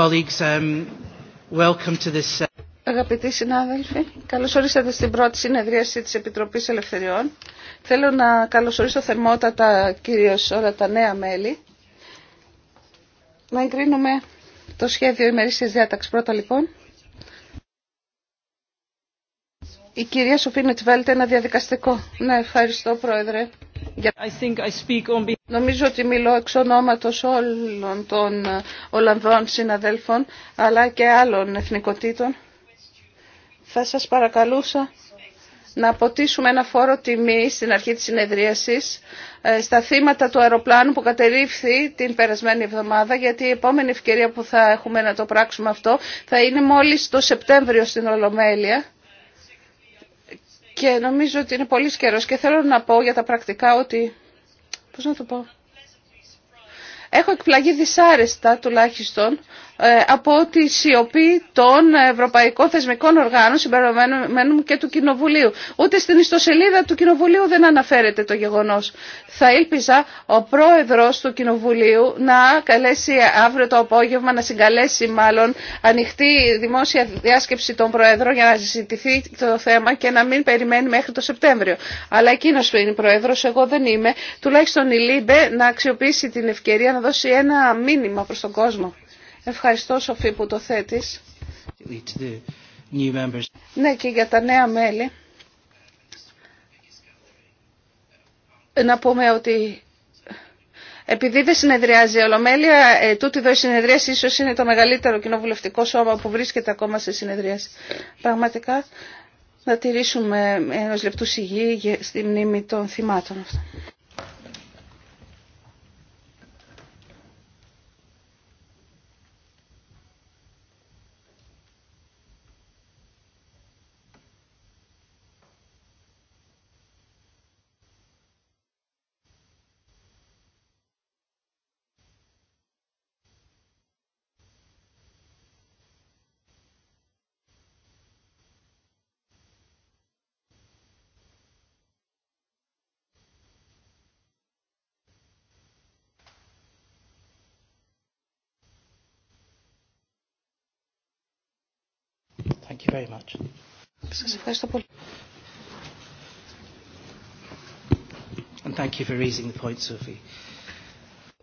Um, uh, Αγαπητοί συνάδελφοι, καλώς ορίσατε στην πρώτη συνεδρίαση της Επιτροπής Ελευθεριών. Θέλω να καλωσορίσω θερμότατα κυρίως όλα τα νέα μέλη. Να εγκρίνουμε το σχέδιο ημερήσιας διάταξης πρώτα λοιπόν. Η κυρία Σοφίνετ Βέλτε ένα διαδικαστικό. Ναι, ευχαριστώ πρόεδρε. Νομίζω ότι μιλώ εξ ονόματος όλων των Ολλανδών συναδέλφων αλλά και άλλων εθνικοτήτων. Θα σας παρακαλούσα να αποτίσουμε ένα φόρο τιμή στην αρχή της συνεδρίασης ε, στα θύματα του αεροπλάνου που κατερρύφθη την περασμένη εβδομάδα γιατί η επόμενη ευκαιρία που θα έχουμε να το πράξουμε αυτό θα είναι μόλις το Σεπτέμβριο στην Ολομέλεια και νομίζω ότι είναι πολύ καιρό και θέλω να πω για τα πρακτικά ότι... να το πω... Έχω εκπλαγεί δυσάρεστα τουλάχιστον ε, από τη σιωπή των ευρωπαϊκών θεσμικών οργάνων συμπεριλαμβανομένου και του Κοινοβουλίου. Ούτε στην ιστοσελίδα του Κοινοβουλίου δεν αναφέρεται το γεγονός. Θα ήλπιζα ο πρόεδρος του Κοινοβουλίου να καλέσει αύριο το απόγευμα, να συγκαλέσει μάλλον ανοιχτή δημόσια διάσκεψη των Προέδρων για να συζητηθεί το θέμα και να μην περιμένει μέχρι το Σεπτέμβριο. Αλλά εκείνο που είναι πρόεδρο, εγώ δεν είμαι, τουλάχιστον η Λίμπε να αξιοποιήσει την ευκαιρία να δώσει ένα μήνυμα προ τον κόσμο. Ευχαριστώ Σοφή που το θέτεις. Ναι και για τα νέα μέλη. Να πούμε ότι επειδή δεν συνεδριάζει η Ολομέλεια, ε, τούτη εδώ η ίσως είναι το μεγαλύτερο κοινοβουλευτικό σώμα που βρίσκεται ακόμα σε συνεδρίαση. Πραγματικά να τηρήσουμε ενός λεπτού σιγή στη μνήμη των θυμάτων αυτών. very much. Σας ευχαριστώ πολύ. And thank you for raising the point, Sophie.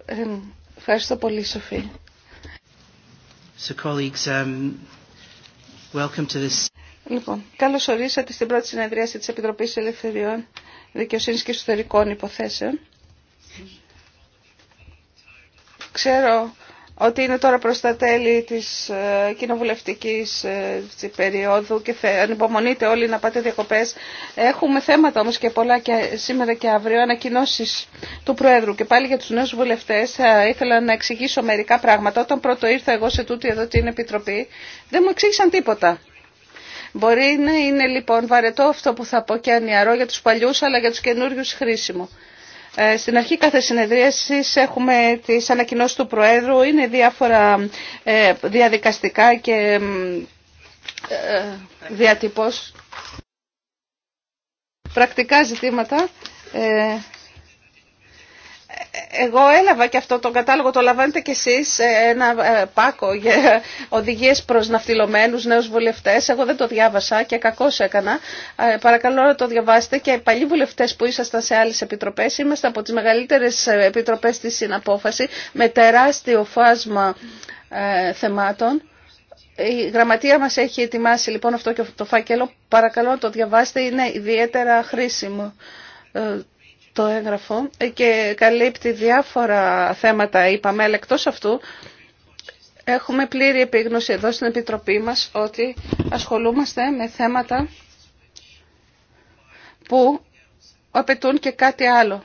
Um, ευχαριστώ πολύ, Σοφή. So, colleagues, um, welcome to this. Λοιπόν, καλώς ορίσατε στην πρώτη συνεδρίαση της Επιτροπής Ελευθεριών Δικαιοσύνης και Εσωτερικών Υποθέσεων. Ξέρω ότι είναι τώρα προς τα τέλη της ε, κοινοβουλευτικής ε, περίοδου και ανυπομονείτε όλοι να πάτε διακοπές. Έχουμε θέματα όμως και πολλά και σήμερα και αύριο ανακοινώσει του Προέδρου και πάλι για τους νέους βουλευτές θα ήθελα να εξηγήσω μερικά πράγματα. Όταν πρώτο ήρθα εγώ σε τούτη εδώ την Επιτροπή δεν μου εξήγησαν τίποτα. Μπορεί να είναι λοιπόν βαρετό αυτό που θα πω και ανιαρό για τους παλιούς αλλά για τους καινούριου χρήσιμο. Ε, στην αρχή κάθε συνεδρίασης έχουμε τις ανακοινώσεις του Προέδρου, είναι διάφορα ε, διαδικαστικά και ε, διατυπώς πρακτικά ζητήματα εγώ έλαβα και αυτό τον κατάλογο, το λαμβάνετε κι εσείς ε, ένα ε, πάκο για οδηγίες προς ναυτιλωμένους νέους βουλευτές. Εγώ δεν το διάβασα και κακώς έκανα. Ε, παρακαλώ να το διαβάσετε και παλιοί βουλευτές που ήσασταν σε άλλες επιτροπές. Είμαστε από τις μεγαλύτερες επιτροπές της συναπόφαση με τεράστιο φάσμα θεμάτων. Η γραμματεία μας έχει ετοιμάσει λοιπόν αυτό και το φάκελο. Παρακαλώ να το διαβάσετε, είναι ιδιαίτερα χρήσιμο το έγγραφο ε, και καλύπτει διάφορα θέματα, είπαμε, αλλά εκτός αυτού έχουμε πλήρη επίγνωση εδώ στην Επιτροπή μας ότι ασχολούμαστε με θέματα που απαιτούν και κάτι άλλο.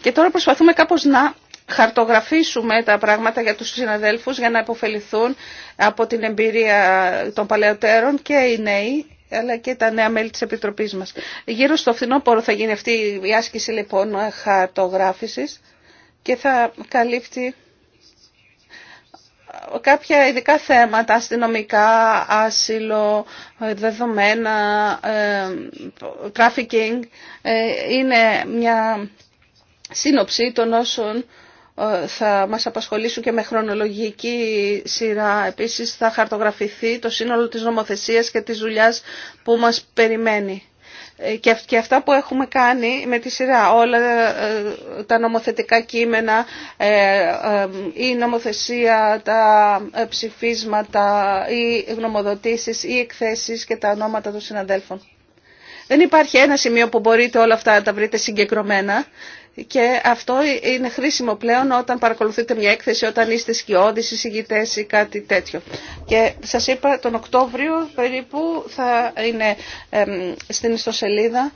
Και τώρα προσπαθούμε κάπως να χαρτογραφήσουμε τα πράγματα για τους συναδέλφους για να υποφεληθούν από την εμπειρία των παλαιότερων και οι νέοι αλλά και τα νέα μέλη της Επιτροπής μας. Γύρω στο φθινόπωρο θα γίνει αυτή η άσκηση λοιπόν χαρτογράφησης και θα καλύπτει κάποια ειδικά θέματα, αστυνομικά, άσυλο, δεδομένα, τράφικινγκ. Ε, ε, είναι μια σύνοψη των όσων ε, θα μας απασχολήσουν και με χρονολογική σειρά. Επίσης θα χαρτογραφηθεί το σύνολο της νομοθεσίας και της δουλειάς που μας περιμένει. Ε, και αυτά που έχουμε κάνει με τη σειρά, όλα ε, τα νομοθετικά κείμενα, η νομοθεσία, τα ψηφίσματα, οι γνωμοδοτήσεις, οι εκθέσεις και τα ονόματα των συναδέλφων. Δεν υπάρχει ένα σημείο που μπορείτε όλα αυτά να τα βρείτε συγκεκριμένα. Και αυτό είναι χρήσιμο πλέον όταν παρακολουθείτε μια έκθεση, όταν είστε σκιώδεις, εισηγητές ή κάτι τέτοιο. Και σας είπα τον Οκτώβριο περίπου θα είναι στην ιστοσελίδα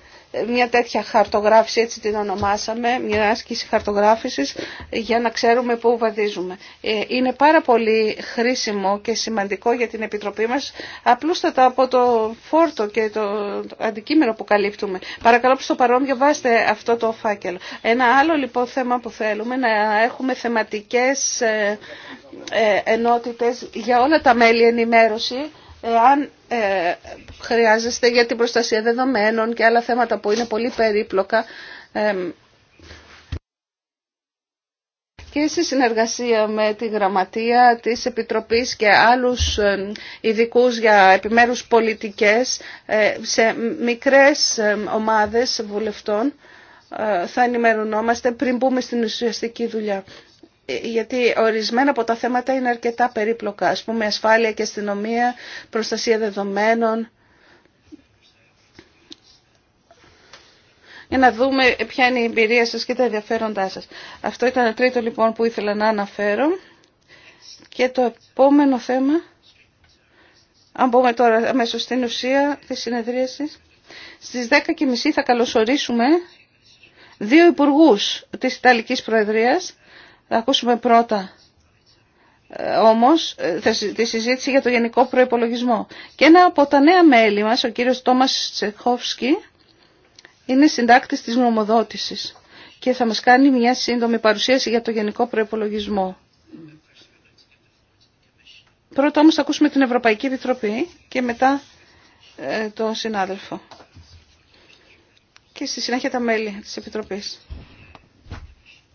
μια τέτοια χαρτογράφηση, έτσι την ονομάσαμε, μια άσκηση χαρτογράφησης για να ξέρουμε πού βαδίζουμε. Ε, είναι πάρα πολύ χρήσιμο και σημαντικό για την Επιτροπή μας, απλούστατα από το φόρτο και το αντικείμενο που καλύπτουμε. Παρακαλώ προς το παρόν διαβάστε αυτό το φάκελο. Ένα άλλο λοιπόν θέμα που θέλουμε να έχουμε θεματικές ε, ε, ενότητες για όλα τα μέλη ενημέρωση εάν ε, χρειάζεστε για την προστασία δεδομένων και άλλα θέματα που είναι πολύ περίπλοκα και σε συνεργασία με τη Γραμματεία της Επιτροπής και άλλους ειδικού για επιμέρους πολιτικές ε, σε μικρές ομάδες βουλευτών ε, θα ενημερωνόμαστε πριν μπούμε στην ουσιαστική δουλειά γιατί ορισμένα από τα θέματα είναι αρκετά περίπλοκα, ας πούμε ασφάλεια και αστυνομία, προστασία δεδομένων. Για να δούμε ποια είναι η εμπειρία σας και τα ενδιαφέροντά σας. Αυτό ήταν το τρίτο λοιπόν που ήθελα να αναφέρω. Και το επόμενο θέμα, αν πούμε τώρα αμέσω στην ουσία της συνεδρίασης, στις 10.30 θα καλωσορίσουμε δύο υπουργούς της Ιταλικής Προεδρίας, θα ακούσουμε πρώτα ε, όμως ε, τη συζήτηση για το γενικό προϋπολογισμό. Και ένα από τα νέα μέλη μας, ο κύριος Τόμας Τσεχόφσκι, είναι συντάκτης της νομοδότησης και θα μας κάνει μια σύντομη παρουσίαση για το γενικό προϋπολογισμό. Πρώτα όμως θα ακούσουμε την Ευρωπαϊκή Επιτροπή και μετά ε, τον συνάδελφο. Και στη συνέχεια τα μέλη της Επιτροπής.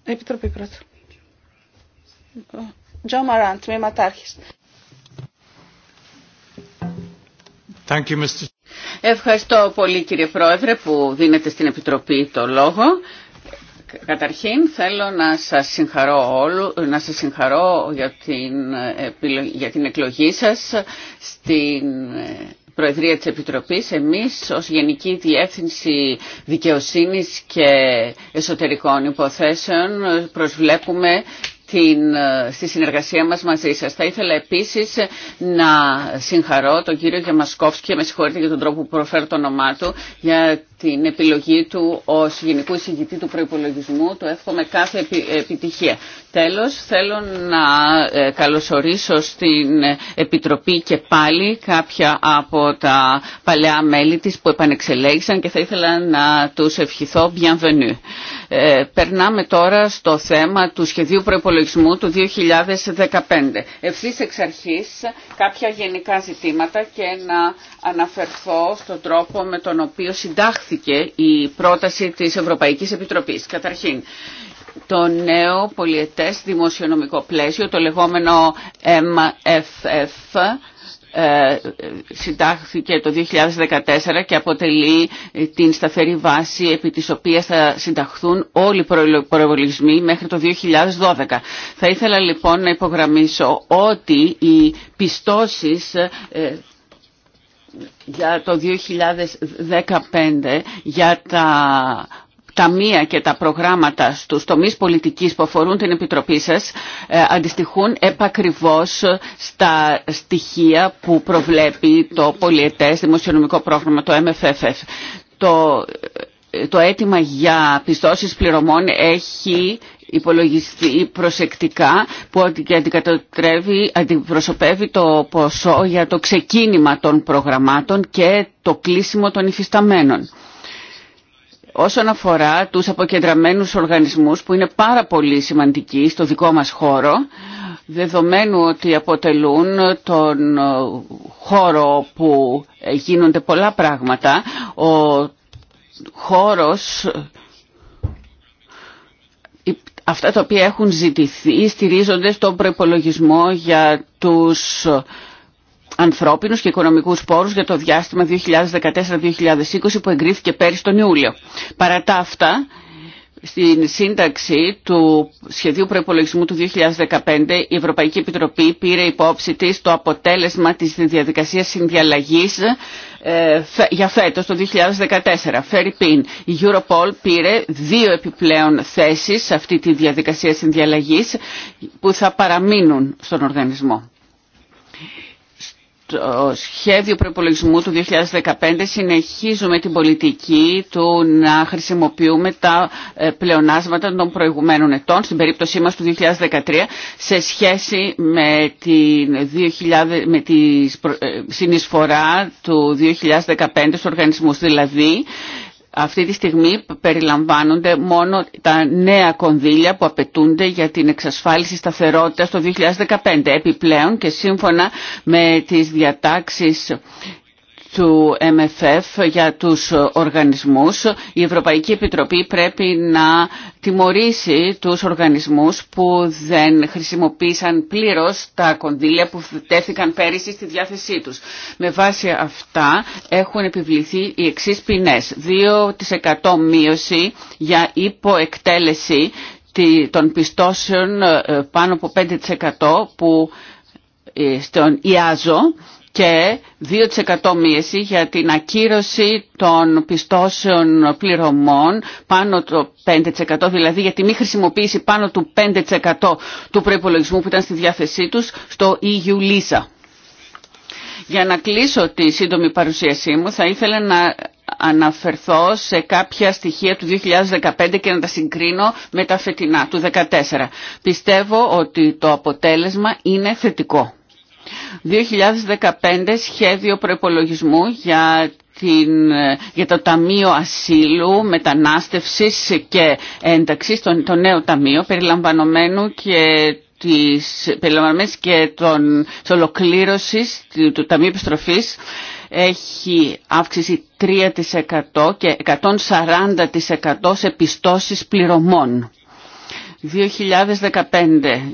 Επιτροπή πρώτα. Τζο Μαράν, Ευχαριστώ πολύ κύριε Πρόεδρε που δίνετε στην Επιτροπή το λόγο. Καταρχήν θέλω να σας συγχαρώ όλου, να σας συγχαρώ για την, για την εκλογή σας στην Προεδρία της Επιτροπής. Εμείς ως Γενική Διεύθυνση Δικαιοσύνης και Εσωτερικών Υποθέσεων προσβλέπουμε ε, στη συνεργασία μας μαζί σας. Θα ήθελα επίσης ε, να συγχαρώ τον κύριο Γιαμασκόφσκι, με συγχωρείτε για τον τρόπο που προφέρω το όνομά του, για την επιλογή του ως Γενικού Εισηγητή του Προϋπολογισμού. Το εύχομαι κάθε επιτυχία. Τέλος, θέλω να ε, καλωσορίσω στην Επιτροπή και πάλι κάποια από τα παλαιά μέλη της που επανεξελέγησαν και θα ήθελα να τους ευχηθώ bienvenue. Ε, περνάμε τώρα στο θέμα του σχεδίου προϋπολογισμού του 2015. Ευθύς εξ αρχής κάποια γενικά ζητήματα και να αναφερθώ στον τρόπο με τον οποίο συντάχθηκε η πρόταση της Ευρωπαϊκής Επιτροπής. Καταρχήν, το νέο πολιετές δημοσιονομικό πλαίσιο, το λεγόμενο MFF, ε, συντάχθηκε το 2014 και αποτελεί την σταθερή βάση επί της οποίας θα συνταχθούν όλοι οι προεβολισμοί μέχρι το 2012. Θα ήθελα λοιπόν να υπογραμμίσω ότι οι πιστώσεις ε, για το 2015 για τα ταμεία και τα προγράμματα στους τομείς πολιτικής που αφορούν την Επιτροπή σας ε, αντιστοιχούν επακριβώς στα στοιχεία που προβλέπει το πολιετές δημοσιονομικό πρόγραμμα, το MFFF. Το, ε, το αίτημα για πιστώσεις πληρωμών έχει υπολογιστεί προσεκτικά που αντικατοτρεύει, αντιπροσωπεύει το ποσό για το ξεκίνημα των προγραμμάτων και το κλείσιμο των υφισταμένων. Όσον αφορά τους αποκεντραμένους οργανισμούς που είναι πάρα πολύ σημαντικοί στο δικό μας χώρο, δεδομένου ότι αποτελούν τον χώρο που γίνονται πολλά πράγματα, ο χώρος αυτά τα οποία έχουν ζητηθεί στηρίζονται στον προπολογισμό για τους ανθρώπινους και οικονομικούς πόρους για το διάστημα 2014-2020 που εγκρίθηκε πέρυσι τον Ιούλιο. Παρά τα αυτά, στην σύνταξη του σχεδίου προϋπολογισμού του 2015 η Ευρωπαϊκή Επιτροπή πήρε υπόψη της το αποτέλεσμα της διαδικασίας συνδιαλλαγής ε, για φέτος το 2014. Φέρει πίν. Η Europol πήρε δύο επιπλέον θέσεις σε αυτή τη διαδικασία συνδιαλλαγής που θα παραμείνουν στον οργανισμό το σχέδιο προπολογισμού του 2015 συνεχίζουμε την πολιτική του να χρησιμοποιούμε τα ε, πλεονάσματα των προηγουμένων ετών, στην περίπτωσή μας του 2013, σε σχέση με, την 2000, με τη ε, συνεισφορά του 2015 στους οργανισμούς. Δηλαδή, αυτή τη στιγμή περιλαμβάνονται μόνο τα νέα κονδύλια που απαιτούνται για την εξασφάλιση σταθερότητας το 2015. Επιπλέον και σύμφωνα με τις διατάξεις του MFF για τους οργανισμούς. Η Ευρωπαϊκή Επιτροπή πρέπει να τιμωρήσει τους οργανισμούς που δεν χρησιμοποίησαν πλήρως τα κονδύλια που τέθηκαν πέρυσι στη διάθεσή τους. Με βάση αυτά έχουν επιβληθεί οι εξής ποινές. 2% μείωση για υποεκτέλεση των πιστώσεων ε, πάνω από 5% που ε, στον ΙΑΖΟ και 2% μίεση για την ακύρωση των πιστώσεων πληρωμών πάνω το 5% δηλαδή για τη μη χρησιμοποίηση πάνω του 5% του προϋπολογισμού που ήταν στη διάθεσή τους στο EU Lisa. Για να κλείσω τη σύντομη παρουσίασή μου θα ήθελα να αναφερθώ σε κάποια στοιχεία του 2015 και να τα συγκρίνω με τα φετινά του 2014. Πιστεύω ότι το αποτέλεσμα είναι θετικό. 2015 σχέδιο προπολογισμού για την, για το Ταμείο Ασύλου, Μετανάστευσης και Ένταξης, το, νέο ταμείο, περιλαμβανομένου και της, περιλαμβανομένης και των, της του, Ταμείου Επιστροφής, έχει αύξηση 3% και 140% σε πιστώσεις πληρωμών. 2015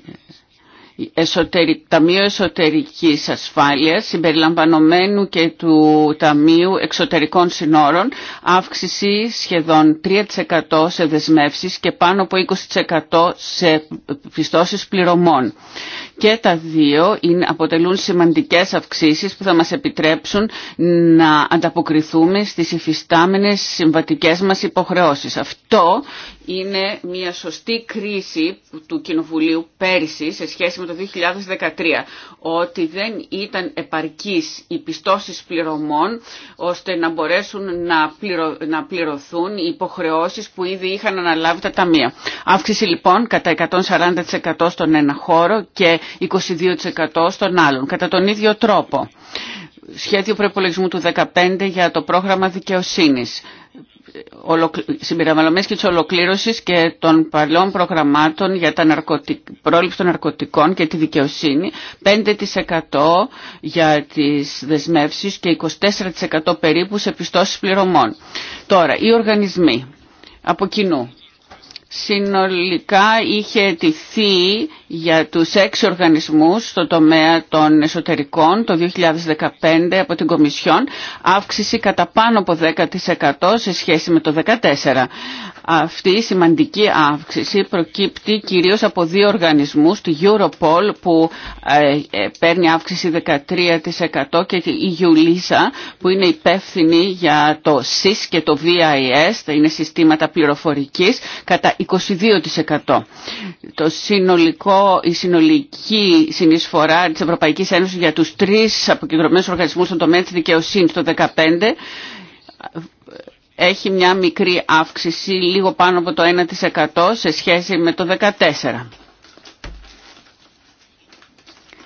Ταμείο Εσωτερικής Ασφάλειας συμπεριλαμβανομένου και του Ταμείου Εξωτερικών Συνόρων αύξηση σχεδόν 3% σε δεσμεύσεις και πάνω από 20% σε πιστώσεις πληρωμών. Και τα δύο είναι, αποτελούν σημαντικές αυξήσεις που θα μας επιτρέψουν να ανταποκριθούμε στις υφιστάμενες συμβατικές μας υποχρεώσεις. Αυτό είναι μια σωστή κρίση του Κοινοβουλίου πέρυσι σε σχέση με το 2013, ότι δεν ήταν επαρκής οι πιστώσεις πληρωμών ώστε να μπορέσουν να, πληρωθούν οι υποχρεώσεις που ήδη είχαν αναλάβει τα ταμεία. Αύξηση λοιπόν κατά 140% στον ένα χώρο και 22% στον άλλον, κατά τον ίδιο τρόπο. Σχέδιο προπολογισμού του 2015 για το πρόγραμμα δικαιοσύνης συμπεριλαμβανομένης και της ολοκλήρωσης και των παλιών προγραμμάτων για την ναρκωτικ... πρόληψη των ναρκωτικών και τη δικαιοσύνη, 5% για τις δεσμεύσεις και 24% περίπου σε πιστώσεις πληρωμών. Τώρα, οι οργανισμοί από κοινού συνολικά είχε ετηθεί για τους έξι οργανισμούς στο τομέα των εσωτερικών το 2015 από την Κομισιόν αύξηση κατά πάνω από 10% σε σχέση με το 2014. Αυτή η σημαντική αύξηση προκύπτει κυρίως από δύο οργανισμούς, τη Europol που ε, ε, παίρνει αύξηση 13% και η Ιουλίσα που είναι υπεύθυνη για το SIS και το VIS, θα είναι συστήματα πληροφορικής, κατά 22%. Το συνολικό, η συνολική συνεισφορά της Ευρωπαϊκής Ένωσης για τους τρεις αποκεντρωμένους οργανισμούς στον τομέα της δικαιοσύνης το 2015 έχει μια μικρή αύξηση, λίγο πάνω από το 1% σε σχέση με το 2014.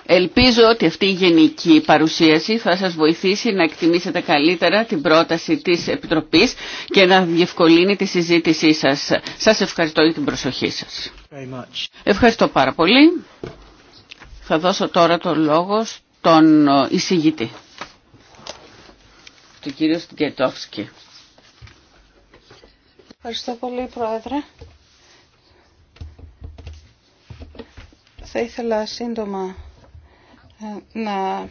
Ελπίζω ότι αυτή η γενική παρουσίαση θα σας βοηθήσει να εκτιμήσετε καλύτερα την πρόταση της Επιτροπής και να διευκολύνει τη συζήτησή σας. Σας ευχαριστώ για την προσοχή σας. Ευχαριστώ πάρα πολύ. Θα δώσω τώρα το λόγο στον ε, εισηγητή, τον κύριο Στυγκετόφσκι. Ευχαριστώ πολύ, Πρόεδρε. Θα ήθελα σύντομα ε, να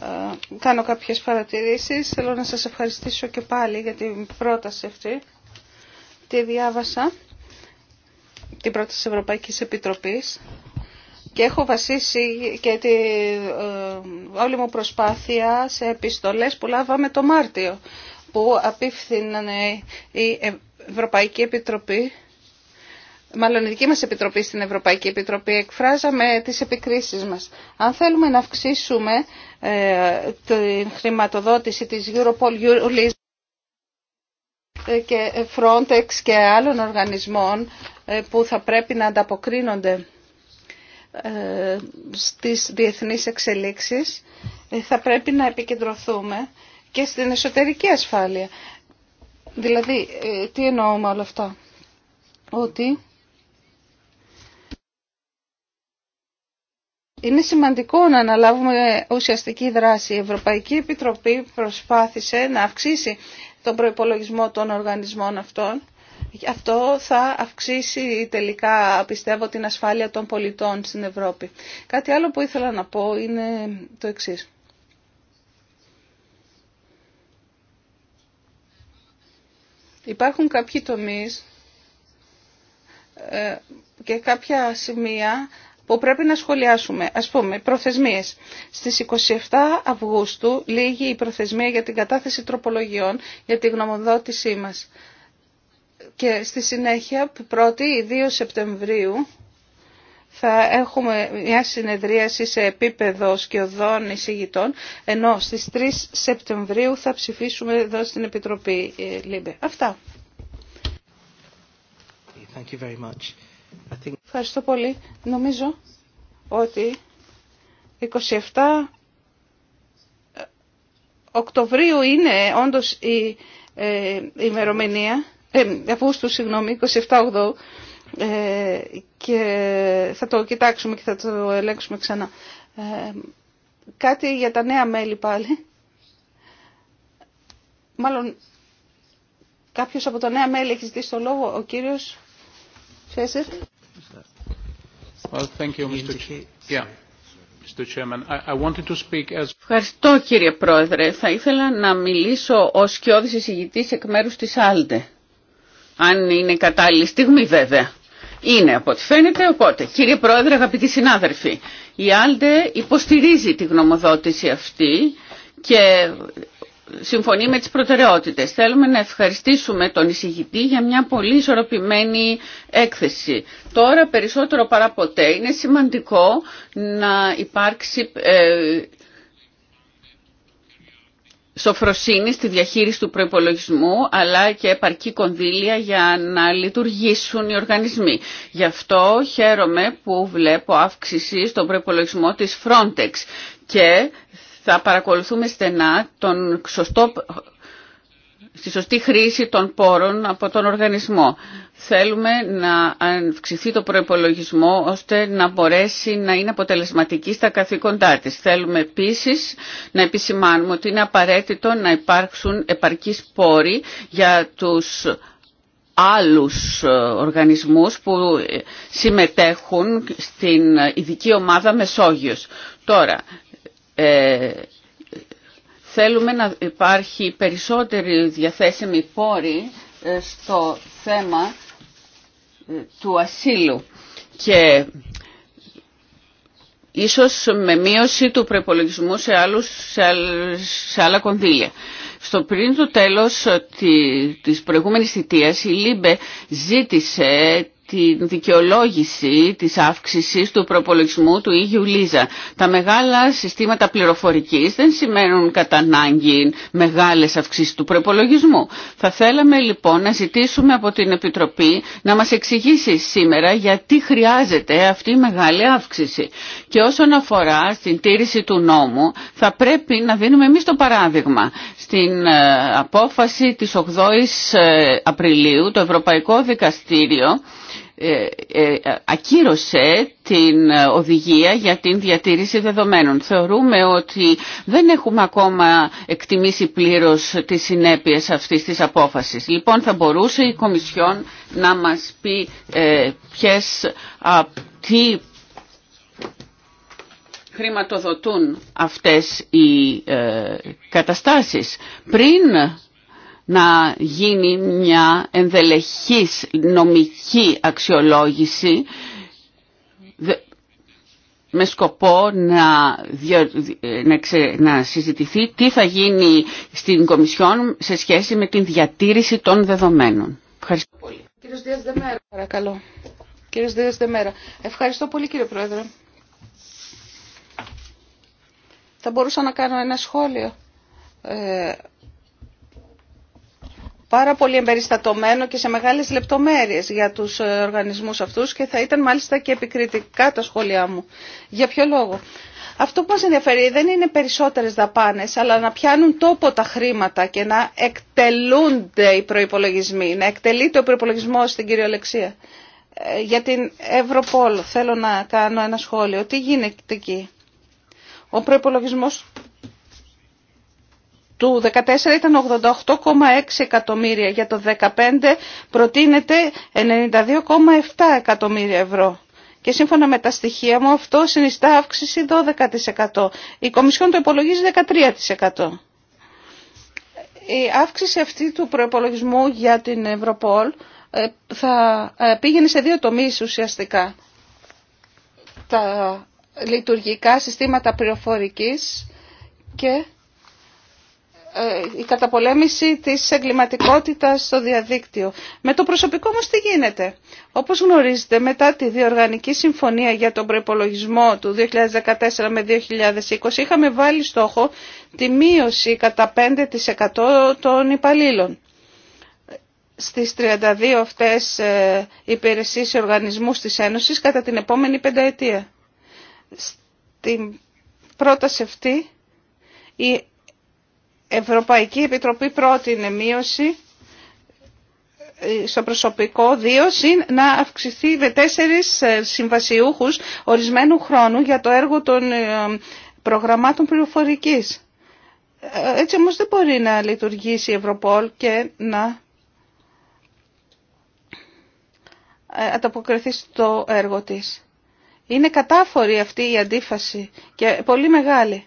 ε, κάνω κάποιες παρατηρήσεις. Θέλω να σας ευχαριστήσω και πάλι για την πρόταση αυτή. Τη διάβασα, την πρόταση Ευρωπαίκη Ευρωπαϊκής Επιτροπής και έχω βασίσει και τη, ε, όλη μου προσπάθεια σε επιστολές που λάβαμε το Μάρτιο που απίφθηνανε η Ευρωπαϊκή Επιτροπή μάλλον η δική μας Επιτροπή στην Ευρωπαϊκή Επιτροπή, εκφράζαμε τις επικρίσεις μας. Αν θέλουμε να αυξήσουμε τη ε, την χρηματοδότηση της Europol, Eurolis, ε, και Frontex και άλλων οργανισμών ε, που θα πρέπει να ανταποκρίνονται στις διεθνείς εξελίξεις, θα πρέπει να επικεντρωθούμε και στην εσωτερική ασφάλεια. Δηλαδή, ε, τι εννοώ με όλα αυτά. Ότι είναι σημαντικό να αναλάβουμε ουσιαστική δράση. Η Ευρωπαϊκή Επιτροπή προσπάθησε να αυξήσει τον προϋπολογισμό των οργανισμών αυτών. Αυτό θα αυξήσει τελικά, πιστεύω, την ασφάλεια των πολιτών στην Ευρώπη. Κάτι άλλο που ήθελα να πω είναι το εξής. Υπάρχουν κάποιοι τομείς ε, και κάποια σημεία που πρέπει να σχολιάσουμε. Ας πούμε, προθεσμίες. Στις 27 Αυγούστου λήγει η προθεσμία για την κατάθεση τροπολογιών για τη γνωμοδότησή μας. Και στη συνέχεια, 1η ή 2 Σεπτεμβρίου, θα έχουμε μια συνεδρίαση σε επίπεδο σκιωδών εισηγητών, ενώ στις 3 Σεπτεμβρίου θα ψηφίσουμε εδώ στην Επιτροπή ε, ΛΥΜΠΕ. Αυτά. Thank you very much. I think... Ευχαριστώ πολύ. Νομίζω ότι 27 ε, Οκτωβρίου είναι όντως η ε, ημερομηνία, ε, Αυγούστου, συγγνώμη, 27 Οκτωβρίου, ε, και θα το κοιτάξουμε και θα το ελέγξουμε ξανά. Ε, κάτι για τα νέα μέλη πάλι. Μάλλον κάποιος από τα νέα μέλη έχει ζητήσει το λόγο. Ο κύριος Φέσερ. Ευχαριστώ κύριε Πρόεδρε. Θα ήθελα να μιλήσω ως κοιόδης εισηγητής εκ μέρους της Άλντε. Αν είναι κατάλληλη στιγμή βέβαια είναι από ό,τι φαίνεται. Οπότε, κύριε Πρόεδρε, αγαπητοί συνάδελφοι, η Άλντε υποστηρίζει τη γνωμοδότηση αυτή και συμφωνεί με τις προτεραιότητες. Θέλουμε να ευχαριστήσουμε τον εισηγητή για μια πολύ ισορροπημένη έκθεση. Τώρα περισσότερο παρά ποτέ είναι σημαντικό να υπάρξει ε, σοφροσύνη στη διαχείριση του προϋπολογισμού αλλά και επαρκή κονδύλια για να λειτουργήσουν οι οργανισμοί. Γι' αυτό χαίρομαι που βλέπω αύξηση στον προϋπολογισμό της Frontex και θα παρακολουθούμε στενά τον στη σωστή χρήση των πόρων από τον οργανισμό. Θέλουμε να αυξηθεί το προπολογισμό ώστε να μπορέσει να είναι αποτελεσματική στα καθήκοντά της. Θέλουμε επίσης να επισημάνουμε ότι είναι απαραίτητο να υπάρξουν επαρκείς πόροι για τους άλλους ε, οργανισμούς που ε, συμμετέχουν στην ειδική ομάδα Μεσόγειος. Τώρα, ε, θέλουμε να υπάρχει περισσότερη διαθέσιμη πόρη στο θέμα του ασύλου και ίσως με μείωση του προπολογισμού σε, άλλους, σε άλλα κονδύλια. Στο πριν του τέλος ε, της προηγούμενης θητείας η Λίμπε ζήτησε την δικαιολόγηση της αύξησης του προπολογισμού του ίδιου e Λίζα. Τα μεγάλα συστήματα πληροφορικής δεν σημαίνουν κατά ανάγκη μεγάλες αυξήσεις του προπολογισμού. Θα θέλαμε λοιπόν να ζητήσουμε από την Επιτροπή να μας εξηγήσει σήμερα γιατί χρειάζεται αυτή η μεγάλη αύξηση. Και όσον αφορά στην τήρηση του νόμου θα πρέπει να δίνουμε εμείς το παράδειγμα. Στην ε, απόφαση της 8ης ε, Απριλίου το Ευρωπαϊκό Δικαστήριο ε, ε, ακύρωσε την ε, οδηγία για την διατήρηση δεδομένων. Θεωρούμε ότι δεν έχουμε ακόμα εκτιμήσει πλήρως τις συνέπειες αυτής της απόφασης. Λοιπόν, θα μπορούσε η Κομισιόν να μας πει ε, ποιες, τι χρηματοδοτούν αυτές οι ε, καταστάσεις. Πριν να γίνει μια ενδελεχής νομική αξιολόγηση με σκοπό να, να, να συζητηθεί τι θα γίνει στην Κομισιόν σε σχέση με την διατήρηση των δεδομένων. Ευχαριστώ πολύ. Κύριος Δίας Δεμέρα, παρακαλώ. Κύριος Δίας Δεμέρα. Ευχαριστώ πολύ κύριε Πρόεδρε. Θα μπορούσα να κάνω ένα σχόλιο ε, πάρα πολύ εμπεριστατωμένο και σε μεγάλες λεπτομέρειες για τους ε, οργανισμούς αυτούς και θα ήταν μάλιστα και επικριτικά τα σχόλιά μου. Για ποιο λόγο. Αυτό που μας ενδιαφέρει δεν είναι περισσότερες δαπάνες, αλλά να πιάνουν τόπο τα χρήματα και να εκτελούνται οι προϋπολογισμοί, να εκτελείται ο προϋπολογισμός στην κυριολεξία. Ε, για την Ευρωπόλ θέλω να κάνω ένα σχόλιο. Τι γίνεται εκεί. Ο προϋπολογισμός του 14 ήταν 88,6 εκατομμύρια, για το 15 προτείνεται 92,7 εκατομμύρια ευρώ. Και σύμφωνα με τα στοιχεία μου αυτό συνιστά αύξηση 12%. Η Κομισιόν το υπολογίζει 13%. Η αύξηση αυτή του προϋπολογισμού για την Ευρωπόλ ε, θα ε, πήγαινε σε δύο τομείς ουσιαστικά. Τα λειτουργικά συστήματα πληροφορικής και ε, η καταπολέμηση της εγκληματικότητας στο διαδίκτυο. Με το προσωπικό μας τι γίνεται. Όπως γνωρίζετε μετά τη διοργανική συμφωνία για τον προπολογισμό του 2014 με 2020 είχαμε βάλει στόχο τη μείωση κατά 5% των υπαλλήλων στις 32 αυτές ε, υπηρεσίες οργανισμού οργανισμούς της Ένωσης κατά την επόμενη πενταετία. Στην πρόταση αυτή η Ευρωπαϊκή Επιτροπή πρότεινε μείωση ε, στο προσωπικό δύο συν να αυξηθεί με τέσσερις ε, συμβασιούχους ορισμένου χρόνου για το έργο των ε, προγραμμάτων πληροφορικής. Έτσι όμως δεν μπορεί να λειτουργήσει η Ευρωπόλ και να ανταποκριθεί στο έργο της. Είναι κατάφορη αυτή η αντίφαση και πολύ μεγάλη.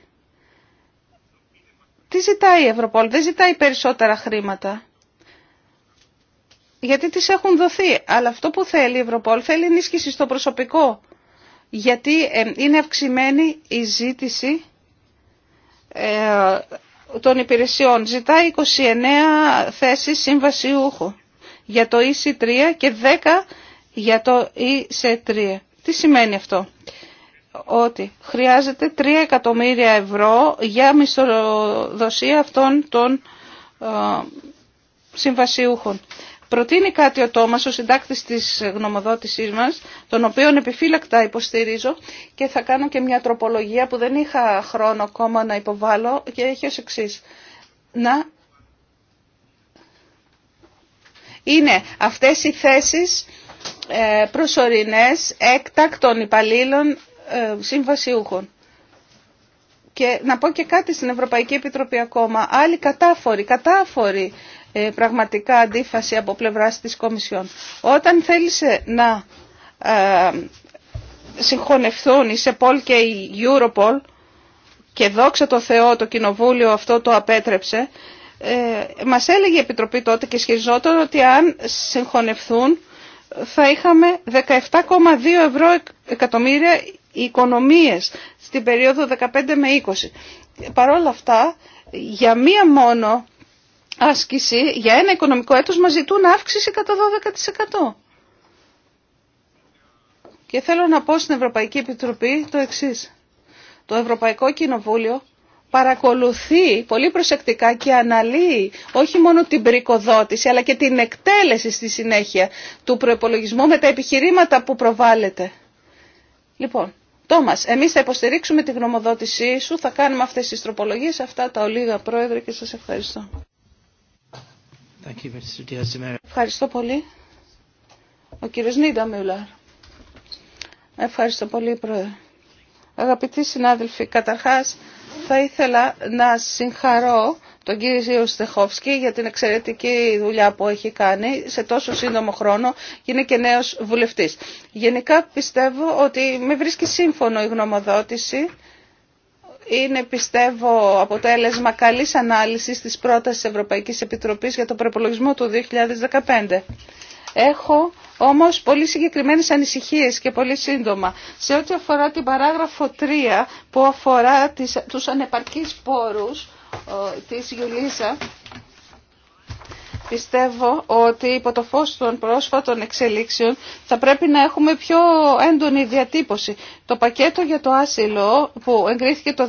Τι ζητάει η Ευρωπόλ, δεν ζητάει περισσότερα χρήματα. Γιατί τις έχουν δοθεί. Αλλά αυτό που θέλει η Ευρωπόλ θέλει ενίσχυση στο προσωπικό. Γιατί είναι αυξημένη η ζήτηση ε, των υπηρεσιών. Ζητάει 29 θέσεις συμβασιούχου για το EC3 και 10 για το EC3. Τι σημαίνει αυτό ότι χρειάζεται 3 εκατομμύρια ευρώ για μισθοδοσία αυτών των ε, συμβασιούχων. Προτείνει κάτι ο Τόμας, ο συντάκτης της γνωμοδότησής μας, τον οποίον επιφύλακτα υποστηρίζω και θα κάνω και μια τροπολογία που δεν είχα χρόνο ακόμα να υποβάλω και έχει ως εξής. Να είναι αυτές οι θέσεις ε, προσωρινές έκτακτων υπαλλήλων ε, συμβασιούχων. Και να πω και κάτι στην Ευρωπαϊκή Επιτροπή ακόμα. Άλλη κατάφορη, κατάφορη ε, πραγματικά αντίφαση από πλευράς της Κομισιόν. Όταν θέλησε να ε, συγχωνευθούν η ΣΕΠΟΛ και η Europol και δόξα το Θεό το Κοινοβούλιο αυτό το απέτρεψε, ε, μας έλεγε η Επιτροπή τότε και ισχυριζόταν ότι αν συγχωνευθούν θα είχαμε 17,2 ευρώ εκατομμύρια οι οικονομίες στην περίοδο 15 με 20. Παρ' όλα αυτά, για μία μόνο άσκηση, για ένα οικονομικό έτος μας ζητούν αύξηση κατά 12%. Και θέλω να πω στην Ευρωπαϊκή Επιτροπή το εξής. Το Ευρωπαϊκό Κοινοβούλιο παρακολουθεί πολύ προσεκτικά και αναλύει όχι μόνο την πρικοδότηση αλλά και την εκτέλεση στη συνέχεια του προϋπολογισμού με τα επιχειρήματα που προβάλλεται. Λοιπόν, Τόμας, εμείς θα υποστηρίξουμε τη γνωμοδότησή σου, θα κάνουμε αυτέ τι τροπολογίε αυτά τα ολίγα πρόεδρε και σα ευχαριστώ. Ευχαριστώ πολύ. Ο κύριο Νίτα Μιουλάρ. Ευχαριστώ πολύ πρόεδρε. Αγαπητοί συνάδελφοι, καταρχά θα ήθελα να συγχαρώ τον κύριο Στεχόφσκι για την εξαιρετική δουλειά που έχει κάνει σε τόσο σύντομο χρόνο και είναι και νέος βουλευτής. Γενικά πιστεύω ότι με βρίσκει σύμφωνο η γνωμοδότηση. Είναι, πιστεύω, αποτέλεσμα καλής ανάλυσης της πρότασης Ευρωπαϊκής Επιτροπής για το προπολογισμό του 2015. Έχω όμως πολύ συγκεκριμένες ανησυχίες και πολύ σύντομα. Σε ό,τι αφορά την παράγραφο 3 που αφορά τις, τους ανεπαρκείς πόρους, της Γιουλίζα πιστεύω ότι υπό το φως των πρόσφατων εξελίξεων θα πρέπει να έχουμε πιο έντονη διατύπωση. Το πακέτο για το άσυλο που εγκρίθηκε το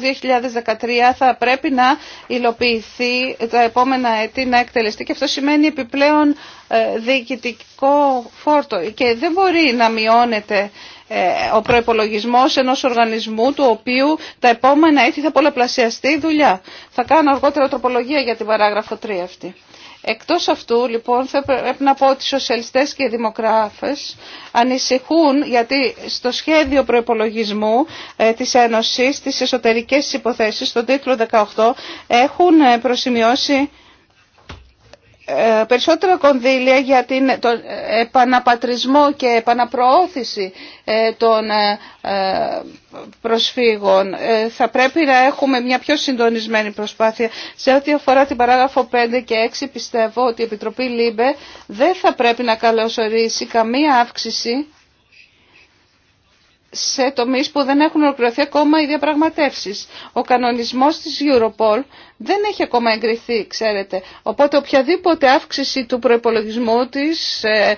2013 θα πρέπει να υλοποιηθεί τα επόμενα έτη να εκτελεστεί και αυτό σημαίνει επιπλέον ε, διοικητικό φόρτο και δεν μπορεί να μειώνεται ε, ο προϋπολογισμός ενός οργανισμού του οποίου τα επόμενα έτη θα πολλαπλασιαστεί η δουλειά. Θα κάνω αργότερα τροπολογία για την παράγραφο 3 αυτή. Εκτός αυτού, λοιπόν, θα πρέπει να πω ότι οι σοσιαλιστές και οι δημοκράφες ανησυχούν γιατί στο σχέδιο προϋπολογισμού ε, της Ένωσης, τις εσωτερικές υποθέσεις, στον τίτλο 18, έχουν ε, προσημειώσει ε, περισσότερα κονδύλια για την, τον ε, επαναπατρισμό και επαναπροώθηση ε, των προσφύγων. Θα πρέπει να έχουμε μια πιο συντονισμένη προσπάθεια. Σε ό,τι αφορά την παράγραφο 5 και 6 πιστεύω ότι η Επιτροπή ΛΥΜΠΕ δεν θα πρέπει να καλωσορίσει καμία αύξηση σε τομεί που δεν έχουν ολοκληρωθεί ακόμα οι διαπραγματεύσει. Ο κανονισμός της Europol δεν έχει ακόμα εγκριθεί, ξέρετε. Οπότε οποιαδήποτε αύξηση του προϋπολογισμού της ε,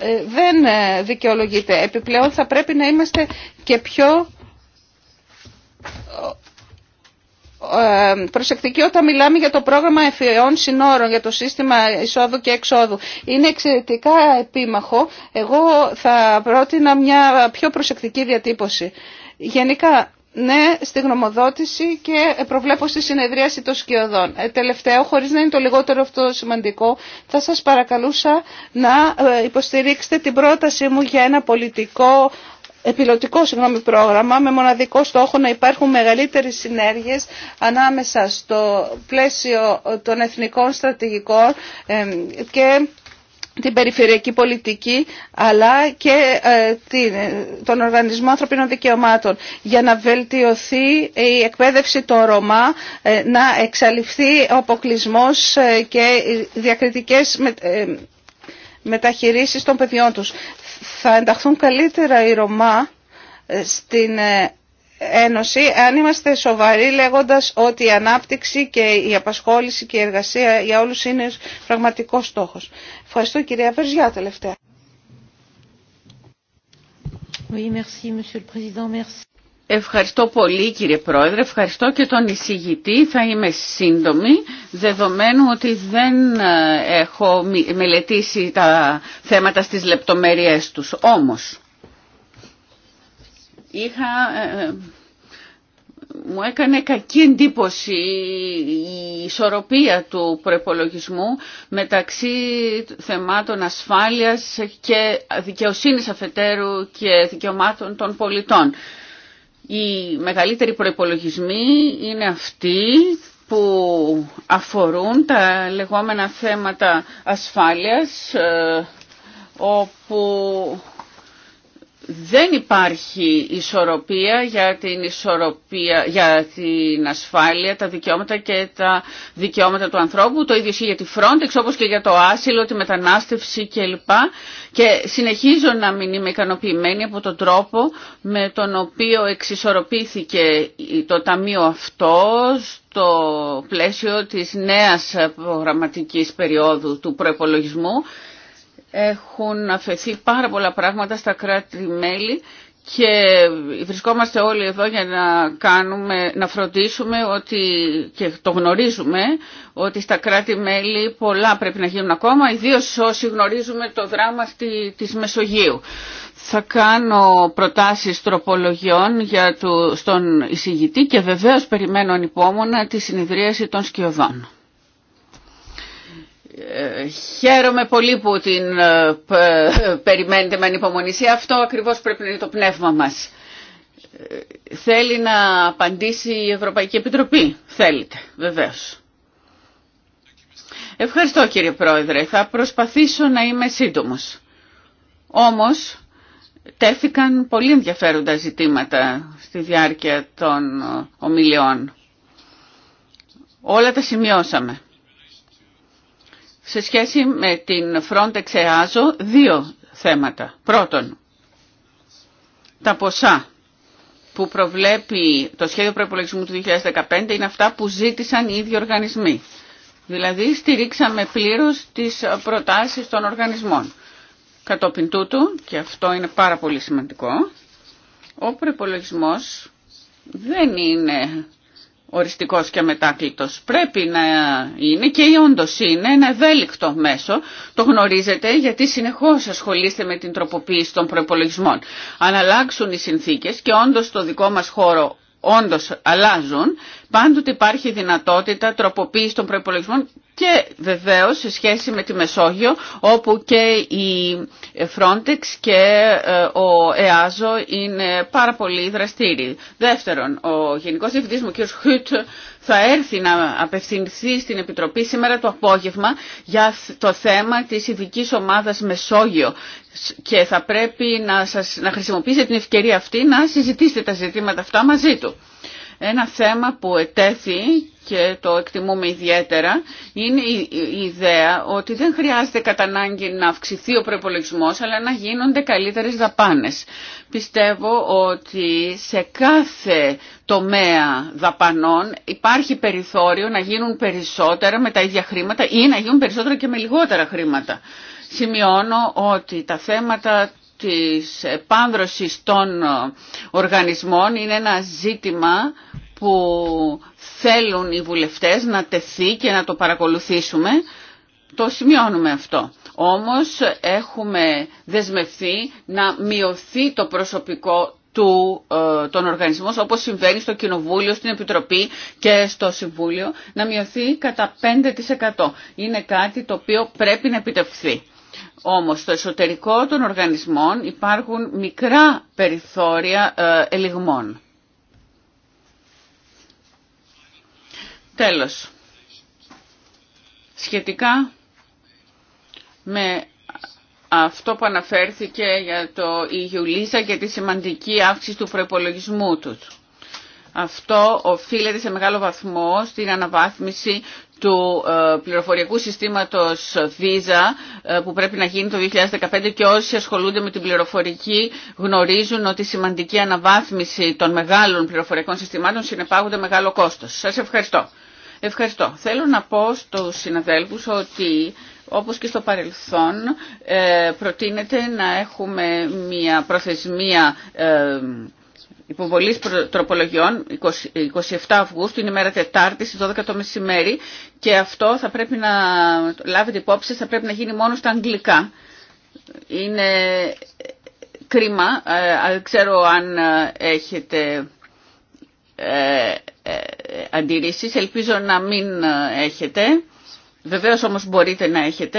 ε, δεν ε, δικαιολογείται. Επιπλέον θα πρέπει να είμαστε και πιο ε, προσεκτική όταν μιλάμε για το πρόγραμμα εφηαιών συνόρων, για το σύστημα εισόδου και εξόδου. Είναι εξαιρετικά επίμαχο. Εγώ θα πρότεινα μια πιο προσεκτική διατύπωση. Γενικά, ναι, στη γνωμοδότηση και προβλέπω στη συνεδρίαση των σκιωδών. Ε, τελευταίο, χωρίς να είναι το λιγότερο αυτό σημαντικό, θα σας παρακαλούσα να ε, υποστηρίξετε την πρότασή μου για ένα πολιτικό Επιλωτικό συγγνώμη, πρόγραμμα με μοναδικό στόχο να υπάρχουν μεγαλύτερες συνέργειες ανάμεσα στο πλαίσιο των εθνικών στρατηγικών και την περιφερειακή πολιτική αλλά και ε, τον Οργανισμό Ανθρωπίνων Δικαιωμάτων για να βελτιωθεί η εκπαίδευση των Ρωμά, ε, να εξαλειφθεί ο αποκλεισμός ε, και οι διακριτικές μεταχειρίσεις των παιδιών τους θα ενταχθούν καλύτερα οι Ρωμά ε, στην ε, Ένωση, αν είμαστε σοβαροί λέγοντας ότι η ανάπτυξη και η απασχόληση και η εργασία για όλους είναι πραγματικός στόχος. Ευχαριστώ κυρία Βερζιά τελευταία. Ευχαριστώ πολύ κύριε Πρόεδρε, ευχαριστώ και τον εισηγητή. Θα είμαι σύντομη, δεδομένου ότι δεν ε, έχω μελετήσει τα θέματα στις λεπτομέρειές τους. Όμως, είχα, ε, ε, μου έκανε κακή εντύπωση η ισορροπία του προεπολογισμού μεταξύ θεμάτων ασφάλειας και δικαιοσύνης αφετέρου και δικαιωμάτων των πολιτών. Οι μεγαλύτεροι προϋπολογισμοί είναι αυτοί που αφορούν τα λεγόμενα θέματα ασφάλειας, ε, όπου δεν υπάρχει ισορροπία για την, ισορροπία για την ασφάλεια, τα δικαιώματα και τα δικαιώματα του ανθρώπου. Το ίδιο ισχύει για τη Frontex όπως και για το άσυλο, τη μετανάστευση κλπ. Και συνεχίζω να μην είμαι ικανοποιημένη από τον τρόπο με τον οποίο εξισορροπήθηκε το Ταμείο αυτό στο πλαίσιο της νέας προγραμματικής περίοδου του προπολογισμού έχουν αφαιθεί πάρα πολλά πράγματα στα κράτη-μέλη και βρισκόμαστε όλοι εδώ για να κάνουμε, να φροντίσουμε ότι, και το γνωρίζουμε, ότι στα κράτη-μέλη πολλά πρέπει να γίνουν ακόμα, ιδίως όσοι γνωρίζουμε το δράμα στη, της Μεσογείου. Θα κάνω προτάσεις τροπολογιών για του, στον εισηγητή και βεβαίως περιμένω ανυπόμονα τη συνειδρίαση των σκιωδών. Ε, χαίρομαι πολύ που την ε, ε, περιμένετε με ανυπομονησία. Αυτό ακριβώς πρέπει να είναι το πνεύμα μας. Θέλει να απαντήσει η Ευρωπαϊκή Επιτροπή. Θέλετε, βεβαίως. Ευχαριστώ κύριε Πρόεδρε. Θα προσπαθήσω να είμαι σύντομος. Όμως, τέθηκαν πολύ ενδιαφέροντα ζητήματα στη διάρκεια των ομιλιών. Όλα τα σημειώσαμε σε σχέση με την Frontex EASO δύο θέματα. Πρώτον, τα ποσά που προβλέπει το σχέδιο προϋπολογισμού του 2015 είναι αυτά που ζήτησαν οι ίδιοι οργανισμοί. Δηλαδή στηρίξαμε πλήρως τις προτάσεις των οργανισμών. Κατόπιν τούτου, και αυτό είναι πάρα πολύ σημαντικό, ο προϋπολογισμός δεν είναι οριστικός και μετάκλητος. Πρέπει να είναι και όντω είναι ένα ευέλικτο μέσο. Το γνωρίζετε γιατί συνεχώς ασχολείστε με την τροποποίηση των προπολογισμών. Αν αλλάξουν οι συνθήκες και όντω το δικό μας χώρο όντως αλλάζουν, πάντοτε υπάρχει δυνατότητα τροποποίηση των προϋπολογισμών και βεβαίως σε σχέση με τη Μεσόγειο όπου και η Frontex και ε, ο ΕΑΖΟ είναι πάρα πολύ δραστήριοι. Δεύτερον, ο Γενικός Διευθυντής μου κ. Χουτ θα έρθει να απευθυνθεί στην Επιτροπή σήμερα το απόγευμα για το θέμα της ειδική ομάδας Μεσόγειο και θα πρέπει να, να χρησιμοποιήσετε την ευκαιρία αυτή να συζητήσετε τα ζητήματα αυτά μαζί του. Ένα θέμα που ετέθη και το εκτιμούμε ιδιαίτερα είναι η ιδέα ότι δεν χρειάζεται κατά ανάγκη να αυξηθεί ο προπολογισμό, αλλά να γίνονται καλύτερες δαπάνες. Πιστεύω ότι σε κάθε τομέα δαπανών υπάρχει περιθώριο να γίνουν περισσότερα με τα ίδια χρήματα ή να γίνουν περισσότερα και με λιγότερα χρήματα. Σημειώνω ότι τα θέματα της επάνδρωσης των οργανισμών είναι ένα ζήτημα που θέλουν οι βουλευτές να τεθεί και να το παρακολουθήσουμε. Το σημειώνουμε αυτό. Όμως έχουμε δεσμευθεί να μειωθεί το προσωπικό του, ε, των οργανισμών όπως συμβαίνει στο Κοινοβούλιο, στην Επιτροπή και στο Συμβούλιο να μειωθεί κατά 5%. Είναι κάτι το οποίο πρέπει να επιτευχθεί. Όμως στο εσωτερικό των οργανισμών υπάρχουν μικρά περιθώρια ε, ελιγμών. Τέλος, σχετικά με αυτό που αναφέρθηκε για το EU και τη σημαντική αύξηση του προπολογισμού του. Αυτό οφείλεται σε μεγάλο βαθμό στην αναβάθμιση του ε, πληροφοριακού συστήματος Visa ε, που πρέπει να γίνει το 2015 και όσοι ασχολούνται με την πληροφορική γνωρίζουν ότι η σημαντική αναβάθμιση των μεγάλων πληροφορικών συστημάτων συνεπάγονται μεγάλο κόστος. Σας ευχαριστώ. Ευχαριστώ. Θέλω να πω στους συναδέλφους ότι όπως και στο παρελθόν ε, προτείνεται να έχουμε μια προθεσμία υποβολής τροπολογιών 27 Αυγούστου, είναι η μέρα Τετάρτη στις 12 το μεσημέρι και αυτό θα πρέπει να λάβετε υπόψη, θα πρέπει να γίνει μόνο στα αγγλικά. Είναι κρίμα, ε, ξέρω αν ε, έχετε ε, αντιρρήσεις, ελπίζω να μην έχετε, βεβαίως όμως μπορείτε να έχετε.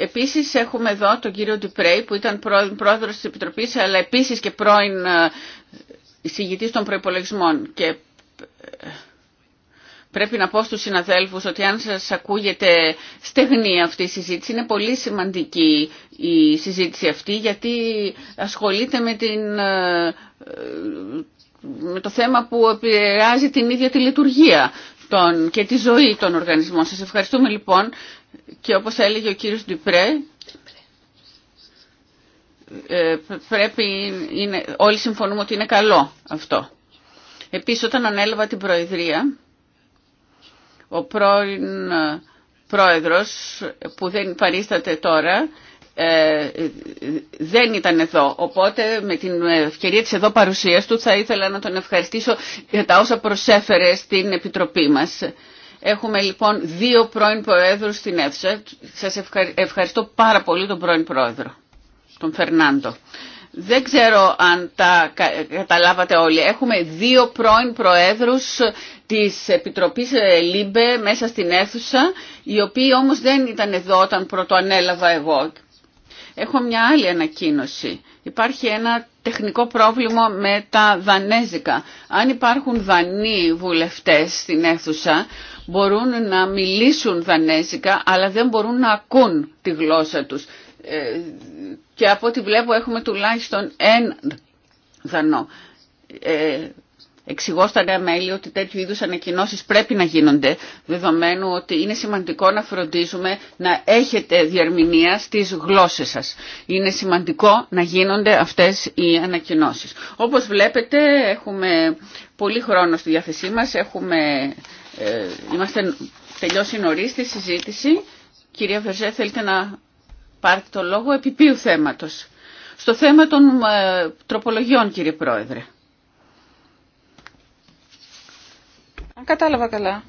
Επίσης έχουμε εδώ τον κύριο Ντιπρέη που ήταν πρόεδρος της Επιτροπής αλλά επίσης και πρώην ε, εισηγητής των προϋπολογισμών και ε, πρέπει να πω στους συναδέλφους ότι αν σας ακούγεται στεγνή αυτή η συζήτηση είναι πολύ σημαντική η συζήτηση αυτή γιατί ασχολείται με, την, ε, το θέμα που επηρεάζει την ίδια τη λειτουργία και τη ζωή των οργανισμών. Σας ευχαριστούμε λοιπόν και όπως έλεγε ο κύριος Ντυπρέ, ε, πρέπει, είναι, όλοι συμφωνούμε ότι είναι καλό αυτό. Επίσης όταν ανέλαβα την Προεδρία, ο πρώην ε, Πρόεδρος που δεν παρίσταται τώρα, ε, δεν ήταν εδώ. Οπότε με την ευκαιρία της εδώ παρουσίας του θα ήθελα να τον ευχαριστήσω για τα όσα προσέφερε στην Επιτροπή μας. Έχουμε λοιπόν δύο πρώην Προέδρους στην αίθουσα. Σας ευχαριστώ πάρα πολύ τον πρώην Πρόεδρο, τον Φερνάντο. Δεν ξέρω αν τα καταλάβατε όλοι. Έχουμε δύο πρώην Προέδρους της Επιτροπής ε, Λίμπε μέσα στην αίθουσα, οι οποίοι όμως δεν ήταν εδώ όταν πρωτοανέλαβα εγώ. Έχω μια άλλη ανακοίνωση. Υπάρχει ένα τεχνικό πρόβλημα με τα δανέζικα. Αν υπάρχουν δανείοι βουλευτές στην αίθουσα, μπορούν να μιλήσουν δανέζικα αλλά δεν μπορούν να ακούν τη γλώσσα τους. Ε, και από ό,τι βλέπω έχουμε τουλάχιστον έναν δανό. Ε, εξηγώ στα νέα μέλη ότι τέτοιου είδους ανακοινώσεις πρέπει να γίνονται, δεδομένου ότι είναι σημαντικό να φροντίζουμε να έχετε διαρμηνία στις γλώσσες σας. Είναι σημαντικό να γίνονται αυτές οι ανακοινώσεις. Όπως βλέπετε έχουμε πολύ χρόνο στη διάθεσή μας, έχουμε ε, είμαστε τελειώσει νωρί τη συζήτηση. Κυρία Βερζέ, θέλετε να πάρετε το λόγο επί ποιου θέματος. Στο θέμα των ε, τροπολογιών, κύριε Πρόεδρε. Αν κατάλαβα καλά,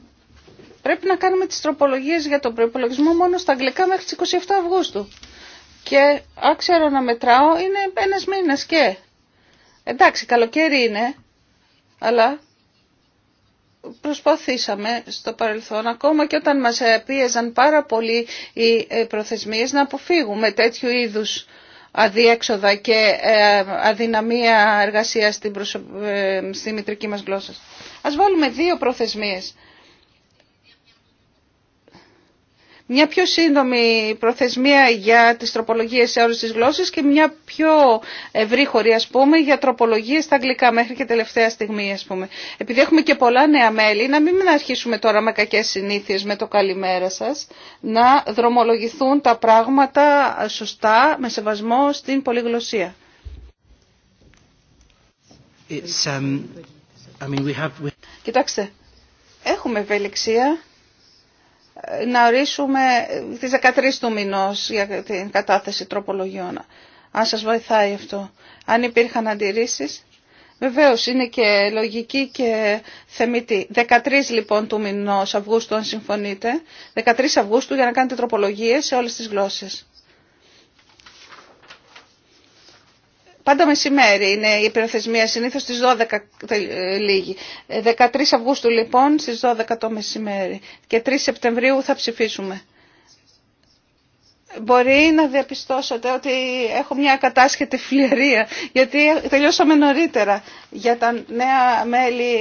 πρέπει να κάνουμε τις τροπολογίες για τον προϋπολογισμό μόνο στα αγγλικά μέχρι τις 27 Αυγούστου. Και αν ξέρω να μετράω, είναι ένας μήνας και. Εντάξει, καλοκαίρι είναι, αλλά προσπαθήσαμε στο παρελθόν, ακόμα και όταν μας πίεζαν πάρα πολύ οι ε, προθεσμίες, να αποφύγουμε τέτοιου είδους αδίέξοδα και ε, αδυναμία εργασίας στην, προσω... Ε, στη μητρική μας γλώσσα. Ας βάλουμε δύο προθεσμίες μια πιο σύντομη προθεσμία για τις τροπολογίες σε όλες τις γλώσσες και μια πιο ευρύχωρη ας πούμε για τροπολογίες στα αγγλικά μέχρι και τελευταία στιγμή ας πούμε. Επειδή έχουμε και πολλά νέα μέλη, να μην αρχίσουμε τώρα με κακές συνήθειες με το καλημέρα σας, να δρομολογηθούν τα πράγματα σωστά με σεβασμό στην πολυγλωσία. um, I mean, we have... Κοιτάξτε, έχουμε ευελιξία να ορίσουμε τις 13 του μηνός για την κατάθεση τροπολογιών. Αν σας βοηθάει αυτό. Αν υπήρχαν αντιρρήσεις. Βεβαίως είναι και λογική και θεμητή. 13 λοιπόν του μηνός Αυγούστου αν συμφωνείτε. 13 Αυγούστου για να κάνετε τροπολογίες σε όλες τις γλώσσες. Πάντα μεσημέρι είναι η προθεσμία, συνήθως στις 12 ε, λίγη. 13 Αυγούστου λοιπόν στις 12 το μεσημέρι και 3 Σεπτεμβρίου θα ψηφίσουμε. Μπορεί να διαπιστώσετε ότι έχω μια κατάσχετη φλιαρία, γιατί τελειώσαμε νωρίτερα. Για τα νέα μέλη,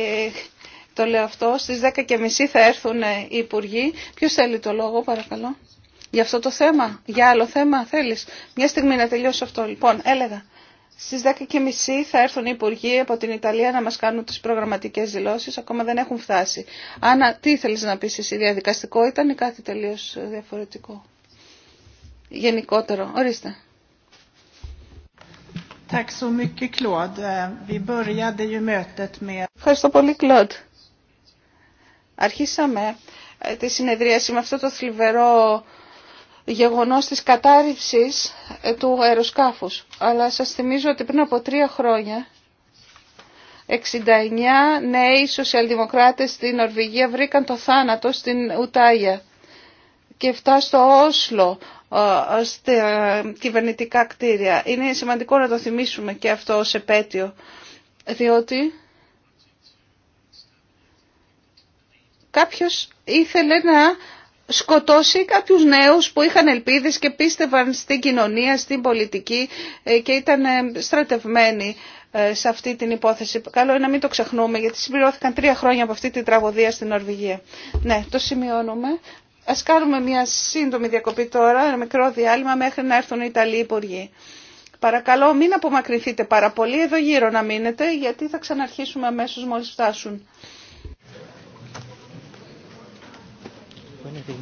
το λέω αυτό, στις 10.30 θα έρθουν οι υπουργοί. Ποιος θέλει το λόγο, παρακαλώ. Για αυτό το θέμα, για άλλο θέμα θέλεις. Μια στιγμή να τελειώσω αυτό. Λοιπόν, έλεγα στις 10.30 θα έρθουν οι υπουργοί από την Ιταλία να μας κάνουν τις προγραμματικές δηλώσεις. Ακόμα δεν έχουν φτάσει. Άννα, τι ήθελες να πεις εσύ, διαδικαστικό ήταν ή κάτι τελείως διαφορετικό. Γενικότερο. Ορίστε. Ευχαριστώ πολύ, Κλοντ. Αρχίσαμε ε, τη συνεδρίαση με αυτό το θλιβερό γεγονός της κατάρριψης ε, του αεροσκάφους. Αλλά σας θυμίζω ότι πριν από τρία χρόνια 69 νέοι σοσιαλδημοκράτες στην Νορβηγία βρήκαν το θάνατο στην Ουτάγια και φτάσει στο Όσλο ε, στα κυβερνητικά κτίρια. Είναι σημαντικό να το θυμίσουμε και αυτό ως επέτειο, διότι κάποιος ήθελε να σκοτώσει κάποιους νέους που είχαν ελπίδες και πίστευαν στην κοινωνία, στην πολιτική ε, και ήταν ε, στρατευμένοι ε, σε αυτή την υπόθεση. Καλό είναι να μην το ξεχνούμε γιατί συμπληρώθηκαν τρία χρόνια από αυτή την τραγωδία στην Νορβηγία. Ναι, το σημειώνουμε. Ας κάνουμε μια σύντομη διακοπή τώρα, ένα μικρό διάλειμμα μέχρι να έρθουν οι Ιταλοί υπουργοί. Παρακαλώ μην απομακρυνθείτε πάρα πολύ, εδώ γύρω να μείνετε γιατί θα ξαναρχίσουμε αμέσως μόλις φτάσουν. Maybe.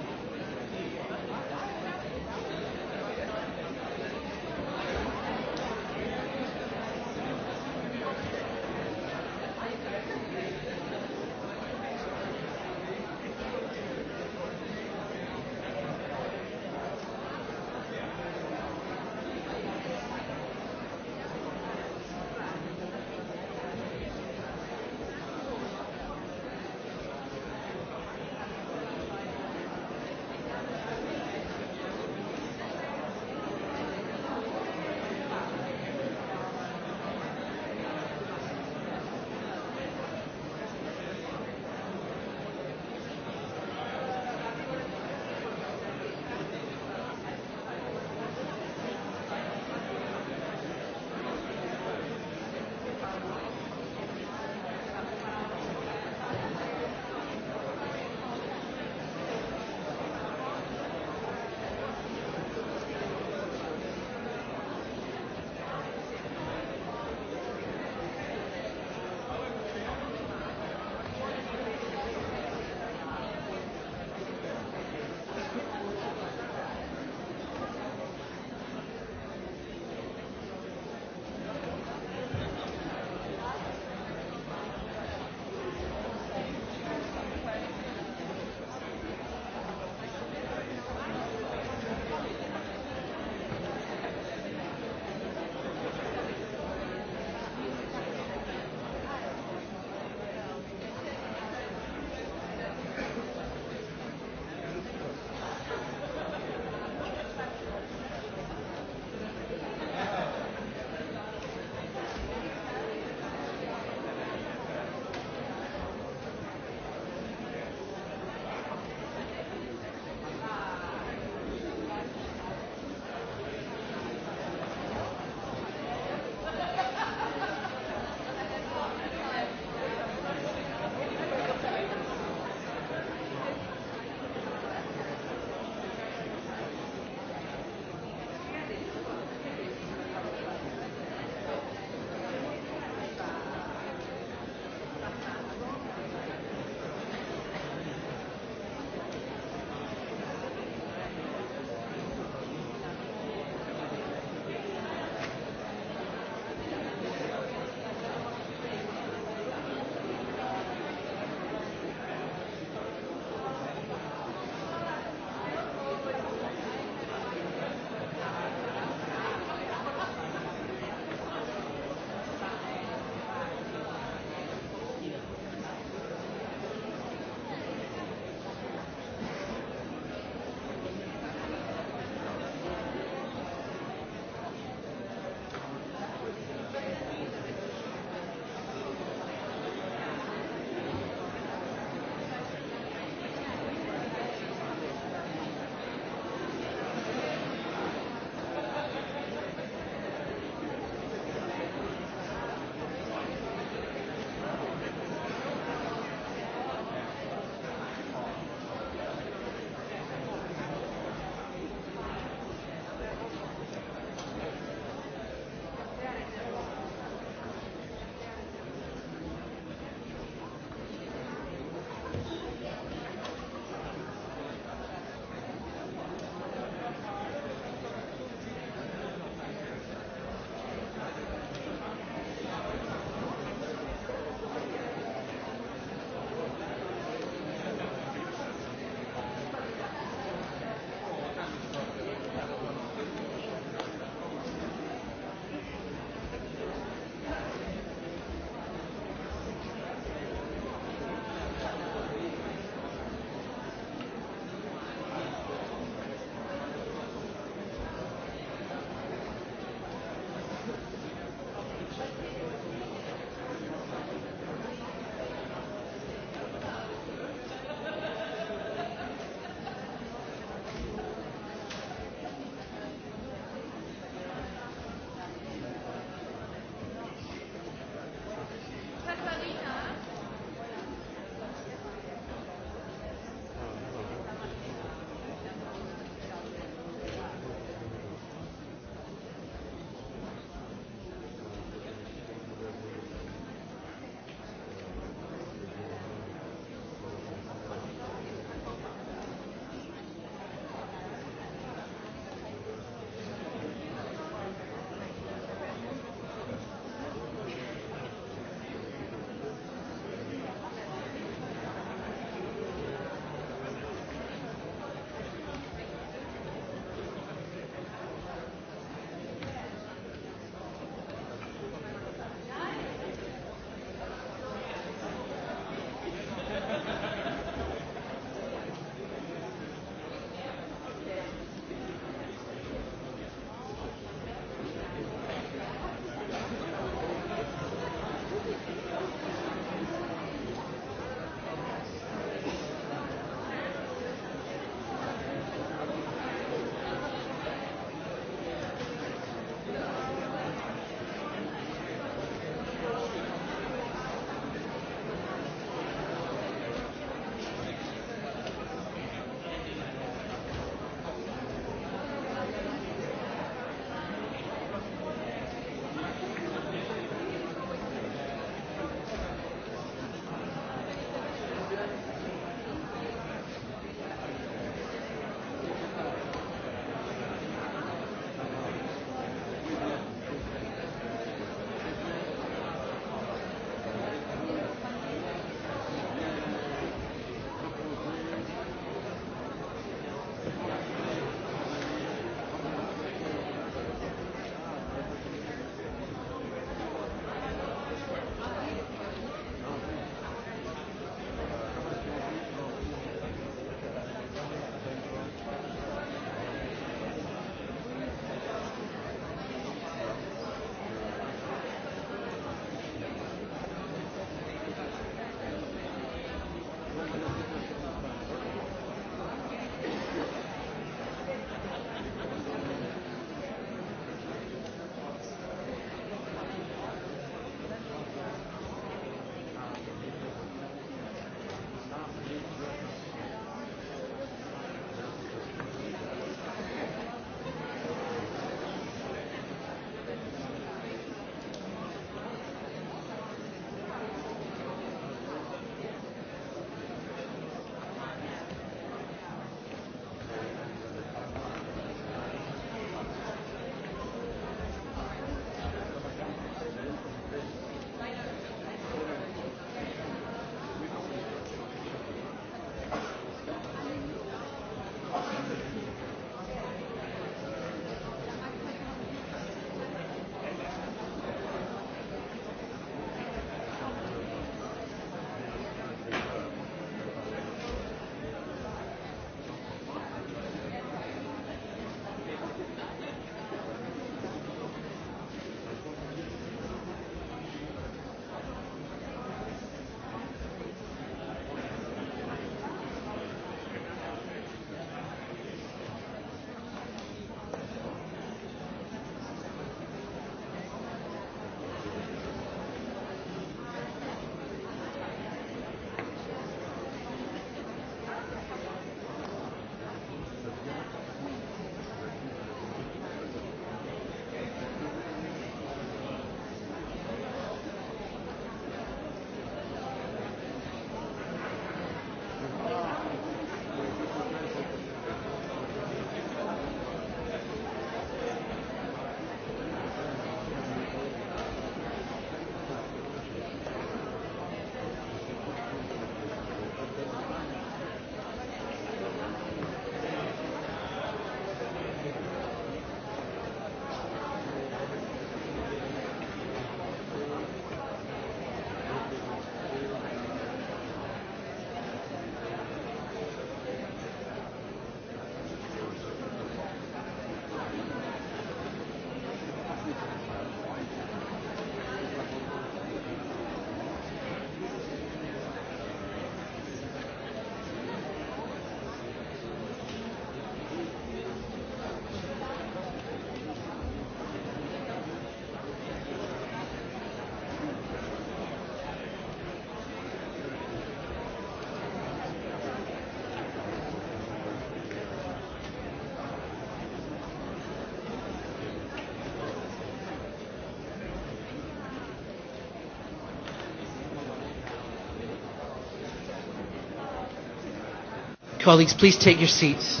Colleagues, please take your seats.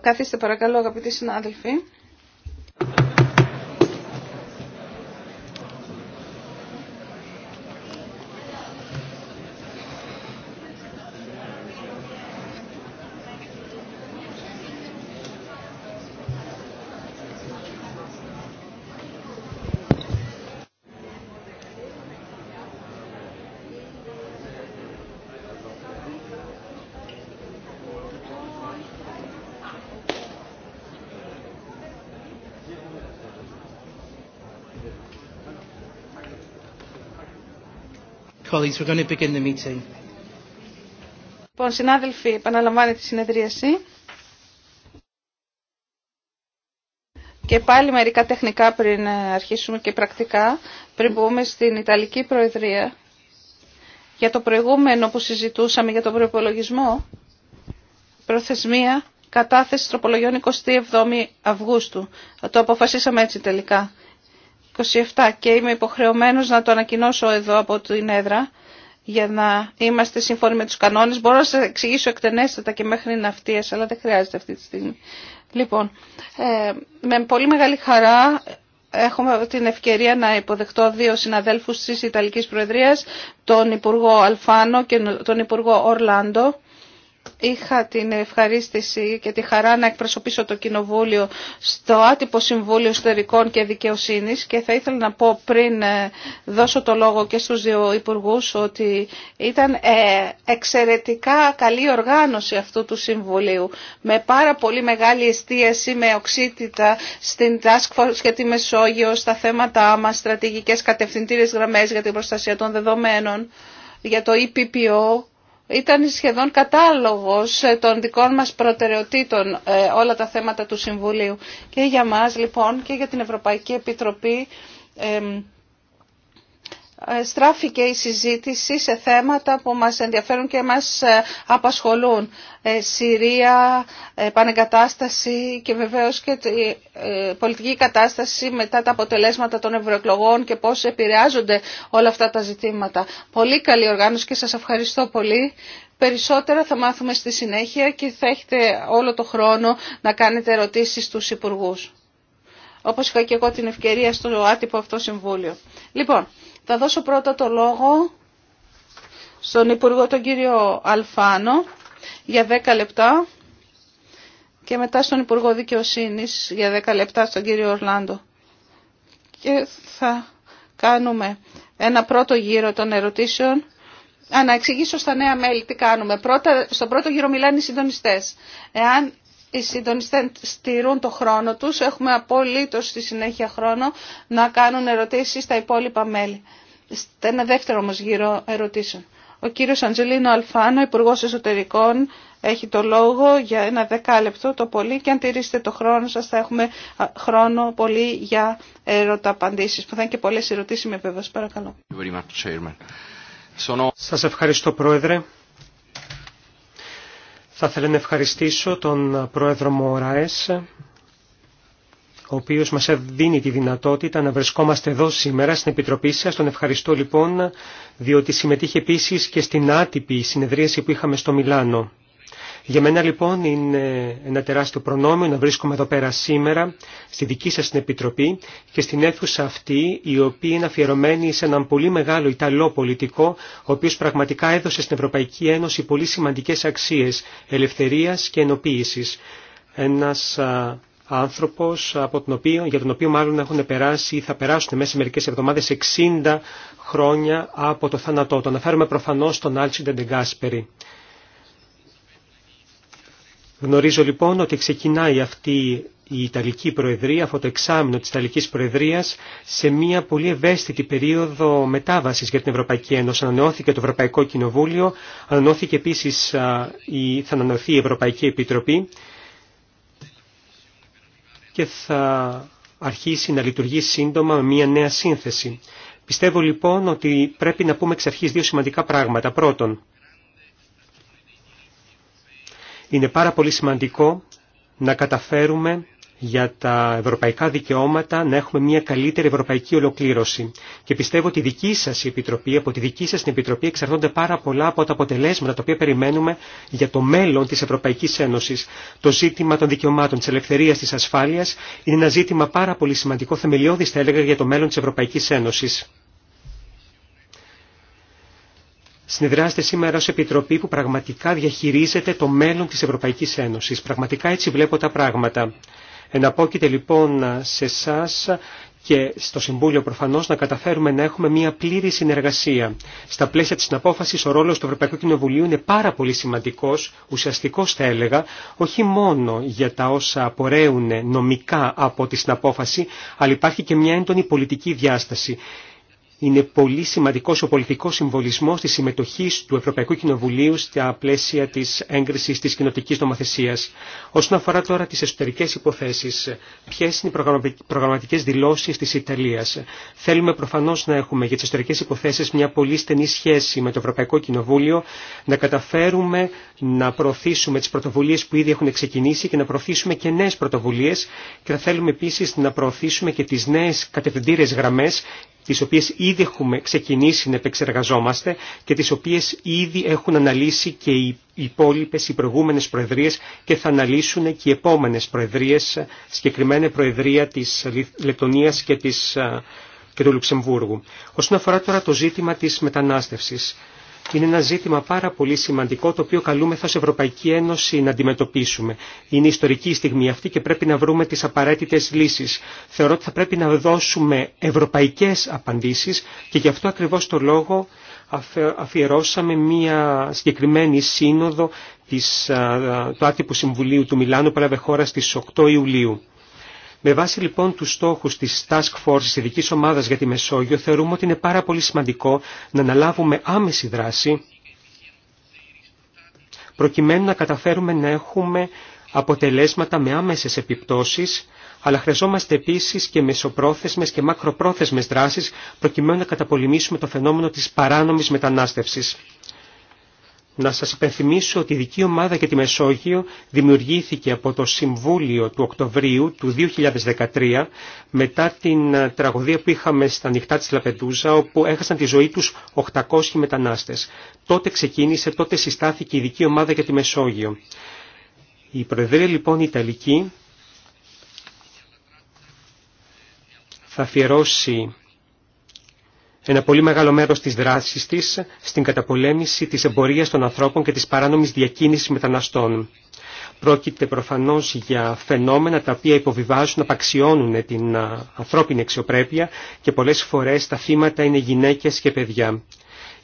Καθίστε παρακαλώ αγαπητοί συνάδελφοι. colleagues, we're going to begin the meeting. Λοιπόν, συνάδελφοι, τη συνεδρίαση. Και πάλι μερικά τεχνικά πριν ε, αρχίσουμε και πρακτικά, πριν μπούμε στην Ιταλική Προεδρία. Για το προηγούμενο που συζητούσαμε για τον προπολογισμό, προθεσμία κατάθεση τροπολογιών 27 Αυγούστου. Το αποφασίσαμε έτσι τελικά και είμαι υποχρεωμένος να το ανακοινώσω εδώ από την έδρα για να είμαστε σύμφωνοι με τους κανόνες. Μπορώ να σας εξηγήσω εκτενέστατα και μέχρι ναυτίες, αλλά δεν χρειάζεται αυτή τη στιγμή. Λοιπόν, ε, με πολύ μεγάλη χαρά έχουμε την ευκαιρία να υποδεχτώ δύο συναδέλφους της Ιταλικής Προεδρίας, τον Υπουργό Αλφάνο και τον Υπουργό Ορλάντο είχα την ευχαρίστηση και τη χαρά να εκπροσωπήσω το Κοινοβούλιο στο άτυπο Συμβούλιο Στερικών και Δικαιοσύνης και θα ήθελα να πω πριν ε, δώσω το λόγο και στους δύο υπουργούς ότι ήταν ε, εξαιρετικά καλή οργάνωση αυτού του Συμβουλίου με πάρα πολύ μεγάλη εστίαση, με οξύτητα στην Task Force και τη Μεσόγειο, στα θέματα μα στρατηγικές κατευθυντήρες γραμμές για την προστασία των δεδομένων, για το EPPO ήταν σχεδόν κατάλογος ε, των δικών μας προτεραιοτήτων ε, όλα τα θέματα του Συμβουλίου. Και για μας λοιπόν και για την Ευρωπαϊκή Επιτροπή ε, στράφηκε η συζήτηση σε θέματα που μας ενδιαφέρουν και μας ε, απασχολούν. Ε, Συρία, επανεγκατάσταση και βεβαίως και η πολιτική κατάσταση μετά τα αποτελέσματα των ευρωεκλογών και πώς επηρεάζονται όλα αυτά τα ζητήματα. Πολύ καλή οργάνωση και σας ευχαριστώ πολύ. Περισσότερα θα μάθουμε στη συνέχεια και θα έχετε όλο το χρόνο να κάνετε ερωτήσεις στους υπουργούς. Όπως είχα και εγώ την ευκαιρία στο άτυπο αυτό συμβούλιο. Λοιπόν, θα δώσω πρώτα το λόγο στον Υπουργό τον κύριο Αλφάνο για 10 λεπτά και μετά στον Υπουργό Δικαιοσύνης για 10 λεπτά στον κύριο Ορλάντο. Και θα κάνουμε ένα πρώτο γύρο των ερωτήσεων. Α, εξηγήσω στα νέα μέλη τι κάνουμε. Πρώτα, στον πρώτο γύρο μιλάνε οι συντονιστές. Εάν οι συντονιστέ στηρούν το χρόνο τους. Έχουμε απολύτως στη συνέχεια χρόνο να κάνουν ερωτήσεις στα υπόλοιπα μέλη. Ένα δεύτερο όμως γύρο ερωτήσεων. Ο κύριος Αντζελίνο Αλφάνο, Υπουργός Εσωτερικών, έχει το λόγο για ένα δεκάλεπτο το πολύ και αν τηρήσετε το χρόνο σας θα έχουμε χρόνο πολύ για ερωταπαντήσεις που θα είναι και πολλές ερωτήσεις με βέβαια. Παρακαλώ. Σας ευχαριστώ Πρόεδρε. Θα ήθελα να ευχαριστήσω τον Πρόεδρο Μωράες, ο οποίος μας δίνει τη δυνατότητα να βρισκόμαστε εδώ σήμερα στην Επιτροπή σας. Τον ευχαριστώ λοιπόν, διότι συμμετείχε επίσης και στην άτυπη συνεδρίαση που είχαμε στο Μιλάνο. Για μένα λοιπόν είναι ένα τεράστιο προνόμιο να βρίσκομαι εδώ πέρα σήμερα στη δική σας την Επιτροπή και στην αίθουσα αυτή η οποία είναι αφιερωμένη σε έναν πολύ μεγάλο Ιταλό πολιτικό ο οποίος πραγματικά έδωσε στην Ευρωπαϊκή Ένωση πολύ σημαντικές αξίες ελευθερίας και ενοποίησης. Ένας άνθρωπος από τον οποίο, για τον οποίο μάλλον έχουν περάσει ή θα περάσουν μέσα σε μερικές εβδομάδες 60 χρόνια από το θάνατό του. Αναφέρομαι προφανώς τον Άλτσιντεν Ντεγκάσπερη. Γνωρίζω λοιπόν ότι ξεκινάει αυτή η Ιταλική Προεδρία, αυτό το εξάμεινο της Ιταλικής Προεδρίας, σε μια πολύ ευαίσθητη περίοδο μετάβασης για την Ευρωπαϊκή Ένωση. Ανανεώθηκε το Ευρωπαϊκό Κοινοβούλιο, ανανεώθηκε επίσης η, θα ανανεωθεί η Ευρωπαϊκή Επιτροπή και θα αρχίσει να λειτουργεί σύντομα μια νέα σύνθεση. Πιστεύω λοιπόν ότι πρέπει να πούμε εξ αρχής δύο σημαντικά πράγματα. Πρώτον, είναι πάρα πολύ σημαντικό να καταφέρουμε για τα ευρωπαϊκά δικαιώματα να έχουμε μια καλύτερη ευρωπαϊκή ολοκλήρωση. Και πιστεύω ότι η δική σας Επιτροπή, από τη δική σας την Επιτροπή εξαρτώνται πάρα πολλά από τα αποτελέσματα τα οποία περιμένουμε για το μέλλον της Ευρωπαϊκής Ένωσης. Το ζήτημα των δικαιωμάτων, της ελευθερίας, της ασφάλειας είναι ένα ζήτημα πάρα πολύ σημαντικό, θεμελιώδης θα έλεγα για το μέλλον της Ευρωπαϊκής Ένωσης. συνεδριάζεται σήμερα ως Επιτροπή που πραγματικά διαχειρίζεται το μέλλον της Ευρωπαϊκής Ένωσης. Πραγματικά έτσι βλέπω τα πράγματα. Εναπόκειται λοιπόν σε εσά και στο Συμβούλιο προφανώ να καταφέρουμε να έχουμε μια πλήρη συνεργασία. Στα πλαίσια τη συναπόφαση, ο ρόλο του Ευρωπαϊκού Κοινοβουλίου είναι πάρα πολύ σημαντικό, ουσιαστικό θα έλεγα, όχι μόνο για τα όσα απορρέουν νομικά από τη συναπόφαση, αλλά υπάρχει και μια έντονη πολιτική διάσταση είναι πολύ σημαντικός ο πολιτικός συμβολισμός της συμμετοχής του Ευρωπαϊκού Κοινοβουλίου στα πλαίσια της έγκρισης της κοινοτικής νομοθεσίας. Όσον αφορά τώρα τις εσωτερικές υποθέσεις, ποιες είναι οι προγραμματικές δηλώσεις της Ιταλίας. Θέλουμε προφανώς να έχουμε για τις εσωτερικές υποθέσεις μια πολύ στενή σχέση με το Ευρωπαϊκό Κοινοβούλιο, να καταφέρουμε να προωθήσουμε τις πρωτοβουλίες που ήδη έχουν ξεκινήσει και να προωθήσουμε και νέες πρωτοβουλίες και θα θέλουμε επίσης να προωθήσουμε και τις νέες κατευθυντήρες γραμμές τις οποίες ήδη έχουμε ξεκινήσει να επεξεργαζόμαστε και τις οποίες ήδη έχουν αναλύσει και οι υπόλοιπες, οι προηγούμενες προεδρίες και θα αναλύσουν και οι επόμενες προεδρίες, συγκεκριμένα προεδρία της Λετωνίας και, της, ε, του Λουξεμβούργου. Όσον αφορά τώρα το ζήτημα της μετανάστευσης, είναι ένα ζήτημα πάρα πολύ σημαντικό το οποίο καλούμεθα ως Ευρωπαϊκή Ένωση να αντιμετωπίσουμε. Είναι η ιστορική στιγμή αυτή και πρέπει να βρούμε τις απαραίτητες λύσεις. Θεωρώ ότι θα πρέπει να δώσουμε ευρωπαϊκές απαντήσεις και γι' αυτό ακριβώς το λόγο αφιερώσαμε μία συγκεκριμένη σύνοδο του Άτυπου Συμβουλίου του Μιλάνου που έλαβε χώρα στις 8 Ιουλίου. Με βάση λοιπόν τους στόχους της Task Force της ειδικής ομάδας για τη Μεσόγειο θεωρούμε ότι είναι πάρα πολύ σημαντικό να αναλάβουμε άμεση δράση προκειμένου να καταφέρουμε να έχουμε αποτελέσματα με άμεσες επιπτώσεις, αλλά χρειαζόμαστε επίσης και μεσοπρόθεσμες και μακροπρόθεσμες δράσεις προκειμένου να καταπολεμήσουμε το φαινόμενο της παράνομης μετανάστευσης. Να σας υπενθυμίσω ότι η δική ομάδα για τη Μεσόγειο δημιουργήθηκε από το Συμβούλιο του Οκτωβρίου του 2013 μετά την ε, τραγωδία που είχαμε στα νυχτά της Λαπεντούζα όπου έχασαν τη ζωή τους 800 μετανάστες. Τότε ξεκίνησε, τότε συστάθηκε η δική ομάδα για τη Μεσόγειο. Η Προεδρία λοιπόν η Ιταλική θα αφιερώσει ένα πολύ μεγάλο μέρος της δράσης της στην καταπολέμηση της εμπορίας των ανθρώπων και της παράνομης διακίνησης μεταναστών. Πρόκειται προφανώς για φαινόμενα τα οποία υποβιβάζουν, απαξιώνουν την ανθρώπινη αξιοπρέπεια και πολλές φορές τα θύματα είναι γυναίκες και παιδιά.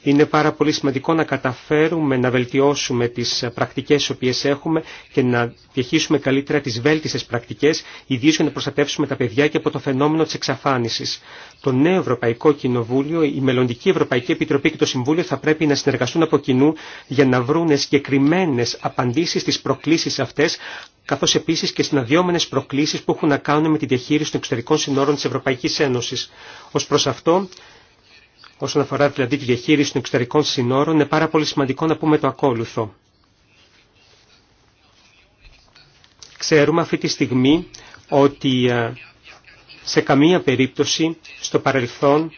Είναι πάρα πολύ σημαντικό να καταφέρουμε να βελτιώσουμε τις πρακτικές τις οποίες έχουμε και να διαχείσουμε καλύτερα τις βέλτιστες πρακτικές, ιδίως για να προστατεύσουμε τα παιδιά και από το φαινόμενο της εξαφάνισης. Το νέο Ευρωπαϊκό Κοινοβούλιο, η μελλοντική Ευρωπαϊκή Επιτροπή και το Συμβούλιο θα πρέπει να συνεργαστούν από κοινού για να βρουν συγκεκριμένε απαντήσεις στις προκλήσεις αυτές, καθώς επίσης και συναδειόμενες προκλήσεις που έχουν να κάνουν με τη διαχείριση των εξωτερικών συνόρων της Ευρωπαϊκής Ένωσης. Ως προς αυτό, Όσον αφορά δηλαδή τη διαχείριση των εξωτερικών συνόρων, είναι πάρα πολύ σημαντικό να πούμε το ακόλουθο. Ξέρουμε αυτή τη στιγμή ότι ε, σε καμία περίπτωση στο παρελθόν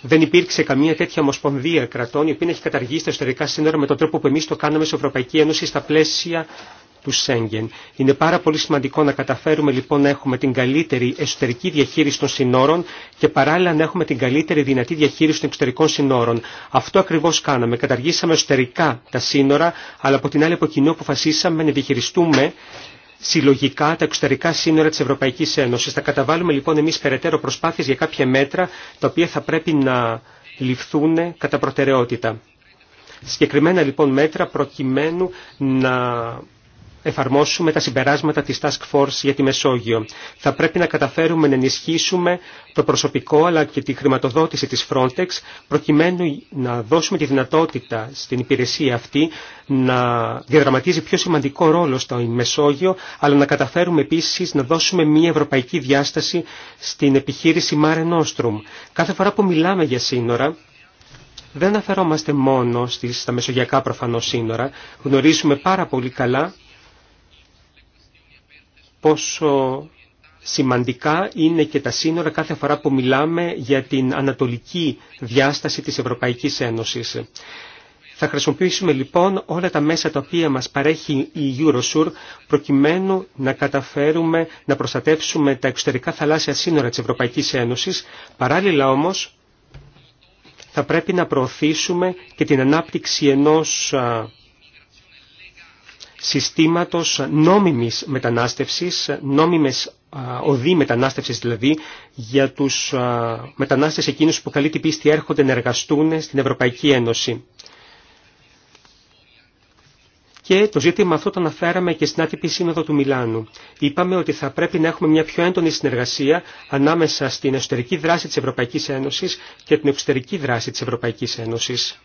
δεν υπήρξε καμία τέτοια ομοσπονδία κρατών η οποία έχει καταργήσει τα εξωτερικά σύνορα με τον τρόπο που εμεί το κάναμε στην Ευρωπαϊκή Ένωση στα πλαίσια του Σέγγεν. Είναι πάρα πολύ σημαντικό να καταφέρουμε λοιπόν να έχουμε την καλύτερη εσωτερική διαχείριση των συνόρων και παράλληλα να έχουμε την καλύτερη δυνατή διαχείριση των εξωτερικών συνόρων. Αυτό ακριβώ κάναμε. Καταργήσαμε εσωτερικά τα σύνορα, αλλά από την άλλη από κοινού αποφασίσαμε να διαχειριστούμε συλλογικά τα εξωτερικά σύνορα της Ευρωπαϊκής Ένωσης. Θα καταβάλουμε λοιπόν εμείς περαιτέρω προσπάθειες για κάποια μέτρα τα οποία θα πρέπει να ληφθούν κατά προτεραιότητα. Συγκεκριμένα λοιπόν μέτρα προκειμένου να εφαρμόσουμε τα συμπεράσματα της Task Force για τη Μεσόγειο. Θα πρέπει να καταφέρουμε να ενισχύσουμε το προσωπικό αλλά και τη χρηματοδότηση της Frontex προκειμένου να δώσουμε τη δυνατότητα στην υπηρεσία αυτή να διαδραματίζει πιο σημαντικό ρόλο στο Μεσόγειο αλλά να καταφέρουμε επίσης να δώσουμε μια ευρωπαϊκή διάσταση στην επιχείρηση Mare Nostrum. Κάθε φορά που μιλάμε για σύνορα δεν αναφερόμαστε μόνο στις, στα μεσογειακά προφανώς σύνορα, γνωρίζουμε πάρα πολύ καλά πόσο σημαντικά είναι και τα σύνορα κάθε φορά που μιλάμε για την ανατολική διάσταση της Ευρωπαϊκής Ένωσης. Θα χρησιμοποιήσουμε λοιπόν όλα τα μέσα τα οποία μας παρέχει η Eurosur προκειμένου να καταφέρουμε να προστατεύσουμε τα εξωτερικά θαλάσσια σύνορα της Ευρωπαϊκής Ένωσης. Παράλληλα όμως θα πρέπει να προωθήσουμε και την ανάπτυξη ενός συστήματος νόμιμης μετανάστευσης, νόμιμες οδοί μετανάστευσης δηλαδή, για τους μετανάστες εκείνους που καλή την πίστη έρχονται να εργαστούν στην Ευρωπαϊκή Ένωση. Και το ζήτημα αυτό το αναφέραμε και στην άτυπη σύνοδο του Μιλάνου. Είπαμε ότι θα πρέπει να έχουμε μια πιο έντονη συνεργασία ανάμεσα στην εσωτερική δράση της Ευρωπαϊκής Ένωσης και την εξωτερική δράση της Ευρωπαϊκής Ένωσης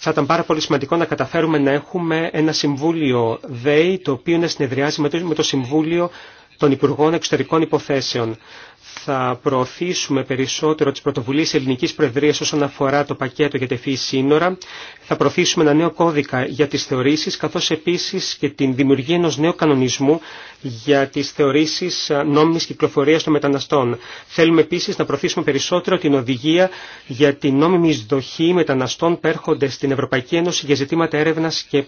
θα ήταν πάρα πολύ σημαντικό να καταφέρουμε να έχουμε ένα Συμβούλιο ΔΕΗ το οποίο να συνεδριάζει με το Συμβούλιο των Υπουργών Εξωτερικών Υποθέσεων θα προωθήσουμε περισσότερο τις πρωτοβουλίες ελληνικής προεδρίας όσον αφορά το πακέτο για τεφή σύνορα, θα προωθήσουμε ένα νέο κώδικα για τις θεωρήσεις, καθώς επίσης και την δημιουργία ενός νέου κανονισμού για τις θεωρήσεις νόμιμης κυκλοφορίας των μεταναστών. Θέλουμε επίσης να προωθήσουμε περισσότερο την οδηγία για την νόμιμη εισδοχή μεταναστών που έρχονται στην Ευρωπαϊκή Ένωση για ζητήματα έρευνας και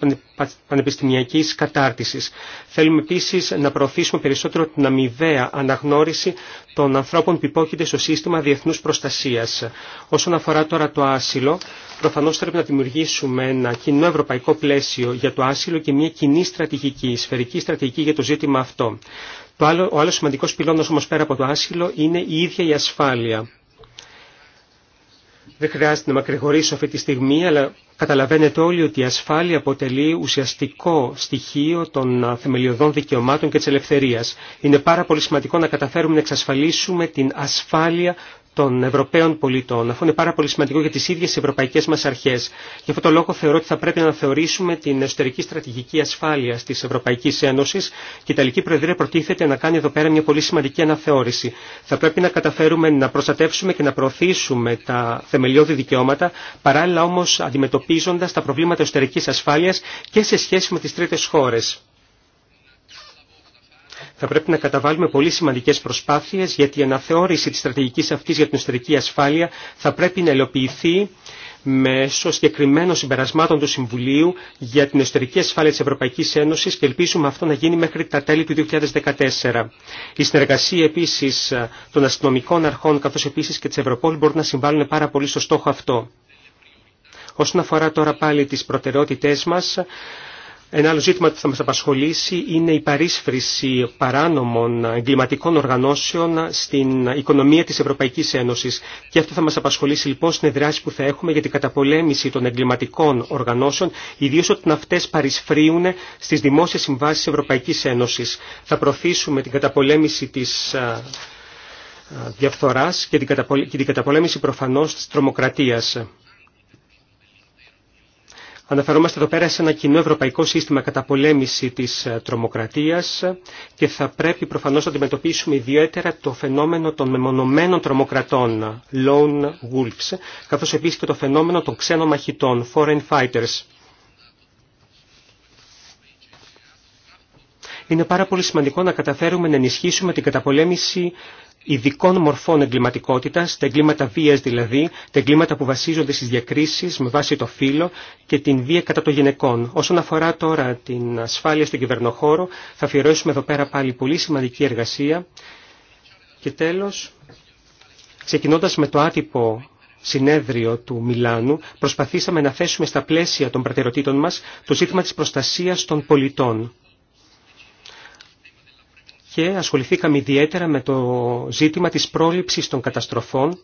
πανεπιστημιακής κατάρτισης. Θέλουμε επίσης να προωθήσουμε περισσότερο την αμοιβαία αναγνώριση των ανθρώπων που υπόκειται στο σύστημα διεθνούς προστασίας. Όσον αφορά τώρα το άσυλο, προφανώς πρέπει να δημιουργήσουμε ένα κοινό ευρωπαϊκό πλαίσιο για το άσυλο και μια κοινή στρατηγική, σφαιρική στρατηγική για το ζήτημα αυτό. Το άλλο, ο άλλος σημαντικός πυλώνος όμως πέρα από το άσυλο είναι η ίδια η ασφάλεια. Δεν χρειάζεται να μακρηγορήσω αυτή τη στιγμή, αλλά καταλαβαίνετε όλοι ότι η ασφάλεια αποτελεί ουσιαστικό στοιχείο των θεμελιωδών δικαιωμάτων και της ελευθερίας. Είναι πάρα πολύ σημαντικό να καταφέρουμε να εξασφαλίσουμε την ασφάλεια των Ευρωπαίων πολιτών. αφού είναι πάρα πολύ σημαντικό για τις ίδιες ευρωπαϊκές μας αρχές. Γι' αυτό το λόγο θεωρώ ότι θα πρέπει να θεωρήσουμε την εσωτερική στρατηγική ασφάλεια της Ευρωπαϊκής Ένωσης και η Ιταλική Προεδρία προτίθεται να κάνει εδώ πέρα μια πολύ σημαντική αναθεώρηση. Θα πρέπει να καταφέρουμε να προστατεύσουμε και να προωθήσουμε τα θεμελιώδη δικαιώματα, παράλληλα όμως αντιμετωπίζοντας τα προβλήματα εσωτερική ασφάλειας και σε σχέση με τις τρίτες χώρες θα πρέπει να καταβάλουμε πολύ σημαντικές προσπάθειες γιατί η αναθεώρηση της στρατηγικής αυτής για την εσωτερική ασφάλεια θα πρέπει να ελοποιηθεί μέσω συγκεκριμένων συμπερασμάτων του Συμβουλίου για την εσωτερική ασφάλεια της Ευρωπαϊκής Ένωσης και ελπίζουμε αυτό να γίνει μέχρι τα τέλη του 2014. Η συνεργασία επίσης των αστυνομικών αρχών καθώς επίσης και της Ευρωπόλου μπορούν να συμβάλλουν πάρα πολύ στο στόχο αυτό. Όσον αφορά τώρα πάλι τις προτεραιότητές μας, ένα άλλο ζήτημα που θα μας απασχολήσει είναι η παρίσφρηση παράνομων εγκληματικών οργανώσεων στην οικονομία της Ευρωπαϊκής Ένωσης. Και αυτό θα μας απασχολήσει λοιπόν στην εδράση που θα έχουμε για την καταπολέμηση των εγκληματικών οργανώσεων, ιδίως όταν αυτές παρισφρίουν στις δημόσιες συμβάσεις Ευρωπαϊκής Ένωσης. Θα προωθήσουμε την καταπολέμηση της διαφθοράς και την καταπολέμηση προφανώς της τρομοκρατίας. Αναφερόμαστε εδώ πέρα σε ένα κοινό ευρωπαϊκό σύστημα καταπολέμηση της ε, τρομοκρατίας και θα πρέπει προφανώς να αντιμετωπίσουμε ιδιαίτερα το φαινόμενο των μεμονωμένων τρομοκρατών, lone wolves, καθώς επίσης και το φαινόμενο των ξένων μαχητών, foreign fighters. Είναι πάρα πολύ σημαντικό να καταφέρουμε να ενισχύσουμε την καταπολέμηση ειδικών μορφών εγκληματικότητα, τα εγκλήματα βία δηλαδή, τα εγκλήματα που βασίζονται στι διακρίσει με βάση το φύλλο και την βία κατά των γυναικών. Όσον αφορά τώρα την ασφάλεια στον κυβερνοχώρο, θα αφιερώσουμε εδώ πέρα πάλι πολύ σημαντική εργασία. Και τέλο, ξεκινώντα με το άτυπο συνέδριο του Μιλάνου, προσπαθήσαμε να θέσουμε στα πλαίσια των προτεραιοτήτων μα το ζήτημα τη προστασία των πολιτών και ασχοληθήκαμε ιδιαίτερα με το ζήτημα της πρόληψης των καταστροφών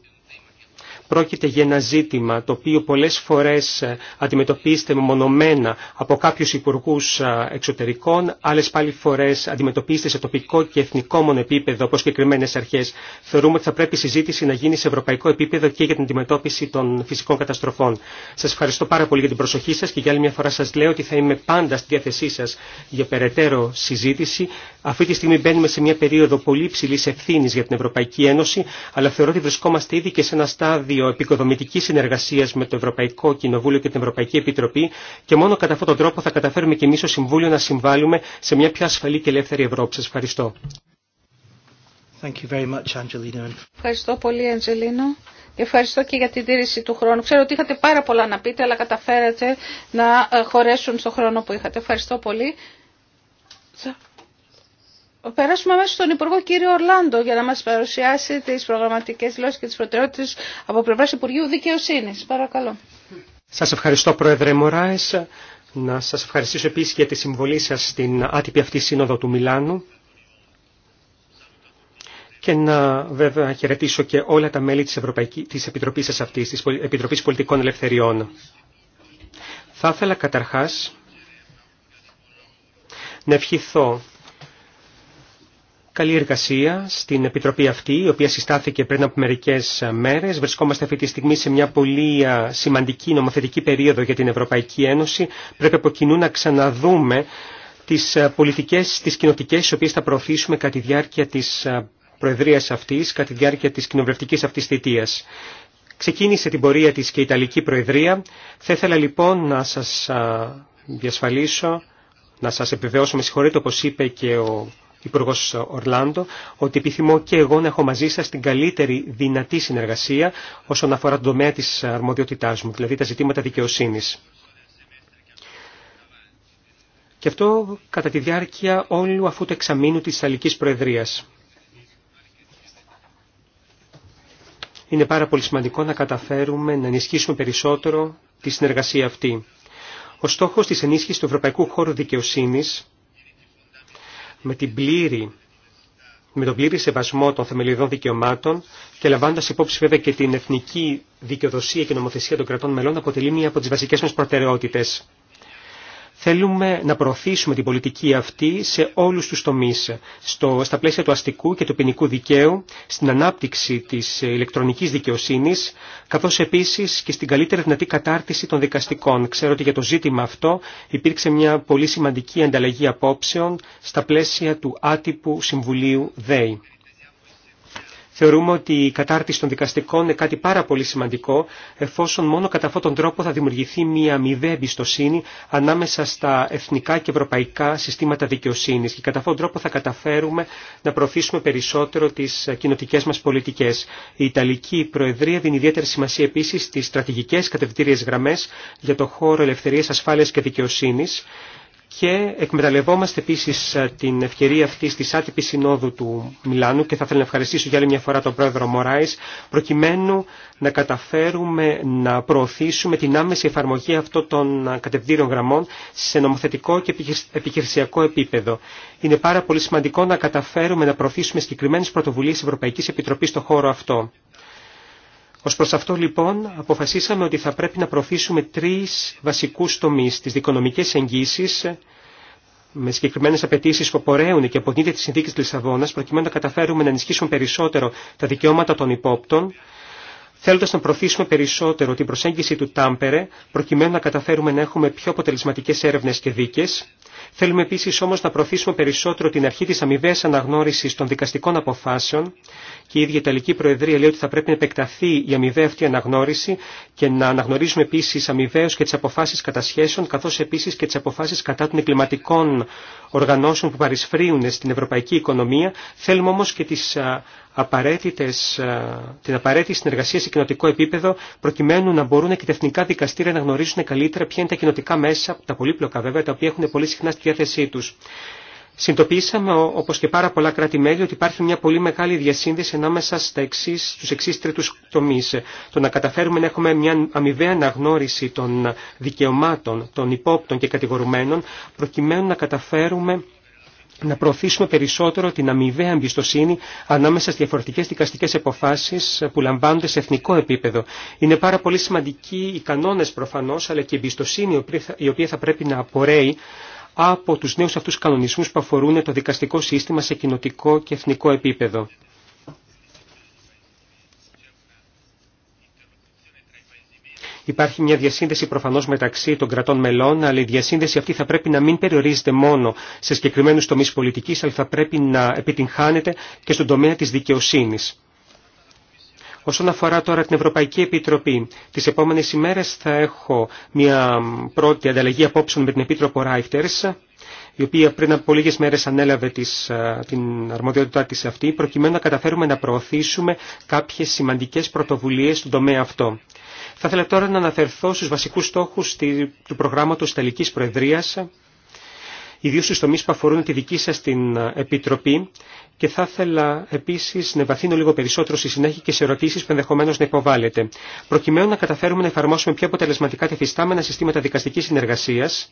Πρόκειται για ένα ζήτημα το οποίο πολλές φορές ε, αντιμετωπίζεται μονομένα από κάποιους υπουργούς ε, εξωτερικών, άλλες πάλι φορές αντιμετωπίζεται σε τοπικό και εθνικό επίπεδο από συγκεκριμένε αρχές. Θεωρούμε ότι θα πρέπει η συζήτηση να γίνει σε ευρωπαϊκό επίπεδο και για την αντιμετώπιση των φυσικών καταστροφών. Σας ευχαριστώ πάρα πολύ για την προσοχή σας και για άλλη μια φορά σας λέω ότι θα είμαι πάντα στη διάθεσή σας για περαιτέρω συζήτηση. Αυτή τη στιγμή μπαίνουμε σε μια περίοδο πολύ ψηλής ευθύνης για την Ευρωπαϊκή Ένωση, αλλά θεωρώ ότι βρισκόμαστε ήδη και σε ένα στάδιο ο επικοδομητικής συνεργασίας με το Ευρωπαϊκό Κοινοβούλιο και την Ευρωπαϊκή Επιτροπή και μόνο κατά αυτόν τον τρόπο θα καταφέρουμε και εμείς ως Συμβούλιο να συμβάλλουμε σε μια πιο ασφαλή και ελεύθερη Ευρώπη. Σας ευχαριστώ. Ευχαριστώ πολύ, Αντζελίνο. Και ευχαριστώ και για την τήρηση του χρόνου. Ξέρω ότι είχατε πάρα πολλά να πείτε, αλλά καταφέρατε να ε, χωρέσουν στον χρόνο που είχατε. Ευχαριστώ πολύ περάσουμε αμέσως στον Υπουργό κύριο Ορλάντο για να μας παρουσιάσει τις προγραμματικές δηλώσεις και τις προτεραιότητες από πλευράς Υπουργείου Δικαιοσύνης. Παρακαλώ. Σας ευχαριστώ Πρόεδρε Μωράες. Να σας ευχαριστήσω επίσης για τη συμβολή σας στην άτυπη αυτή σύνοδο του Μιλάνου και να βέβαια χαιρετήσω και όλα τα μέλη της, Ευρωπαϊκής, της Επιτροπής σας αυτής, της Επιτροπής Πολιτικών Ελευθεριών. Θα ήθελα καταρχάς να ευχηθώ Καλή εργασία στην Επιτροπή αυτή, η οποία συστάθηκε πριν από μερικέ ε, μέρε. Βρισκόμαστε αυτή τη στιγμή σε μια πολύ ε, σημαντική νομοθετική περίοδο για την Ευρωπαϊκή Ένωση. Πρέπει από κοινού να ξαναδούμε τι ε, πολιτικέ, τι κοινοτικέ, τι οποίε θα προωθήσουμε κατά τη διάρκεια τη Προεδρία αυτή, κατά τη διάρκεια τη κοινοβουλευτική αυτή θητεία. Ξεκίνησε την πορεία της και η Ιταλική Προεδρία. Θα ήθελα λοιπόν να σας διασφαλίσω, να σας επιβεβαιώσω, με συγχωρείτε όπω είπε και ο Υπουργό Ορλάντο, ότι επιθυμώ και εγώ να έχω μαζί σα την καλύτερη δυνατή συνεργασία όσον αφορά τον τομέα τη αρμοδιότητά μου, δηλαδή τα ζητήματα δικαιοσύνη. Και αυτό κατά τη διάρκεια όλου αφού του εξαμήνου τη Ιταλική Προεδρία. Είναι πάρα πολύ σημαντικό να καταφέρουμε να ενισχύσουμε περισσότερο τη συνεργασία αυτή. Ο στόχο τη ενίσχυση του Ευρωπαϊκού Χώρου Δικαιοσύνη με, την πλήρη, με τον πλήρη σεβασμό των θεμελιώδων δικαιωμάτων και λαμβάνοντα υπόψη βέβαια και την εθνική δικαιοδοσία και νομοθεσία των κρατών μελών αποτελεί μία από τις βασικές μας προτεραιότητες. Θέλουμε να προωθήσουμε την πολιτική αυτή σε όλους τους τομείς, στο, στα πλαίσια του αστικού και του ποινικού δικαίου, στην ανάπτυξη της ηλεκτρονικής δικαιοσύνης, καθώς επίσης και στην καλύτερη δυνατή κατάρτιση των δικαστικών. Ξέρω ότι για το ζήτημα αυτό υπήρξε μια πολύ σημαντική ανταλλαγή απόψεων στα πλαίσια του άτυπου Συμβουλίου ΔΕΗ. Θεωρούμε ότι η κατάρτιση των δικαστικών είναι κάτι πάρα πολύ σημαντικό, εφόσον μόνο κατά αυτόν τον τρόπο θα δημιουργηθεί μια αμοιβαία εμπιστοσύνη ανάμεσα στα εθνικά και ευρωπαϊκά συστήματα δικαιοσύνη και κατά αυτόν τον τρόπο θα καταφέρουμε να προωθήσουμε περισσότερο τι κοινοτικέ μα πολιτικέ. Η Ιταλική Προεδρία δίνει ιδιαίτερη σημασία επίση στι στρατηγικέ κατευθυντήριες γραμμέ για το χώρο ελευθερία, ασφάλεια και δικαιοσύνη. Και εκμεταλλευόμαστε επίση ε, την ευκαιρία αυτή τη άτυπη συνόδου του Μιλάνου και θα ήθελα να ευχαριστήσω για άλλη μια φορά τον πρόεδρο Μωράη, προκειμένου να καταφέρουμε να προωθήσουμε την άμεση εφαρμογή αυτών των ε, κατευθύνων γραμμών σε νομοθετικό και επιχειρησιακό επίπεδο. Είναι πάρα πολύ σημαντικό να καταφέρουμε να προωθήσουμε συγκεκριμένε πρωτοβουλίε Ευρωπαϊκή Επιτροπή στον χώρο αυτό. Ως προς αυτό λοιπόν αποφασίσαμε ότι θα πρέπει να προωθήσουμε τρεις βασικούς τομείς, τις δικονομικές εγγύσεις, με συγκεκριμένες απαιτήσεις που απορρέουν και αποδίδεται τη συνθήκη της Λισαβόνα, προκειμένου να καταφέρουμε να ενισχύσουμε περισσότερο τα δικαιώματα των υπόπτων, θέλοντας να προωθήσουμε περισσότερο την προσέγγιση του Τάμπερε, προκειμένου να καταφέρουμε να έχουμε πιο αποτελεσματικές έρευνες και δίκες. Θέλουμε επίσης όμως να προωθήσουμε περισσότερο την αρχή της αμοιβαίας αναγνώρισης των δικαστικών αποφάσεων και η ίδια Ιταλική Προεδρία λέει ότι θα πρέπει να επεκταθεί η αμοιβαία αυτή αναγνώριση και να αναγνωρίζουμε επίσης αμοιβαίως και τις αποφάσεις κατά σχέσεων καθώς επίσης και τις αποφάσεις κατά των εγκληματικών οργανώσεων που παρισφρίουν στην ευρωπαϊκή οικονομία. Θέλουμε όμως και τις ε, την απαραίτητη συνεργασία σε κοινοτικό επίπεδο προκειμένου να μπορούν και τα εθνικά δικαστήρια να γνωρίζουν καλύτερα ποια είναι τα κοινοτικά μέσα, τα πολύπλοκα βέβαια, τα οποία έχουν πολύ συχνά στη διάθεσή του. Συντοπίσαμε, όπω και πάρα πολλά κράτη-μέλη, ότι υπάρχει μια πολύ μεγάλη διασύνδεση ανάμεσα στου εξή τρίτου τομεί. Το να καταφέρουμε να έχουμε μια αμοιβαία αναγνώριση των δικαιωμάτων των υπόπτων και κατηγορουμένων, προκειμένου να καταφέρουμε να προωθήσουμε περισσότερο την αμοιβαία εμπιστοσύνη ανάμεσα στι διαφορετικέ δικαστικέ αποφάσει που λαμβάνονται σε εθνικό επίπεδο. Είναι πάρα πολύ σημαντικοί οι κανόνε προφανώ, αλλά και η εμπιστοσύνη η οποία θα πρέπει να απορρέει από τους νέους αυτούς κανονισμούς που αφορούν το δικαστικό σύστημα σε κοινοτικό και εθνικό επίπεδο. Υπάρχει μια διασύνδεση προφανώς μεταξύ των κρατών μελών, αλλά η διασύνδεση αυτή θα πρέπει να μην περιορίζεται μόνο σε συγκεκριμένου τομείς πολιτικής, αλλά θα πρέπει να επιτυγχάνεται και στον τομέα της δικαιοσύνης. Όσον αφορά τώρα την Ευρωπαϊκή Επιτροπή, τις επόμενες ημέρες θα έχω μια πρώτη ανταλλαγή απόψεων με την Επίτροπο Ράιχτερ η οποία πριν από λίγε μέρες ανέλαβε την αρμοδιότητά της αυτή, προκειμένου να καταφέρουμε να προωθήσουμε κάποιες σημαντικές πρωτοβουλίες στον τομέα αυτό. Θα ήθελα τώρα να αναφερθώ στους βασικούς στόχους του προγράμματος Ιταλικής Προεδρίας, ιδίως στους τομείς που αφορούν τη δική σας την ε, Επιτροπή και θα ήθελα επίσης να βαθύνω λίγο περισσότερο στη συνέχεια και σε ερωτήσεις που ενδεχομένως να υποβάλλετε, προκειμένου να καταφέρουμε να εφαρμόσουμε πιο αποτελεσματικά τα συστήματα δικαστικής συνεργασίας,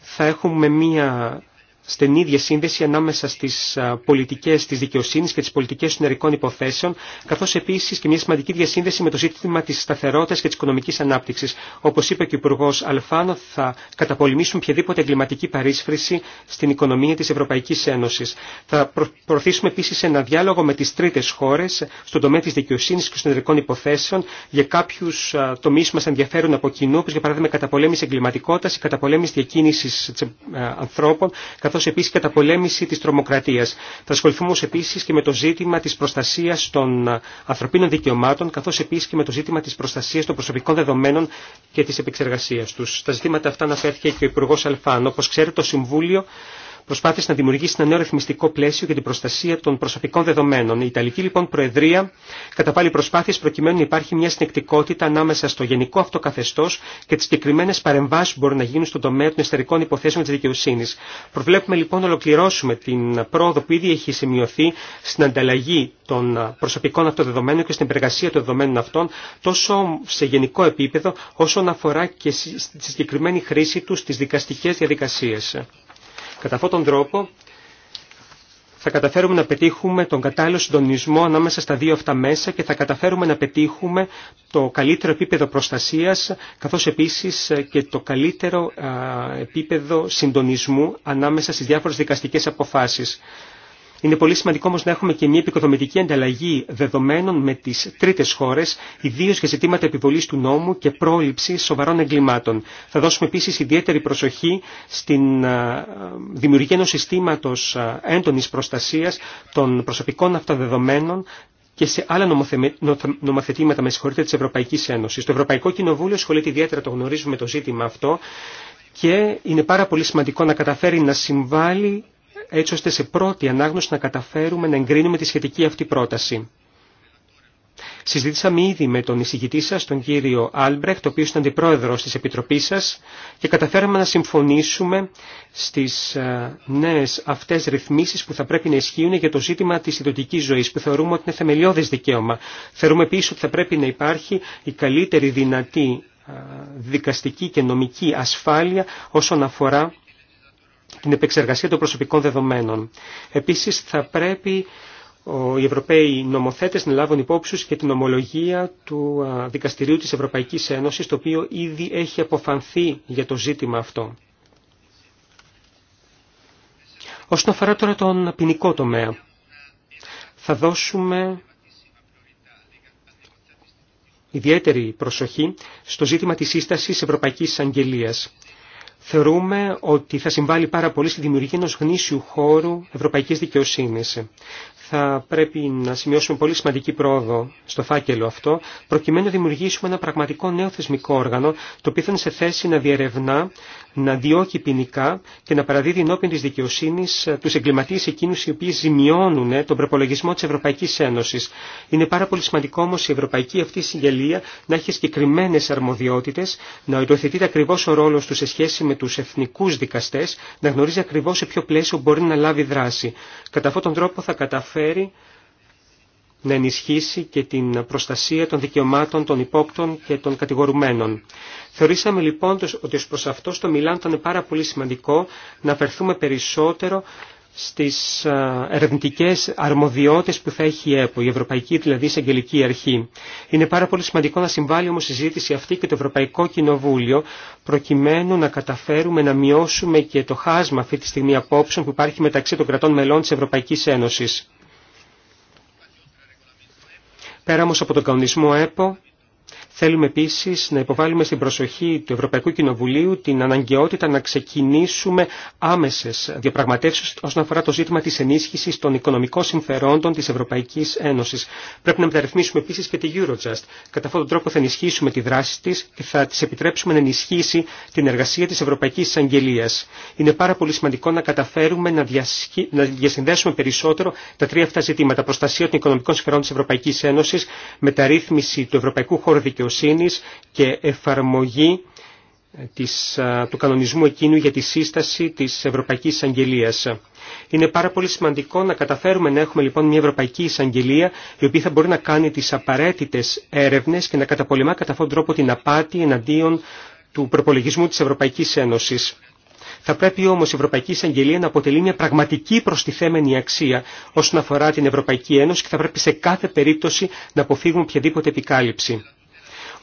θα έχουμε μία στενή διασύνδεση ανάμεσα στις πολιτικές της δικαιοσύνης και τις πολιτικές συνερικών υποθέσεων, καθώς επίσης και μια σημαντική διασύνδεση με το ζήτημα της σταθερότητας και της οικονομικής ανάπτυξης. Όπως είπε και ο Υπουργό Αλφάνο, θα καταπολεμήσουν οποιαδήποτε εγκληματική παρίσφρηση στην οικονομία της Ευρωπαϊκής Ένωσης. Θα προωθήσουμε επίσης ένα διάλογο με τις τρίτες χώρες στον τομέα της δικαιοσύνης και των συνερικών υποθέσεων για κάποιους τομείς που μας ενδιαφέρουν από κοινού, για παράδειγμα καταπολέμηση εγκληματικότητας, η καταπολέμηση διακίνησης ε, ε, ανθρώπων, καθώς επίσης και τα πολέμηση της τρομοκρατίας. Θα ασχοληθούμε όμως επίσης και με το ζήτημα της προστασίας των ανθρωπίνων δικαιωμάτων, καθώς επίσης και με το ζήτημα της προστασίας των προσωπικών δεδομένων και της επεξεργασίας τους. Τα ζητήματα αυτά αναφέρθηκε και ο Υπουργός Αλφάν. Όπως ξέρετε, το Συμβούλιο προσπάθησε να δημιουργήσει ένα νέο ρυθμιστικό πλαίσιο για την προστασία των προσωπικών δεδομένων. Η Ιταλική λοιπόν Προεδρία καταβάλει προσπάθειε προκειμένου να υπάρχει μια συνεκτικότητα ανάμεσα στο γενικό αυτό καθεστώ και τι συγκεκριμένε παρεμβάσει που μπορούν να γίνουν στον τομέα των εσωτερικών υποθέσεων τη δικαιοσύνη. Προβλέπουμε λοιπόν να ολοκληρώσουμε την πρόοδο που ήδη έχει σημειωθεί στην ανταλλαγή των προσωπικών αυτοδεδομένων και στην επεργασία των δεδομένων αυτών τόσο σε γενικό επίπεδο όσον αφορά και στη συγκεκριμένη χρήση του στι δικαστικές διαδικασίε. Κατά αυτόν τον τρόπο θα καταφέρουμε να πετύχουμε τον κατάλληλο συντονισμό ανάμεσα στα δύο αυτά μέσα και θα καταφέρουμε να πετύχουμε το καλύτερο επίπεδο προστασίας καθώς επίσης και το καλύτερο επίπεδο συντονισμού ανάμεσα στις διάφορες δικαστικές αποφάσεις. Είναι πολύ σημαντικό όμω να έχουμε και μια επικοδομητική ανταλλαγή δεδομένων με τι τρίτε χώρε, ιδίω για ζητήματα επιβολή του νόμου και πρόληψη σοβαρών εγκλημάτων. Θα δώσουμε επίση ιδιαίτερη προσοχή στην δημιουργία ενό συστήματο έντονη προστασία των προσωπικών αυτοδεδομένων δεδομένων και σε άλλα νομοθετήματα, με συγχωρείτε, τη Ευρωπαϊκή Ένωση. Το Ευρωπαϊκό Κοινοβούλιο ασχολείται ιδιαίτερα, το γνωρίζουμε το ζήτημα αυτό και είναι πάρα πολύ σημαντικό να καταφέρει να συμβάλλει έτσι ώστε σε πρώτη ανάγνωση να καταφέρουμε να εγκρίνουμε τη σχετική αυτή πρόταση. Συζήτησαμε ήδη με τον εισηγητή σα, τον κύριο Άλμπρεχτ, ο οποίο ήταν αντιπρόεδρο τη Επιτροπή σα, και καταφέραμε να συμφωνήσουμε στι ε, νέε αυτέ ρυθμίσει που θα πρέπει να ισχύουν για το ζήτημα τη ιδιωτική ζωή, που θεωρούμε ότι είναι θεμελιώδε δικαίωμα. Θεωρούμε επίση ότι θα πρέπει να υπάρχει η καλύτερη δυνατή ε, δικαστική και νομική ασφάλεια όσον αφορά την επεξεργασία των προσωπικών δεδομένων. Επίσης θα πρέπει οι Ευρωπαίοι νομοθέτες να λάβουν υπόψη και την ομολογία του Δικαστηρίου της Ευρωπαϊκής Ένωσης, το οποίο ήδη έχει αποφανθεί για το ζήτημα αυτό. Όσον αφορά τώρα τον ποινικό τομέα, θα δώσουμε ιδιαίτερη προσοχή στο ζήτημα της σύστασης Ευρωπαϊκής Αγγελίας θεωρούμε ότι θα συμβάλλει πάρα πολύ στη δημιουργία ενός γνήσιου χώρου ευρωπαϊκής δικαιοσύνης θα πρέπει να σημειώσουμε πολύ σημαντική πρόοδο στο φάκελο αυτό, προκειμένου να δημιουργήσουμε ένα πραγματικό νέο θεσμικό όργανο, το οποίο θα είναι σε θέση να διερευνά, να διώκει ποινικά και να παραδίδει ενώπιον τη δικαιοσύνη ε, του εγκληματίε εκείνου οι οποίοι ζημιώνουν ε, τον προπολογισμό τη Ευρωπαϊκή Ένωση. Είναι πάρα πολύ σημαντικό όμω η ευρωπαϊκή αυτή συγγελία να έχει συγκεκριμένε αρμοδιότητε, να οριοθετείται ακριβώ ο ρόλο του σε σχέση με του εθνικού δικαστέ, να γνωρίζει ακριβώ σε ποιο πλαίσιο μπορεί να λάβει δράση. Κατά αυτόν τον τρόπο θα καταφέρει καταφέρει να ενισχύσει και την προστασία των δικαιωμάτων των υπόπτων και των κατηγορουμένων. Θεωρήσαμε λοιπόν ότι ως προς αυτό στο Μιλάν ήταν πάρα πολύ σημαντικό να αφαιρθούμε περισσότερο στις ερευνητικές αρμοδιότητες που θα έχει η ΕΠΟ, η Ευρωπαϊκή δηλαδή Εισαγγελική Αρχή. Είναι πάρα πολύ σημαντικό να συμβάλλει όμως η συζήτηση αυτή και το Ευρωπαϊκό Κοινοβούλιο προκειμένου να καταφέρουμε να μειώσουμε και το χάσμα αυτή τη στιγμή απόψεων που υπάρχει μεταξύ των κρατών μελών της Ευρωπαϊκής Ένωσης. Πέρα όμως από τον κανονισμό ΕΠΟ Θέλουμε επίσης να υποβάλουμε στην προσοχή του Ευρωπαϊκού Κοινοβουλίου την αναγκαιότητα να ξεκινήσουμε άμεσες διαπραγματεύσεις όσον αφορά το ζήτημα της ενίσχυσης των οικονομικών συμφερόντων της Ευρωπαϊκής Ένωσης. Πρέπει να μεταρρυθμίσουμε επίσης και τη Eurojust. Κατά αυτόν τον τρόπο θα ενισχύσουμε τη δράση της και θα της επιτρέψουμε να ενισχύσει την εργασία της Ευρωπαϊκής Αγγελία. Είναι πάρα πολύ σημαντικό να καταφέρουμε να, να διασυνδέσουμε περισσότερο τα τρία αυτά ζητήματα. Προστασία των οικονομικών συμφερόντων της Ευρωπαϊκής Ένωσης, μεταρρύθμιση του Ευρωπαϊκού Χώρου δικαιοσύνης και εφαρμογή της, του κανονισμού εκείνου για τη σύσταση της Ευρωπαϊκής Αγγελίας. Είναι πάρα πολύ σημαντικό να καταφέρουμε να έχουμε λοιπόν μια Ευρωπαϊκή Εισαγγελία η οποία θα μπορεί να κάνει τις απαραίτητες έρευνες και να καταπολεμά κατά αυτόν τον τρόπο την απάτη εναντίον του προπολογισμού της Ευρωπαϊκής Ένωσης. Θα πρέπει όμως η Ευρωπαϊκή Εισαγγελία να αποτελεί μια πραγματική προστιθέμενη αξία όσον αφορά την Ευρωπαϊκή Ένωση και θα πρέπει σε κάθε περίπτωση να αποφύγουμε οποιαδήποτε επικάλυψη.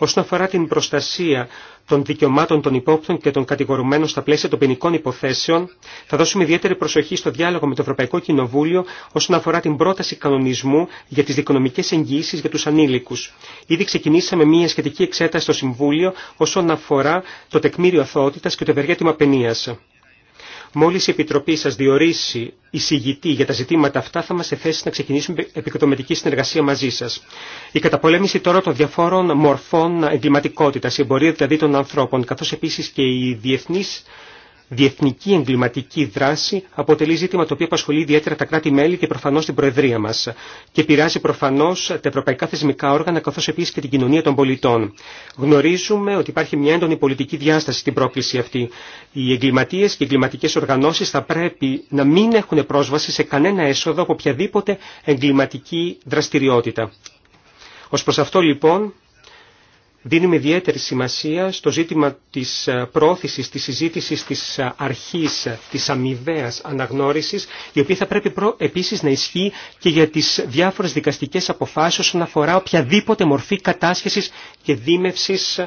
Όσον αφορά την προστασία των δικαιωμάτων των υπόπτων και των κατηγορουμένων στα πλαίσια των ποινικών υποθέσεων, θα δώσουμε ιδιαίτερη προσοχή στο διάλογο με το Ευρωπαϊκό Κοινοβούλιο όσον αφορά την πρόταση κανονισμού για τι δικονομικέ εγγυήσει για του ανήλικου. Ήδη ξεκινήσαμε μία σχετική εξέταση στο Συμβούλιο όσον αφορά το τεκμήριο αθωότητα και το ευεργέτημα παινία. Μόλις η Επιτροπή σας διορίσει εισηγητή για τα ζητήματα αυτά θα μας σε θέση να ξεκινήσουμε επικοδομητική συνεργασία μαζί σας. Η καταπολέμηση τώρα των διαφόρων μορφών εγκληματικότητας, η εμπορία δηλαδή των ανθρώπων, καθώς επίσης και η διεθνής διεθνική εγκληματική δράση αποτελεί ζήτημα το οποίο απασχολεί ιδιαίτερα τα κράτη-μέλη και προφανώ την Προεδρία μα. Και πειράζει προφανώ τα ευρωπαϊκά θεσμικά όργανα καθώ επίση και την κοινωνία των πολιτών. Γνωρίζουμε ότι υπάρχει μια έντονη πολιτική διάσταση στην πρόκληση αυτή. Οι εγκληματίε και οι εγκληματικέ οργανώσει θα πρέπει να μην έχουν πρόσβαση σε κανένα έσοδο από οποιαδήποτε εγκληματική δραστηριότητα. Ω προ αυτό λοιπόν, δίνουμε ιδιαίτερη σημασία στο ζήτημα της ε, πρόθεσης, της συζήτησης της ε, αρχής ε, της αμοιβαία αναγνώρισης, η οποία θα πρέπει επίσης να ισχύει και για τις διάφορες δικαστικές αποφάσεις όσον αφορά οποιαδήποτε μορφή κατάσχεσης και δίμευσης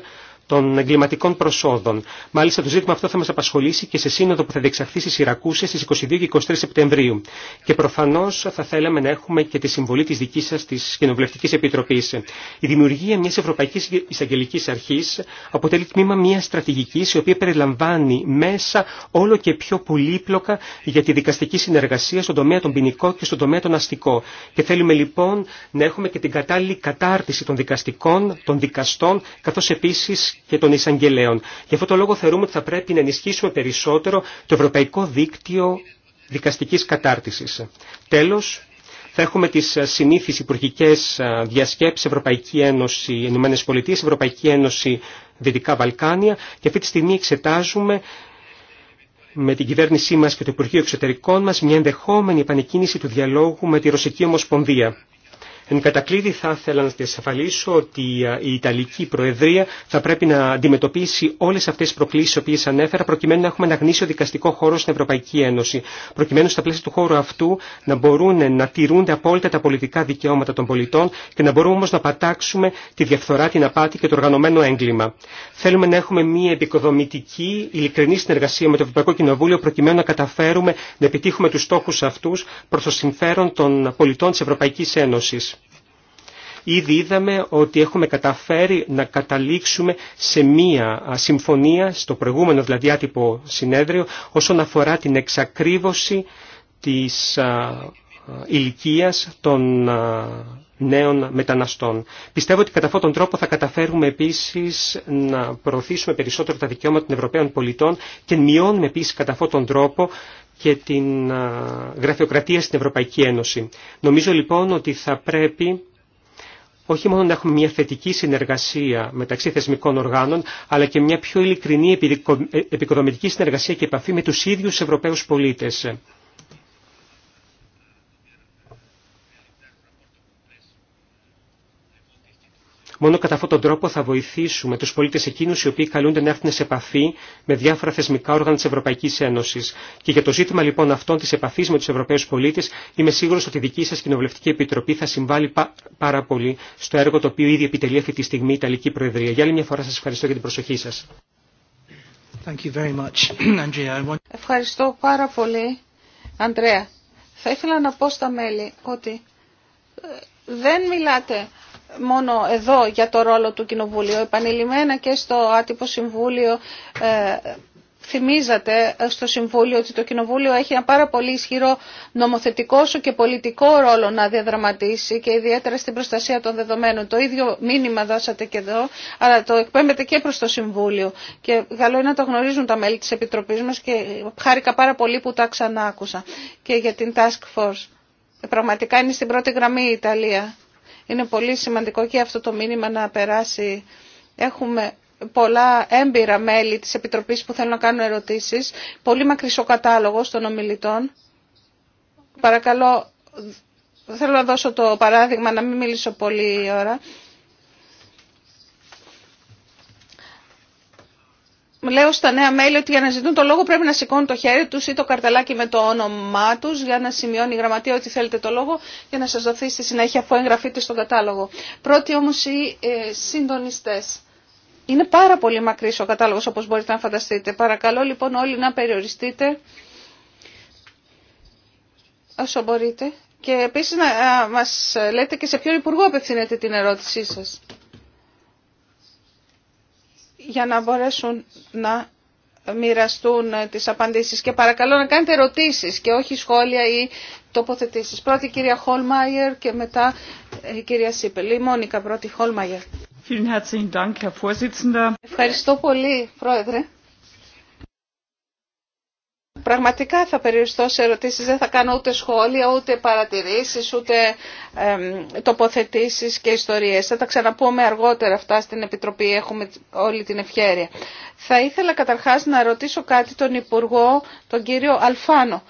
των εγκληματικών προσόδων. Μάλιστα το ζήτημα αυτό θα μα απασχολήσει και σε σύνοδο που θα διεξαχθεί στη Σιρακούσια στι 22 και 23 Σεπτεμβρίου. Και προφανώ θα θέλαμε να έχουμε και τη συμβολή τη δική σα τη κοινοβουλευτική επιτροπή. Η δημιουργία μια Ευρωπαϊκή Εισαγγελική Αρχή αποτελεί τμήμα μια στρατηγική, η οποία περιλαμβάνει μέσα όλο και πιο πολύπλοκα για τη δικαστική συνεργασία στον τομέα των ποινικών και στον τομέα των αστικών. Και θέλουμε λοιπόν να έχουμε και την κατάλληλη κατάρτιση των δικαστικών, των δικαστών, καθώ επίση και των εισαγγελέων. Γι' αυτό το λόγο θεωρούμε ότι θα πρέπει να ενισχύσουμε περισσότερο το Ευρωπαϊκό Δίκτυο Δικαστικής Κατάρτισης. Τέλος, θα έχουμε τις ε, συνήθεις υπουργικέ ε, διασκέψεις Ευρωπαϊκή Ένωση, Ηνωμένες Πολιτείες, Ευρωπαϊκή Ένωση, Δυτικά Βαλκάνια και αυτή τη στιγμή εξετάζουμε με την κυβέρνησή μας και το Υπουργείο Εξωτερικών μας μια ενδεχόμενη επανεκκίνηση του διαλόγου με τη Ρωσική Ομοσπονδία. Εν κατακλείδη θα ήθελα να διασφαλίσω ότι ε, η Ιταλική Προεδρία θα πρέπει να αντιμετωπίσει όλε αυτέ τι προκλήσει οποίε ανέφερα προκειμένου να έχουμε ένα γνήσιο δικαστικό χώρο στην Ευρωπαϊκή Ένωση. Προκειμένου στα πλαίσια του χώρου αυτού να μπορούν να τηρούνται απόλυτα τα πολιτικά δικαιώματα των πολιτών και να μπορούμε όμως να πατάξουμε τη διαφθορά, την απάτη και το οργανωμένο έγκλημα. Θέλουμε να έχουμε μια επικοδομητική, ειλικρινή συνεργασία με το Ευρωπαϊκό Κοινοβούλιο προκειμένου να καταφέρουμε να επιτύχουμε τους στόχους αυτούς προς το συμφέρον των πολιτών της Ευρωπαϊκής Ένωσης. Ήδη είδαμε ότι έχουμε καταφέρει να καταλήξουμε σε μία συμφωνία, στο προηγούμενο δηλαδή άτυπο συνέδριο, όσον αφορά την εξακρίβωση της ηλικίας των νέων μεταναστών. Πιστεύω ότι κατά αυτόν τον τρόπο θα καταφέρουμε επίσης να προωθήσουμε περισσότερο τα δικαιώματα των Ευρωπαίων πολιτών και μειώνουμε επίσης κατά αυτόν τον τρόπο και την γραφειοκρατία στην Ευρωπαϊκή Ένωση. Νομίζω λοιπόν ότι θα πρέπει όχι μόνο να έχουμε μια θετική συνεργασία μεταξύ θεσμικών οργάνων, αλλά και μια πιο ειλικρινή ε, επικοδομητική συνεργασία και επαφή με τους ίδιους Ευρωπαίους πολίτες. Μόνο κατά αυτόν τον τρόπο θα βοηθήσουμε τους πολίτες εκείνους οι οποίοι καλούνται να έρθουν σε επαφή με διάφορα θεσμικά όργανα της Ευρωπαϊκής Ένωσης. Και για το ζήτημα λοιπόν αυτών της επαφής με τους Ευρωπαίους πολίτες είμαι σίγουρο ότι η δική σας Κοινοβουλευτική Επιτροπή θα συμβάλλει πάρα πολύ στο έργο το οποίο ήδη επιτελεί αυτή τη στιγμή η Ιταλική Προεδρία. Για άλλη μια φορά σας ευχαριστώ για την προσοχή σας. Ευχαριστώ πάρα πολύ, Αντρέα. Θα ήθελα να πω στα μέλη ότι ε, δεν μιλάτε μόνο εδώ για το ρόλο του Κοινοβουλίου. Επανειλημμένα και στο άτυπο Συμβούλιο ε, θυμίζατε στο Συμβούλιο ότι το Κοινοβούλιο έχει ένα πάρα πολύ ισχυρό νομοθετικό σου και πολιτικό ρόλο να διαδραματίσει και ιδιαίτερα στην προστασία των δεδομένων. Το ίδιο μήνυμα δώσατε και εδώ, αλλά το εκπέμπεται και προς το Συμβούλιο. Και καλό είναι να το γνωρίζουν τα μέλη της Επιτροπής μας και χάρηκα πάρα πολύ που τα ξανά άκουσα. Και για την Task Force. Ε, πραγματικά είναι στην πρώτη γραμμή η Ιταλία είναι πολύ σημαντικό και αυτό το μήνυμα να περάσει. Έχουμε πολλά έμπειρα μέλη της Επιτροπής που θέλουν να κάνουν ερωτήσεις. Πολύ μακρύς κατάλογο κατάλογος των ομιλητών. Παρακαλώ, θέλω να δώσω το παράδειγμα να μην μιλήσω πολύ ώρα. λέω στα νέα μέλη ότι για να ζητούν το λόγο πρέπει να σηκώνουν το χέρι τους ή το καρτελάκι με το όνομά τους για να σημειώνει η γραμματεία ότι θέλετε το λόγο για να σας δοθεί στη συνέχεια αφού εγγραφείτε στον κατάλογο. Πρώτοι όμως οι ε, συντονιστές. Είναι πάρα πολύ μακρύς ο κατάλογος όπως μπορείτε να φανταστείτε. Παρακαλώ λοιπόν όλοι να περιοριστείτε όσο μπορείτε. Και επίσης να μας λέτε και σε ποιον υπουργό απευθύνετε την ερώτησή σας για να μπορέσουν να μοιραστούν ε, τις απαντήσεις και παρακαλώ να κάνετε ερωτήσεις και όχι σχόλια ή τοποθετήσεις. Πρώτη η κυρία Χολμάιερ και μετά ε, κυρία Σίπελ. Η Μόνικα πρώτη Χολμάιερ. Ευχαριστώ πολύ, Πρόεδρε. Πραγματικά θα περιοριστώ σε ερωτήσεις, δεν θα κάνω ούτε σχόλια, ούτε παρατηρήσεις, ούτε ε, τοποθετήσεις και ιστορίες. Θα τα ξαναπούμε αργότερα αυτά στην Επιτροπή, έχουμε όλη την ευχαίρεια. Θα ήθελα καταρχάς να ρωτήσω κάτι τον Υπουργό, τον κύριο Αλφάνο.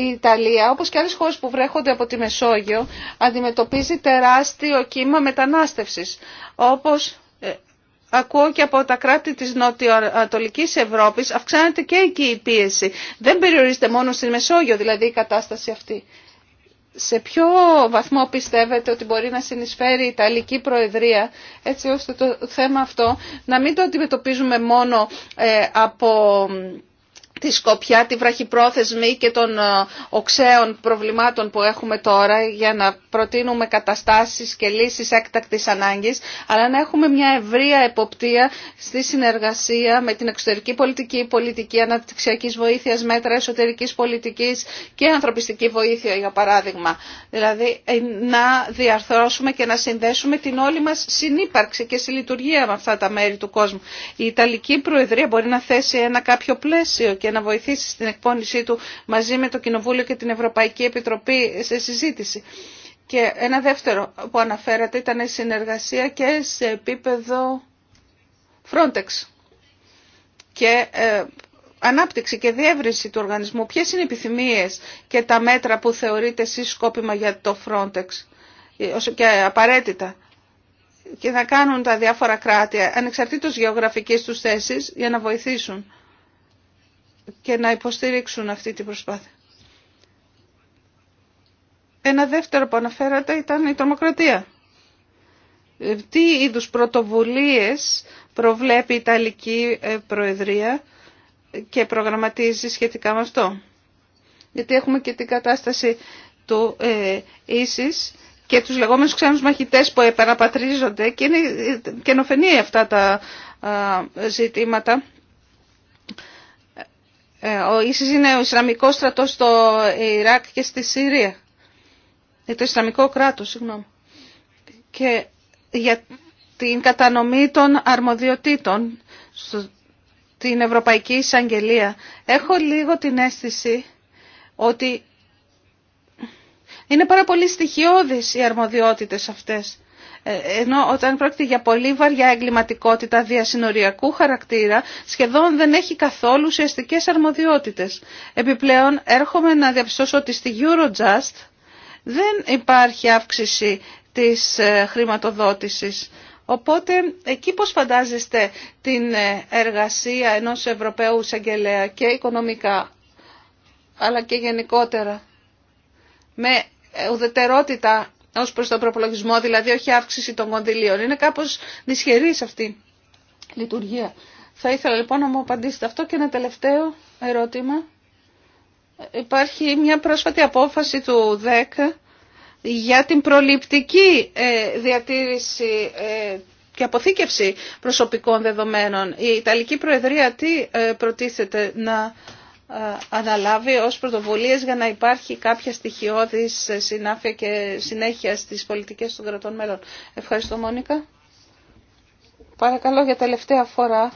Η Ιταλία, όπως και άλλες χώρες που βρέχονται από τη Μεσόγειο, αντιμετωπίζει τεράστιο κύμα μετανάστευσης, όπως ε, ακούω και από τα κράτη της νοτιοανατολικής Ευρώπης, αυξάνεται και εκεί η πίεση. Δεν περιορίζεται μόνο στη Μεσόγειο δηλαδή η κατάσταση αυτή. Σε ποιο βαθμό πιστεύετε ότι μπορεί να συνεισφέρει η Ιταλική Προεδρία έτσι ώστε το θέμα αυτό να μην το αντιμετωπίζουμε μόνο ε, από τη σκοπιά, τη βραχυπρόθεσμη και των ε, οξέων προβλημάτων που έχουμε τώρα για να προτείνουμε καταστάσεις και λύσεις έκτακτης ανάγκης, αλλά να έχουμε μια ευρεία εποπτεία στη συνεργασία με την εξωτερική πολιτική, πολιτική αναπτυξιακής βοήθειας, μέτρα εσωτερικής πολιτικής και ανθρωπιστική βοήθεια, για παράδειγμα. Δηλαδή, ε, να διαρθρώσουμε και να συνδέσουμε την όλη μας συνύπαρξη και συλλειτουργία με αυτά τα μέρη του κόσμου. Η Ιταλική Προεδρία μπορεί να θέσει ένα κάποιο πλαίσιο και να βοηθήσει στην εκπόνησή του μαζί με το Κοινοβούλιο και την Ευρωπαϊκή Επιτροπή σε συζήτηση. Και ένα δεύτερο που αναφέρατε ήταν η συνεργασία και σε επίπεδο Frontex και ε, ανάπτυξη και διεύρυνση του οργανισμού. Ποιες είναι οι επιθυμίες και τα μέτρα που θεωρείτε εσείς σκόπιμα για το Frontex ε, και απαραίτητα και να κάνουν τα διάφορα κράτη ανεξαρτήτως γεωγραφικής τους θέσης για να βοηθήσουν και να υποστηρίξουν αυτή την προσπάθεια. Ένα δεύτερο που αναφέρατε ήταν η τρομοκρατία. Ε, τι είδους πρωτοβουλίες προβλέπει η Ιταλική ε, Προεδρία και προγραμματίζει σχετικά με αυτό. Γιατί έχουμε και την κατάσταση του ε, ίσης και τους λεγόμενους ξένους μαχητές που επαναπατρίζονται και είναι ε, καινοφενή αυτά τα ζητήματα. Ε, ο ίσως είναι ο Ισραμικό στρατός στο Ιράκ και στη Συρία. Ε, το Ισραμικό κράτος, συγγνώμη. Και για την κατανομή των αρμοδιοτήτων στην Ευρωπαϊκή Εισαγγελία. Έχω λίγο την αίσθηση ότι είναι πάρα πολύ στοιχειώδεις οι αρμοδιότητες αυτές ενώ όταν πρόκειται για πολύ βαριά εγκληματικότητα διασυνοριακού χαρακτήρα σχεδόν δεν έχει καθόλου ουσιαστικέ αρμοδιότητες. Επιπλέον έρχομαι να διαπιστώσω ότι στη Eurojust δεν υπάρχει αύξηση της ε, χρηματοδότησης. Οπότε εκεί πώς φαντάζεστε την ε, εργασία ενός Ευρωπαίου εισαγγελέα και οικονομικά αλλά και γενικότερα με ουδετερότητα ως προς τον προπολογισμό, δηλαδή όχι αύξηση των κονδυλίων. Είναι κάπως δυσχερής αυτή η λειτουργία. Θα ήθελα λοιπόν να μου απαντήσετε αυτό και ένα τελευταίο ερώτημα. Υπάρχει μια πρόσφατη απόφαση του ΔΕΚ για την προληπτική ε, διατήρηση ε, και αποθήκευση προσωπικών δεδομένων. Η Ιταλική Προεδρία τι ε, προτίθεται να ε, αναλάβει ως πρωτοβουλίες για να υπάρχει κάποια στοιχειώδης συνάφεια και συνέχεια στις πολιτικές των κρατών μέλων. Ευχαριστώ Μόνικα. Παρακαλώ για τελευταία φορά.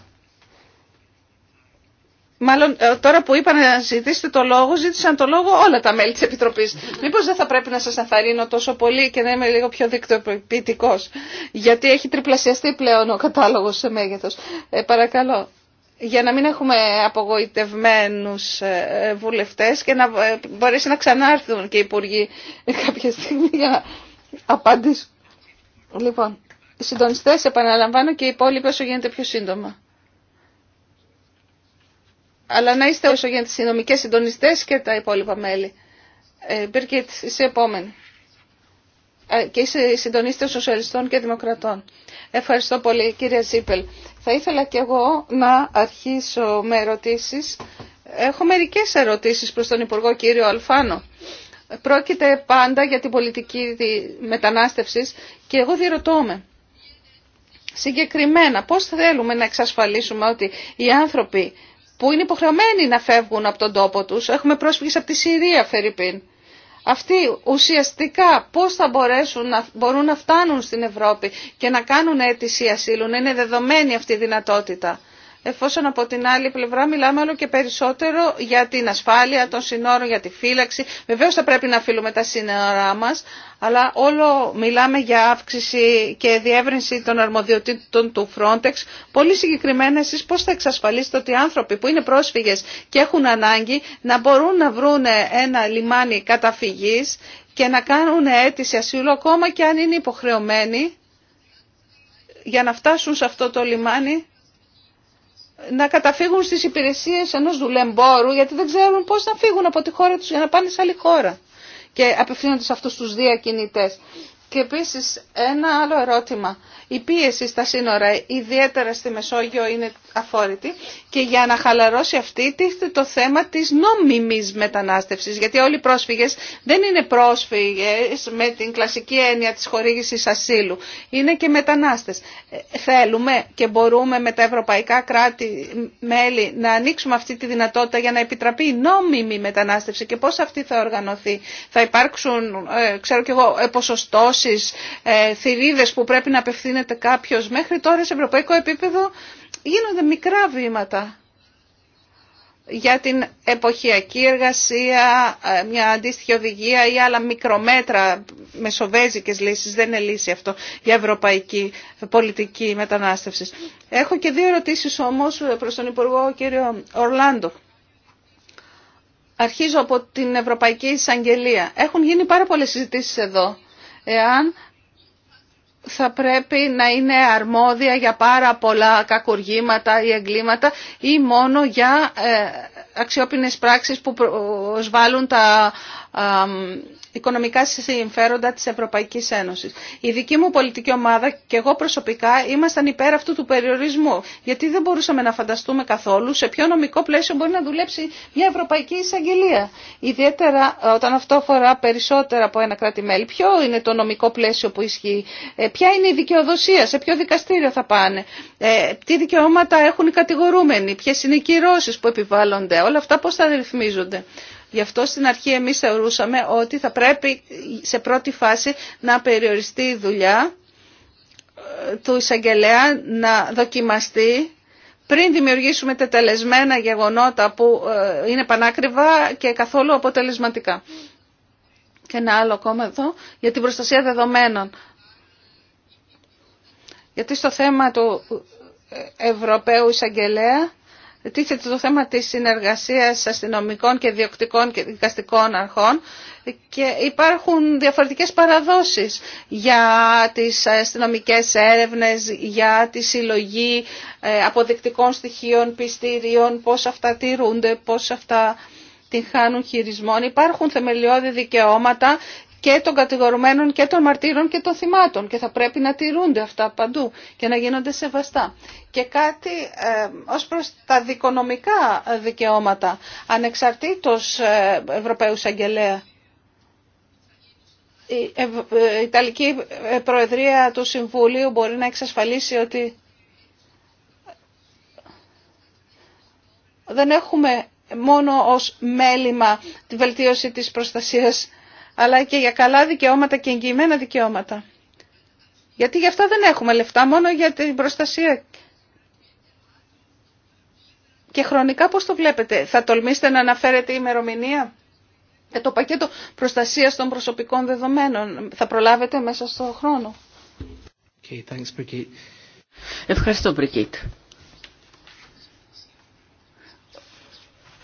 Μάλλον ε, τώρα που είπα να ζητήσετε το λόγο, ζήτησαν το λόγο όλα τα μέλη της Επιτροπής. Μήπως δεν θα πρέπει να σας αθαρρύνω τόσο πολύ και να είμαι λίγο πιο δικτυοποιητικός Γιατί έχει τριπλασιαστεί πλέον ο κατάλογος σε μέγεθος. Ε, παρακαλώ για να μην έχουμε απογοητευμένους ε, ε, βουλευτές και να ε, μπορέσει να ξανάρθουν και οι υπουργοί κάποια στιγμή για να απαντήσουν. Λοιπόν, οι συντονιστές επαναλαμβάνω και οι υπόλοιποι όσο γίνεται πιο σύντομα. Αλλά να είστε όσο γίνεται συντονιστές και τα υπόλοιπα μέλη. Ε, Μπίρκετ, είσαι επόμενη. Ε, και είσαι συντονίστε Σοσιαλιστών και Δημοκρατών. Ευχαριστώ πολύ κύριε Ζίπελ. Θα ήθελα και εγώ να αρχίσω με ερωτήσεις. Έχω μερικές ερωτήσεις προς τον Υπουργό κύριο Αλφάνο. Πρόκειται πάντα για την πολιτική μετανάστευσης και εγώ διερωτώ με. Συγκεκριμένα, πώς θέλουμε να εξασφαλίσουμε ότι οι άνθρωποι που είναι υποχρεωμένοι να φεύγουν από τον τόπο τους, έχουμε πρόσφυγες από τη Συρία, Φερρυπίν, αυτοί ουσιαστικά πώς θα μπορέσουν να, μπορούν να φτάνουν στην Ευρώπη και να κάνουν αίτηση ασύλου, να είναι δεδομένη αυτή η δυνατότητα εφόσον από την άλλη πλευρά μιλάμε όλο και περισσότερο για την ασφάλεια των συνόρων, για τη φύλαξη. Βεβαίως θα πρέπει να φύλουμε τα σύνορά μας, αλλά όλο μιλάμε για αύξηση και διεύρυνση των αρμοδιοτήτων του Frontex. Πολύ συγκεκριμένα εσείς πώς θα εξασφαλίσετε ότι οι άνθρωποι που είναι πρόσφυγες και έχουν ανάγκη να μπορούν να βρουν ένα λιμάνι καταφυγής και να κάνουν αίτηση ασύλου ακόμα και αν είναι υποχρεωμένοι για να φτάσουν σε αυτό το λιμάνι να καταφύγουν στις υπηρεσίες ενός δουλεμπόρου γιατί δεν ξέρουν πώς να φύγουν από τη χώρα τους για να πάνε σε άλλη χώρα και απευθύνονται σε αυτούς τους διακινητές. Και επίσης ένα άλλο ερώτημα. Η πίεση στα σύνορα, ιδιαίτερα στη Μεσόγειο, είναι αφόρητη και για να χαλαρώσει αυτή τίθεται το θέμα της νόμιμης μετανάστευσης, γιατί όλοι οι πρόσφυγες δεν είναι πρόσφυγες με την κλασική έννοια της χορήγησης ασύλου, είναι και μετανάστες. Ε, θέλουμε και μπορούμε με τα ευρωπαϊκά κράτη-μέλη να ανοίξουμε αυτή τη δυνατότητα για να επιτραπεί η νόμιμη μετανάστευση και πώς αυτή θα οργανωθεί. Θα υπάρξουν, ε, ξέρω κι εγώ, ε, ποσοστώσεις, θηρίδες που πρέπει να απευθύνουν γίνεται κάποιος μέχρι τώρα σε ευρωπαϊκό επίπεδο γίνονται μικρά βήματα για την εποχιακή εργασία, ε, μια αντίστοιχη οδηγία ή άλλα μικρομέτρα, μεσοβέζικες λύσεις, δεν είναι λύση αυτό για ευρωπαϊκή πολιτική μετανάστευση. Έχω και δύο ερωτήσεις όμως προς τον Υπουργό κύριο Ορλάντο. Αρχίζω από την Ευρωπαϊκή Εισαγγελία. Έχουν γίνει πάρα πολλές συζητήσεις εδώ. Εάν θα πρέπει να είναι αρμόδια για πάρα πολλά κακουργήματα ή εγκλήματα ή μόνο για ε, αξιόπινες πράξεις που προσβάλλουν τα οικονομικά συμφέροντα της Ευρωπαϊκής Ένωσης. Η δική μου πολιτική ομάδα και εγώ προσωπικά ήμασταν υπέρ αυτού του περιορισμού, γιατί δεν μπορούσαμε να φανταστούμε καθόλου σε ποιο νομικό πλαίσιο μπορεί να δουλέψει μια Ευρωπαϊκή Εισαγγελία. Ιδιαίτερα ε, όταν αυτό αφορά περισσότερα από ένα κράτη-μέλη. Ποιο είναι το νομικό πλαίσιο που ισχύει, ε, ποια είναι η δικαιοδοσία, σε ποιο δικαστήριο θα πάνε, ε, τι δικαιώματα έχουν οι κατηγορούμενοι, ποιε είναι οι κυρώσει που επιβάλλονται, όλα αυτά πώ θα ρυθμίζονται. Γι' αυτό στην αρχή εμείς θεωρούσαμε ότι θα πρέπει σε πρώτη φάση να περιοριστεί η δουλειά ε, του εισαγγελέα να δοκιμαστεί πριν δημιουργήσουμε τελεσμένα γεγονότα που ε, είναι πανάκριβα και καθόλου αποτελεσματικά. Και ένα άλλο ακόμα εδώ για την προστασία δεδομένων. Γιατί στο θέμα του ε, Ευρωπαίου εισαγγελέα τίθεται το θέμα της συνεργασίας αστυνομικών και διοκτικών και δικαστικών αρχών και υπάρχουν διαφορετικές παραδόσεις για τις αστυνομικές έρευνες, για τη συλλογή ε, αποδεικτικών στοιχείων, πιστήριων, πώς αυτά τηρούνται, πώς αυτά την χάνουν χειρισμών. Υπάρχουν θεμελιώδη δικαιώματα και των κατηγορουμένων και των μαρτύρων και των θυμάτων και θα πρέπει να τηρούνται αυτά παντού και να γίνονται σεβαστά. Και κάτι ε, ως προς τα δικονομικά δικαιώματα ανεξαρτήτως ε, Ευρωπαίου Αγγελέα. Ε, η Ιταλική Προεδρία του Συμβουλίου μπορεί να εξασφαλίσει ότι δεν έχουμε μόνο ως μέλημα τη βελτίωση της προστασίας αλλά και για καλά δικαιώματα και εγγυημένα δικαιώματα. Γιατί γι' αυτά δεν έχουμε λεφτά, μόνο για την προστασία. Και χρονικά πώς το βλέπετε, θα τολμήσετε να αναφέρετε η ημερομηνία για το πακέτο προστασίας των προσωπικών δεδομένων. Θα προλάβετε μέσα στο χρόνο. Ευχαριστώ, Μπρικίτ.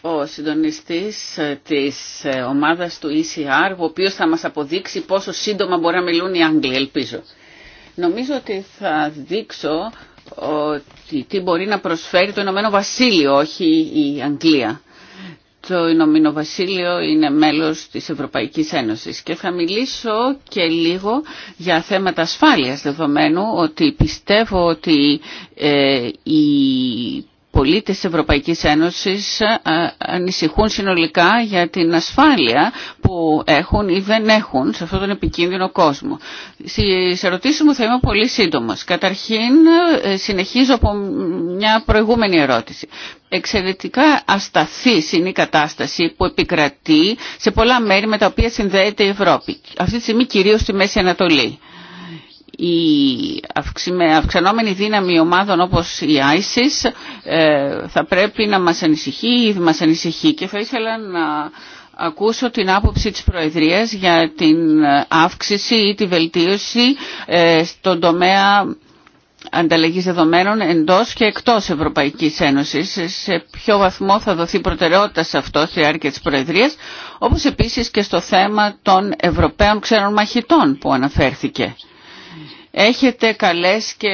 ο συντονιστής ε, της ε, ομάδας του ECR, ο οποίος θα μας αποδείξει πόσο σύντομα μπορεί να μιλούν οι Άγγλοι, ελπίζω. Νομίζω ότι θα δείξω ότι τι μπορεί να προσφέρει το Ηνωμένο Βασίλειο, όχι η Αγγλία. Το Ηνωμένο Βασίλειο είναι μέλος της Ευρωπαϊκής Ένωσης και θα μιλήσω και λίγο για θέματα ασφάλειας δεδομένου ότι πιστεύω ότι ε, η πολίτες της Ευρωπαϊκής Ένωσης ε, ε, ανησυχούν συνολικά για την ασφάλεια που έχουν ή δεν έχουν σε αυτόν τον επικίνδυνο κόσμο. Στις ερωτήσεις μου θα είμαι πολύ σύντομος. Καταρχήν ε, συνεχίζω από μια προηγούμενη ερώτηση. Εξαιρετικά ασταθής είναι η κατάσταση που επικρατεί σε πολλά μέρη με τα οποία συνδέεται η Ευρώπη. Αυτή τη στιγμή κυρίως στη Μέση Ανατολή η αυξανόμενη δύναμη ομάδων όπως η ISIS ε, θα πρέπει να μας ανησυχεί, ή μας ανησυχεί και θα ήθελα να ακούσω την άποψη της Προεδρίας για την αύξηση ή τη βελτίωση ε, στον τομέα ανταλλαγής δεδομένων εντός και εκτός Ευρωπαϊκής Ένωσης. Σε ποιο βαθμό θα δοθεί προτεραιότητα σε αυτό στη διάρκεια της Προεδρίας, όπως επίσης και στο θέμα των Ευρωπαίων ξένων μαχητών που αναφέρθηκε έχετε καλές και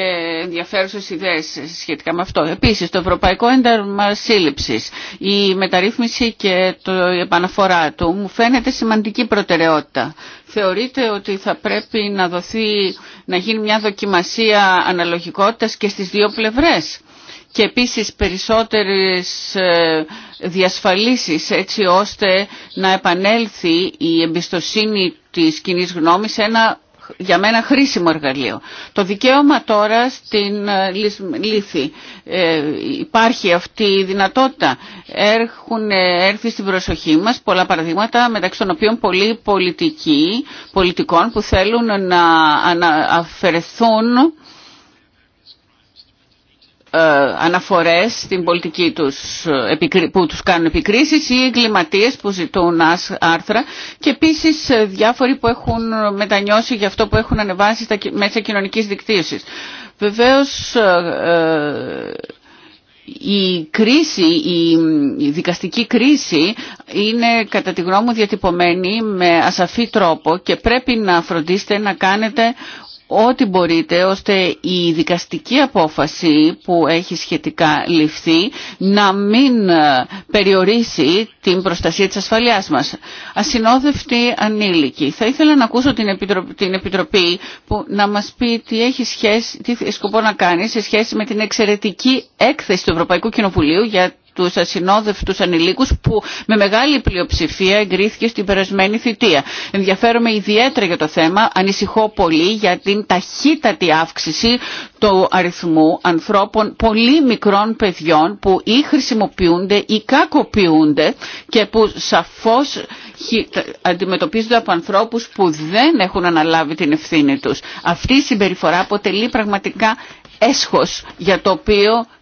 ενδιαφέρουσες ιδέες σχετικά με αυτό. Επίσης, το Ευρωπαϊκό Ένταρμα Σύλληψης, η μεταρρύθμιση και το, η επαναφορά του μου φαίνεται σημαντική προτεραιότητα. Θεωρείτε ότι θα πρέπει να, δοθεί, να γίνει μια δοκιμασία αναλογικότητας και στις δύο πλευρές και επίσης περισσότερες ε, διασφαλίσεις έτσι ώστε να επανέλθει η εμπιστοσύνη της κοινή γνώμης σε ένα για μένα χρήσιμο εργαλείο. Το δικαίωμα τώρα στην ε, λύθη. Ε, υπάρχει αυτή η δυνατότητα. Έχουν ε, έρθει στην προσοχή μας πολλά παραδείγματα μεταξύ των οποίων πολλοί πολιτικοί, πολιτικών που θέλουν να αφαιρεθούν ε, αναφορές στην πολιτική τους, ε, που τους κάνουν επικρίσεις ή εγκληματίες που ζητούν άρθρα και επίσης ε, διάφοροι που έχουν μετανιώσει για αυτό που έχουν ανεβάσει στα μέσα κοινωνικής δικτύωσης. Βεβαίως η κρίση, η δικαστική κρίση είναι κατά τη γνώμη μου διατυπωμένη με ασαφή τρόπο και πρέπει να φροντίσετε να κάνετε ό,τι μπορείτε ώστε η δικαστική απόφαση που έχει σχετικά ληφθεί να μην ε, περιορίσει την προστασία της ασφαλείας μας. Ασυνόδευτη ανήλικη. Θα ήθελα να ακούσω την Επιτροπή, την Επιτροπή που να μας πει τι έχει σχέση, τι σκοπό να κάνει σε σχέση με την εξαιρετική έκθεση του Ευρωπαϊκού Κοινοβουλίου για τους ασυνόδευτους ανηλίκους που με μεγάλη πλειοψηφία εγκρίθηκε στην περασμένη θητεία. Ενδιαφέρομαι ιδιαίτερα για το θέμα, ανησυχώ πολύ για την ταχύτατη αύξηση του αριθμού ανθρώπων πολύ μικρών παιδιών που ή χρησιμοποιούνται ή κακοποιούνται και που σαφώς αντιμετωπίζονται από ανθρώπους που δεν έχουν αναλάβει την ευθύνη τους. Αυτή η συμπεριφορά αποτελεί πραγματικά έσχος για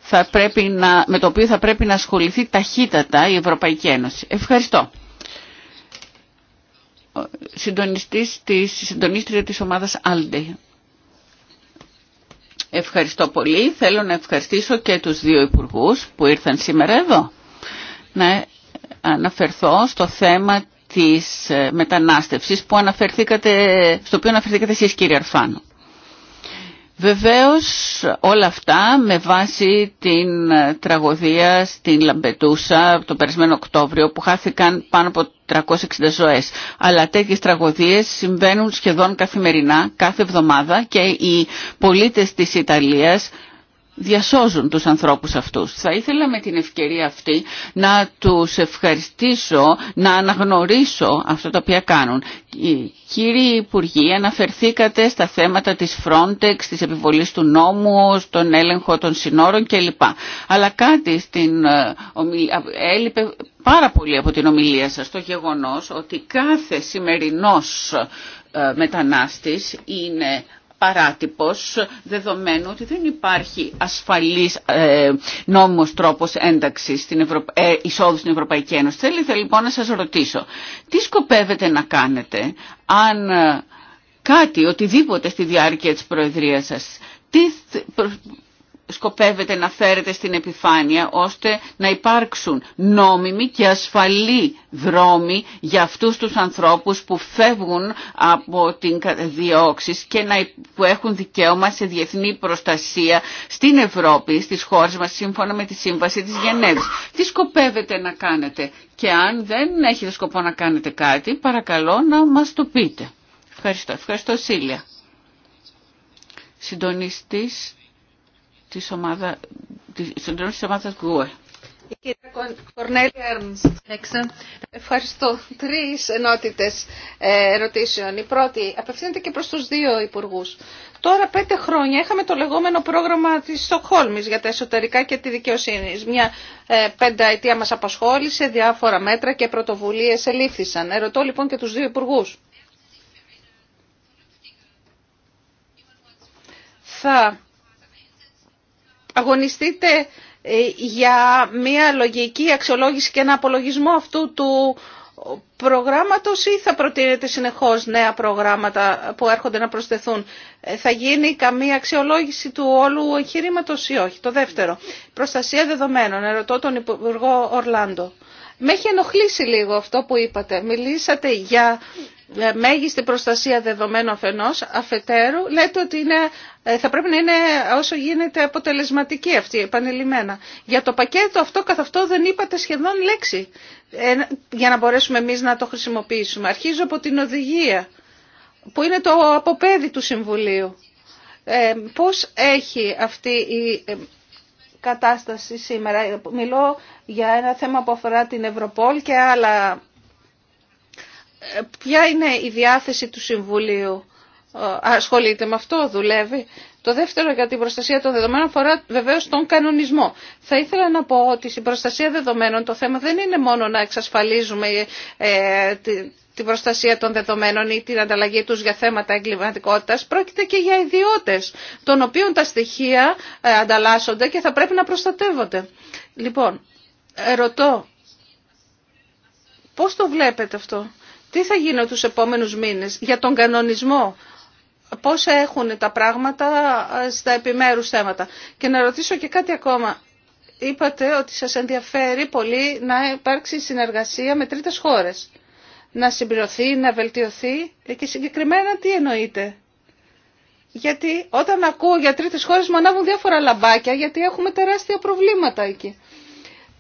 θα πρέπει να, με το οποίο θα πρέπει να ασχοληθεί ταχύτατα η Ευρωπαϊκή Ένωση. Ευχαριστώ. Συντονιστής της, συντονίστρια της ομάδας Άλντε. Ευχαριστώ πολύ. Θέλω να ευχαριστήσω και τους δύο υπουργούς που ήρθαν σήμερα εδώ. Να αναφερθώ στο θέμα της μετανάστευσης που αναφερθήκατε, στο οποίο αναφερθήκατε εσείς κύριε Αρφάνου. Βεβαίως όλα αυτά με βάση την ε, τραγωδία στην Λαμπετούσα το περασμένο Οκτώβριο που χάθηκαν πάνω από 360 ζωές. Αλλά τέτοιες τραγωδίες συμβαίνουν σχεδόν καθημερινά, κάθε εβδομάδα και οι πολίτες της Ιταλίας διασώζουν τους ανθρώπους αυτούς. Θα ήθελα με την ευκαιρία αυτή να τους ευχαριστήσω, να αναγνωρίσω αυτό το οποίο κάνουν. Κύριοι Υπουργοί, αναφερθήκατε στα θέματα της Frontex, της επιβολής του νόμου, στον έλεγχο των συνόρων κλπ. Αλλά κάτι στην ε, έλειπε πάρα πολύ από την ομιλία σας το γεγονός ότι κάθε σημερινός ε, μετανάστης είναι παράτυπος δεδομένου ότι δεν υπάρχει ασφαλής ε, νόμος τρόπος ένταξης στην Ευρω... Ε, εισόδου στην Ευρωπαϊκή Ένωση. Θέλετε λοιπόν να σας ρωτήσω, τι σκοπεύετε να κάνετε αν κάτι, οτιδήποτε στη διάρκεια της Προεδρίας σας, τι σκοπεύετε να φέρετε στην επιφάνεια ώστε να υπάρξουν νόμιμοι και ασφαλή δρόμοι για αυτούς τους ανθρώπους που φεύγουν από την διώξη και να, που έχουν δικαίωμα σε διεθνή προστασία στην Ευρώπη, στις χώρες μας, σύμφωνα με τη Σύμβαση της Γενέβης. Τι σκοπεύετε να κάνετε και αν δεν έχετε σκοπό να κάνετε κάτι, παρακαλώ να μας το πείτε. Ευχαριστώ. Ευχαριστώ Σίλια συντονιστής της, ομάδα, της συντρόφισης ομάδας Η κυρία Κορνέλη Ευχαριστώ. Τρεις ενότητες ε, ερωτήσεων. Η πρώτη απευθύνεται και προς τους δύο υπουργούς. Τώρα πέντε χρόνια είχαμε το λεγόμενο πρόγραμμα της Στοκχόλμης για τα εσωτερικά και τη δικαιοσύνη. Μια ε, πενταετία μας απασχόλησε, διάφορα μέτρα και πρωτοβουλίες ελήφθησαν. Ερωτώ λοιπόν και τους δύο υπουργούς. Θα αγωνιστείτε ε, για μια λογική αξιολόγηση και ένα απολογισμό αυτού του προγράμματος ή θα προτείνετε συνεχώς νέα προγράμματα που έρχονται να προσθεθούν. Ε, θα γίνει καμία αξιολόγηση του όλου εγχειρήματο ή όχι. Το δεύτερο, προστασία δεδομένων. Ερωτώ τον Υπουργό Ορλάντο. Με έχει ενοχλήσει λίγο αυτό που είπατε. Μιλήσατε για ε, μέγιστη προστασία δεδομένων αφενός, αφετέρου, λέτε ότι είναι, ε, θα πρέπει να είναι όσο γίνεται αποτελεσματική αυτή, επανειλημμένα. Για το πακέτο αυτό καθ' αυτό δεν είπατε σχεδόν λέξη, ε, για να μπορέσουμε εμείς να το χρησιμοποιήσουμε. Αρχίζω από την οδηγία, που είναι το αποπέδι του Συμβουλίου. Ε, πώς έχει αυτή η κατάσταση σήμερα. Μιλώ για ένα θέμα που αφορά την Ευρωπόλ και άλλα ποια είναι η διάθεση του Συμβουλίου. Ε, ασχολείται με αυτό, δουλεύει. Το δεύτερο για την προστασία των δεδομένων αφορά βεβαίως τον κανονισμό. Θα ήθελα να πω ότι στην προστασία δεδομένων το θέμα δεν είναι μόνο να εξασφαλίζουμε ε, την προστασία των δεδομένων ή την ανταλλαγή τους για θέματα εγκληματικότητας, πρόκειται και για ιδιώτες, των οποίων τα στοιχεία ε, ανταλλάσσονται και θα πρέπει να προστατεύονται. Λοιπόν, ρωτώ, πώς το βλέπετε αυτό. Τι θα γίνει τους επόμενους μήνες για τον κανονισμό. Πώς έχουν τα πράγματα ε, στα επιμέρους θέματα. Και να ρωτήσω και κάτι ακόμα. Είπατε ότι σας ενδιαφέρει πολύ να υπάρξει συνεργασία με τρίτες χώρες. Να συμπληρωθεί, να βελτιωθεί και συγκεκριμένα τι εννοείτε. Γιατί όταν ακούω για τρίτες χώρες μου ανάβουν διάφορα λαμπάκια γιατί έχουμε τεράστια προβλήματα εκεί.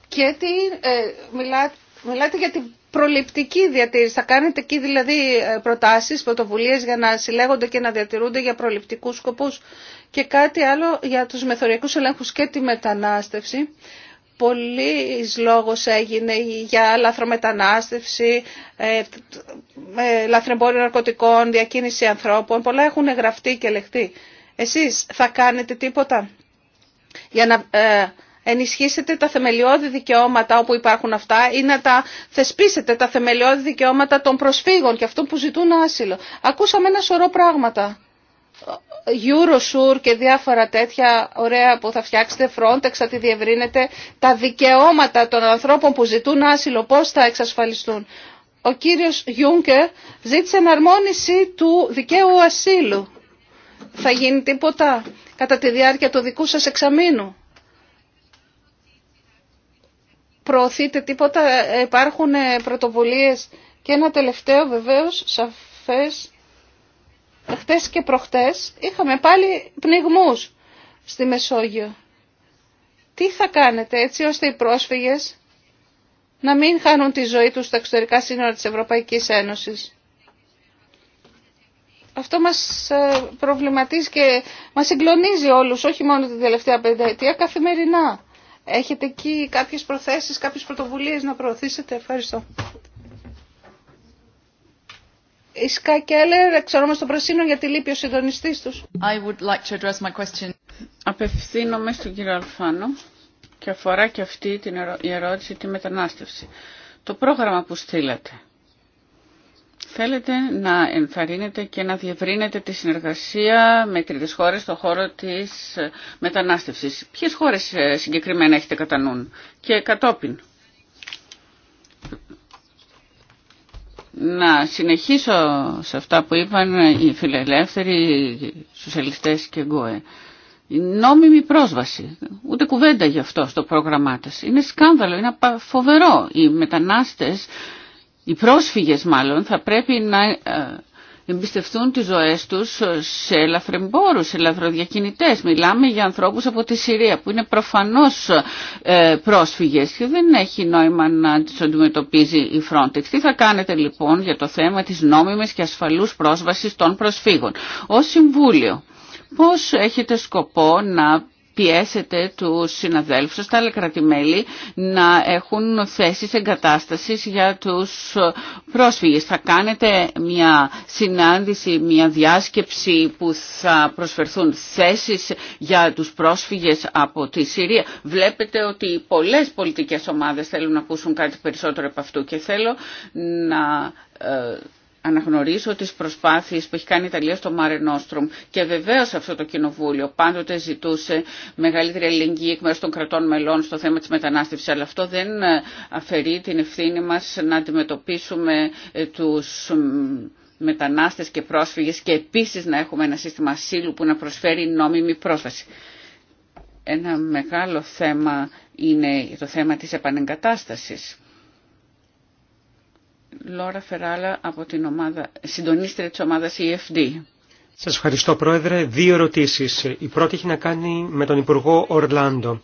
Και τι, ε, μιλάτε, μιλάτε για την προληπτική διατήρηση. Θα κάνετε εκεί δηλαδή ε, προτάσεις, πρωτοβουλίες για να συλλέγονται και να διατηρούνται για προληπτικούς σκοπούς. Και κάτι άλλο για τους μεθοριακούς ελέγχους και τη μετανάστευση. Πολλή λόγος έγινε για λαθρομετανάστευση, ε, ε, λαθρεμπόριο ναρκωτικών, διακίνηση ανθρώπων. Πολλά έχουν γραφτεί και λεχτεί. Εσείς θα κάνετε τίποτα για να ενισχύσετε τα θεμελιώδη δικαιώματα όπου υπάρχουν αυτά ή να τα θεσπίσετε τα θεμελιώδη δικαιώματα των προσφύγων και αυτών που ζητούν άσυλο. Ακούσαμε ένα σωρό πράγματα. Eurosur και διάφορα τέτοια ωραία που θα φτιάξετε, Frontex θα τη διευρύνετε, τα δικαιώματα των ανθρώπων που ζητούν άσυλο, πώς θα εξασφαλιστούν. Ο κύριος Γιούγκερ ζήτησε εναρμόνιση του δικαίου ασύλου. Θα γίνει τίποτα κατά τη διάρκεια του δικού σας εξαμήνου προωθείτε τίποτα, υπάρχουν ε, πρωτοβουλίες και ένα τελευταίο βεβαίως σαφές. Χτες και προχτές είχαμε πάλι πνιγμούς στη Μεσόγειο. Τι θα κάνετε έτσι ώστε οι πρόσφυγες να μην χάνουν τη ζωή τους στα εξωτερικά σύνορα της Ευρωπαϊκής Ένωσης. Αυτό μας ε, προβληματίζει και μας συγκλονίζει όλους, όχι μόνο την τελευταία πενταετία, καθημερινά. Έχετε εκεί κάποιες προθέσεις, κάποιες πρωτοβουλίες να προωθήσετε. Ευχαριστώ. Η Σκά Κέλλερ, εξορόμαστε Πρασίνο για γιατί λείπει ο συντονιστή του. Like Απευθύνομαι στον κύριο Αλφάνο και αφορά και αυτή την ερώ... η ερώτηση τη μετανάστευση. Το πρόγραμμα που στείλατε Θέλετε να ενθαρρύνετε και να διευρύνετε τη συνεργασία με τρίτες χώρες στον χώρο της μετανάστευσης. Ποιες χώρες ε, συγκεκριμένα έχετε κατά νου και κατόπιν. Να συνεχίσω σε αυτά που είπαν οι φιλελεύθεροι, οι σοσιαλιστές και γκοε. Η νόμιμη πρόσβαση, ούτε κουβέντα γι' αυτό στο πρόγραμμά της. Είναι σκάνδαλο, είναι φοβερό. Οι μετανάστες οι πρόσφυγες μάλλον θα πρέπει να ε, εμπιστευτούν τις ζωές τους σε ελαφρεμπόρους, σε ελαφροδιακινητές. Μιλάμε για ανθρώπους από τη Συρία που είναι προφανώς ε, πρόσφυγες και δεν έχει νόημα να τις αντιμετωπίζει η Frontex. Τι θα κάνετε λοιπόν για το θέμα της νόμιμης και ασφαλούς πρόσβασης των προσφύγων. Ως Συμβούλιο, πώς έχετε σκοπό να πιέσετε τους συναδέλφους τα άλλα κρατημέλη να έχουν θέσεις εγκατάστασης για τους πρόσφυγες. Θα κάνετε μια συνάντηση, μια διάσκεψη που θα προσφερθούν θέσεις για τους πρόσφυγες από τη Συρία. Βλέπετε ότι πολλές πολιτικές ομάδες θέλουν να ακούσουν κάτι περισσότερο από αυτού και θέλω να ε, αναγνωρίσω τις προσπάθειες που έχει κάνει η Ιταλία στο Mare Nostrum και βεβαίως αυτό το κοινοβούλιο πάντοτε ζητούσε μεγαλύτερη ελληνική εκ μέρους των κρατών μελών στο θέμα της μετανάστευσης αλλά αυτό δεν ε, αφαιρεί την ευθύνη μας να αντιμετωπίσουμε ε, τους μετανάστες και πρόσφυγες και επίσης να έχουμε ένα σύστημα ασύλου που να προσφέρει νόμιμη πρόσβαση. Ένα μεγάλο θέμα είναι το θέμα της επανεγκατάστασης Λόρα Φεράλα από την ομάδα, συντονίστρια της ομάδας EFD. Σας ευχαριστώ Πρόεδρε. Δύο ερωτήσεις. Η πρώτη έχει να κάνει με τον Υπουργό Ορλάντο.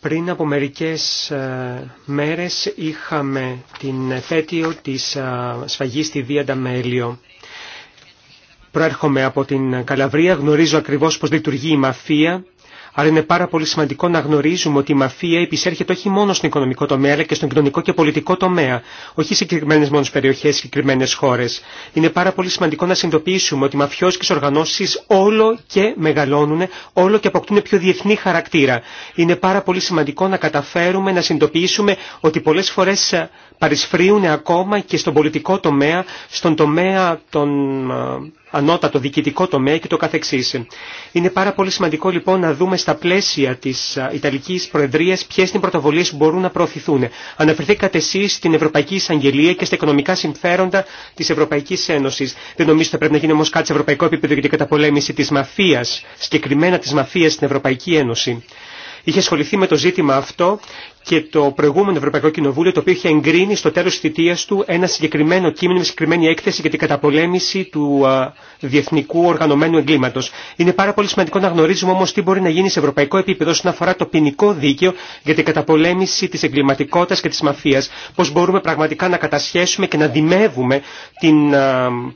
Πριν από μερικές ε, μέρες είχαμε την επέτειο της ε, σφαγής στη Δία Νταμέλιο. Προέρχομαι από την Καλαβρία, γνωρίζω ακριβώς πώς λειτουργεί η μαφία Άρα είναι πάρα πολύ σημαντικό να γνωρίζουμε ότι η μαφία επισέρχεται όχι μόνο στον οικονομικό τομέα αλλά και στον κοινωνικό και πολιτικό τομέα, όχι σε συγκεκριμένε μόνο περιοχέ, συγκεκριμένε χώρε. Είναι πάρα πολύ σημαντικό να συνειδητοποιήσουμε ότι οι μαφιόσκε οργανώσει όλο και μεγαλώνουν, όλο και αποκτούν πιο διεθνή χαρακτήρα. Είναι πάρα πολύ σημαντικό να καταφέρουμε να συνειδητοποιήσουμε ότι πολλέ φορέ ε, παρισφρίουν ακόμα και στον πολιτικό τομέα, στον τομέα τον ανώτατο διοικητικό τομέα και το καθεξής. Είναι πάρα πολύ σημαντικό λοιπόν να δούμε στα πλαίσια της Ιταλικής Προεδρίας ποιες είναι οι πρωτοβολίες που μπορούν να προωθηθούν. Αναφερθήκατε εσείς στην Ευρωπαϊκή Εισαγγελία και στα οικονομικά συμφέροντα της Ευρωπαϊκής Ένωσης. Δεν νομίζω ότι θα πρέπει να γίνει όμως κάτι σε ευρωπαϊκό επίπεδο για την καταπολέμηση της μαφίας, συγκεκριμένα της μαφίας στην Ευρωπαϊκή Ένωση. Είχε ασχοληθεί με το ζήτημα αυτό και το προηγούμενο Ευρωπαϊκό Κοινοβούλιο, το οποίο είχε εγκρίνει στο τέλος της θητείας του ένα συγκεκριμένο κείμενο, μια συγκεκριμένη έκθεση για την καταπολέμηση του διεθνικού οργανωμένου εγκλήματος. Είναι πάρα πολύ σημαντικό να γνωρίζουμε όμως τι μπορεί να γίνει σε ευρωπαϊκό επίπεδο όσον αφορά το ποινικό δίκαιο για την καταπολέμηση της εγκληματικότητας και της μαφίας. Πώς μπορούμε πραγματικά να κατασχέσουμε και να δημεύουμε την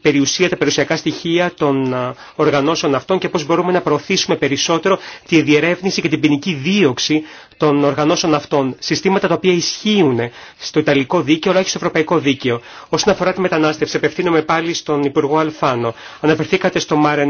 περιουσία, τα περιουσιακά στοιχεία των οργανώσεων αυτών και πώς μπορούμε να προωθήσουμε περισσότερο τη διερεύνηση και την ποινική δίωξη των οργανώσεων αυτών συστήματα τα οποία ισχύουν στο Ιταλικό δίκαιο αλλά όχι στο Ευρωπαϊκό δίκαιο. Όσον αφορά τη μετανάστευση, απευθύνομαι πάλι στον Υπουργό Αλφάνο. Αναφερθήκατε στο Mare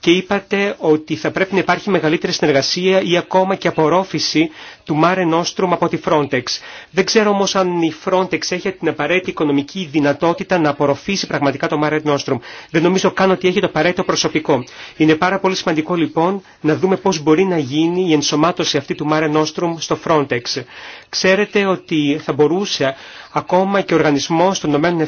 και είπατε ότι θα πρέπει να υπάρχει μεγαλύτερη συνεργασία ή ακόμα και απορρόφηση του Mare Nostrum από τη Frontex. Δεν ξέρω όμως αν η Frontex έχει την απαραίτητη οικονομική δυνατότητα να απορροφήσει πραγματικά το Mare Nostrum. Δεν νομίζω καν ότι έχει το απαραίτητο προσωπικό. Είναι πάρα πολύ σημαντικό λοιπόν να δούμε πώς μπορεί να γίνει η ενσωμάτωση αυτή του Mare Nostrum στο Frontex. Ξέρετε ότι θα μπορούσε ακόμα και ο οργανισμός των ΗΕ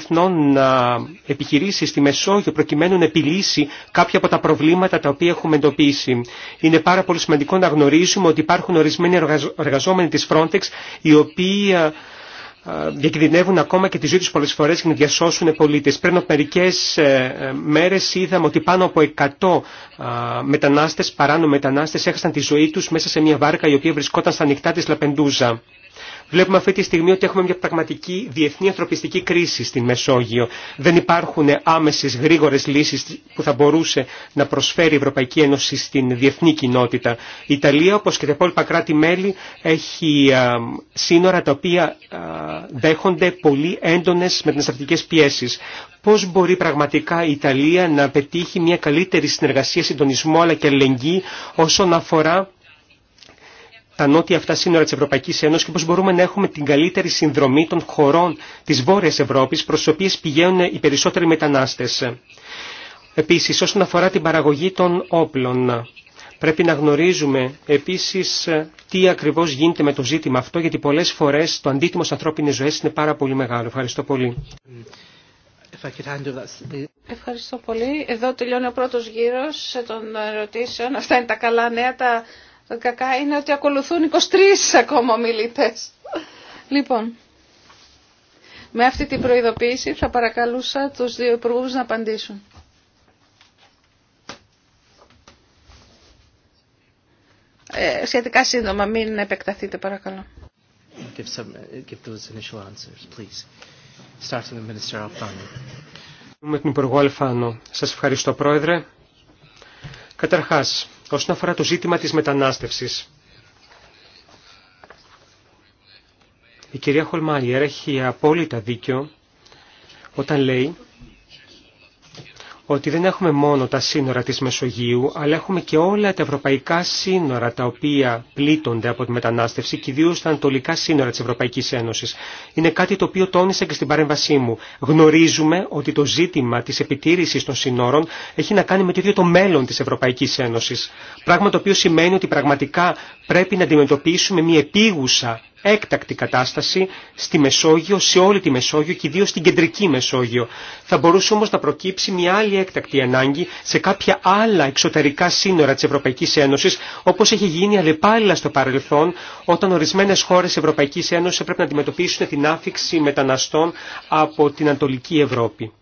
να επιχειρήσει στη Μεσόγειο προκειμένου να επιλύσει κάποια από τα προβλήματα τα οποία έχουμε εντοπίσει. Είναι πάρα πολύ σημαντικό να γνωρίζουμε ότι υπάρχουν ορισμένοι εργαζόμενοι της Frontex οι οποίοι ε, ε, διακινδυνεύουν ακόμα και τη ζωή τους πολλές φορές για να διασώσουν πολίτες. Πριν από μερικές ε, μέρες είδαμε ότι πάνω από 100 μετανάστες, παράνομοι μετανάστες έχασαν τη ζωή τους μέσα σε μια βάρκα η οποία βρισκόταν στα νυχτά της Λαπεντούζα. Βλέπουμε αυτή τη στιγμή ότι έχουμε μια πραγματική διεθνή ανθρωπιστική κρίση στην Μεσόγειο. Δεν υπάρχουν άμεσες γρήγορες λύσεις που θα μπορούσε να προσφέρει η Ευρωπαϊκή Ένωση στην διεθνή κοινότητα. Η Ιταλία, όπως και τα υπόλοιπα κράτη-μέλη, έχει σύνορα τα οποία δέχονται πολύ έντονες μεταναστευτικές πιέσεις. Πώς μπορεί πραγματικά η Ιταλία να πετύχει μια καλύτερη συνεργασία, συντονισμό αλλά και αλληλεγγύη όσον αφορά τα νότια αυτά σύνορα της Ευρωπαϊκής Ένωσης και πώς μπορούμε να έχουμε την καλύτερη συνδρομή των χωρών της Βόρειας Ευρώπης προς τις οποίες πηγαίνουν οι περισσότεροι μετανάστες. Επίσης, όσον αφορά την παραγωγή των όπλων, πρέπει να γνωρίζουμε επίσης τι ακριβώς γίνεται με το ζήτημα αυτό, γιατί πολλές φορές το αντίτιμο στις ανθρώπινες ζωές είναι πάρα πολύ μεγάλο. Ευχαριστώ πολύ. Ευχαριστώ πολύ. Εδώ τελειώνει ο πρώτος γύρος των ερωτήσεων. Αυτά είναι τα καλά νέα, τα το κακά είναι ότι ακολουθούν 23 ακόμα μιλήτες. Λοιπόν, με αυτή την προειδοποίηση θα παρακαλούσα τους δύο υπουργούς να απαντήσουν. Ε, σχετικά σύντομα, μην επεκταθείτε παρακαλώ. Με την Υπουργό Σας ευχαριστώ, Πρόεδρε. Καταρχάς, όσον αφορά το ζήτημα της μετανάστευσης. Η κυρία Χολμάριέρα έχει απόλυτα δίκιο όταν λέει ότι δεν έχουμε μόνο τα σύνορα της Μεσογείου, αλλά έχουμε και όλα τα ευρωπαϊκά σύνορα τα οποία πλήττονται από τη μετανάστευση και ιδίω τα ανατολικά σύνορα της Ευρωπαϊκής Ένωσης. Είναι κάτι το οποίο τόνισα και στην παρέμβασή μου. Γνωρίζουμε ότι το ζήτημα της επιτήρησης των σύνορων έχει να κάνει με το ίδιο το μέλλον της Ευρωπαϊκής Ένωσης. Πράγμα το οποίο σημαίνει ότι πραγματικά πρέπει να αντιμετωπίσουμε μια επίγουσα έκτακτη κατάσταση στη Μεσόγειο, σε όλη τη Μεσόγειο και ιδίω στην κεντρική Μεσόγειο. Θα μπορούσε όμως να προκύψει μια άλλη έκτακτη ανάγκη σε κάποια άλλα εξωτερικά σύνορα της Ευρωπαϊκής Ένωση, όπως έχει γίνει αλλεπάλληλα στο παρελθόν, όταν ορισμένες χώρες Ευρωπαϊκής Ένωση έπρεπε να αντιμετωπίσουν την άφηξη μεταναστών από την Ανατολική Ευρώπη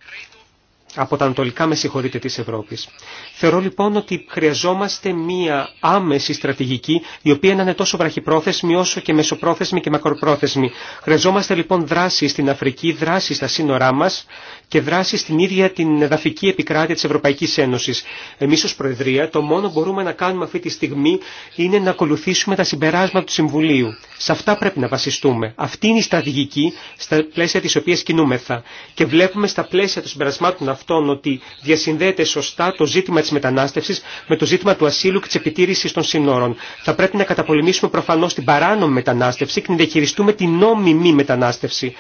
από τα ανατολικά με συγχωρείτε της Ευρώπης. Θεωρώ λοιπόν ότι χρειαζόμαστε μία άμεση στρατηγική η οποία να είναι τόσο βραχυπρόθεσμη όσο και μεσοπρόθεσμη και μακροπρόθεσμη. Χρειαζόμαστε λοιπόν δράση στην Αφρική, δράση στα σύνορά μας και δράση στην ίδια την εδαφική επικράτεια της Ευρωπαϊκής Ένωσης. Εμείς ως Προεδρία το μόνο μπορούμε να κάνουμε αυτή τη στιγμή είναι να ακολουθήσουμε τα συμπεράσματα του Συμβουλίου. Σε αυτά πρέπει να βασιστούμε. Αυτή είναι η στρατηγική στα πλαίσια της οποίας κινούμεθα. Και βλέπουμε στα πλαίσια των συμπερασμάτων αυτών αυτόν ότι διασυνδέεται σωστά το ζήτημα της μετανάστευσης με το ζήτημα του ασύλου και της επιτήρησης των συνόρων. Θα πρέπει να καταπολεμήσουμε προφανώς την παράνομη μετανάστευση και να διαχειριστούμε την νόμιμη μετανάστευση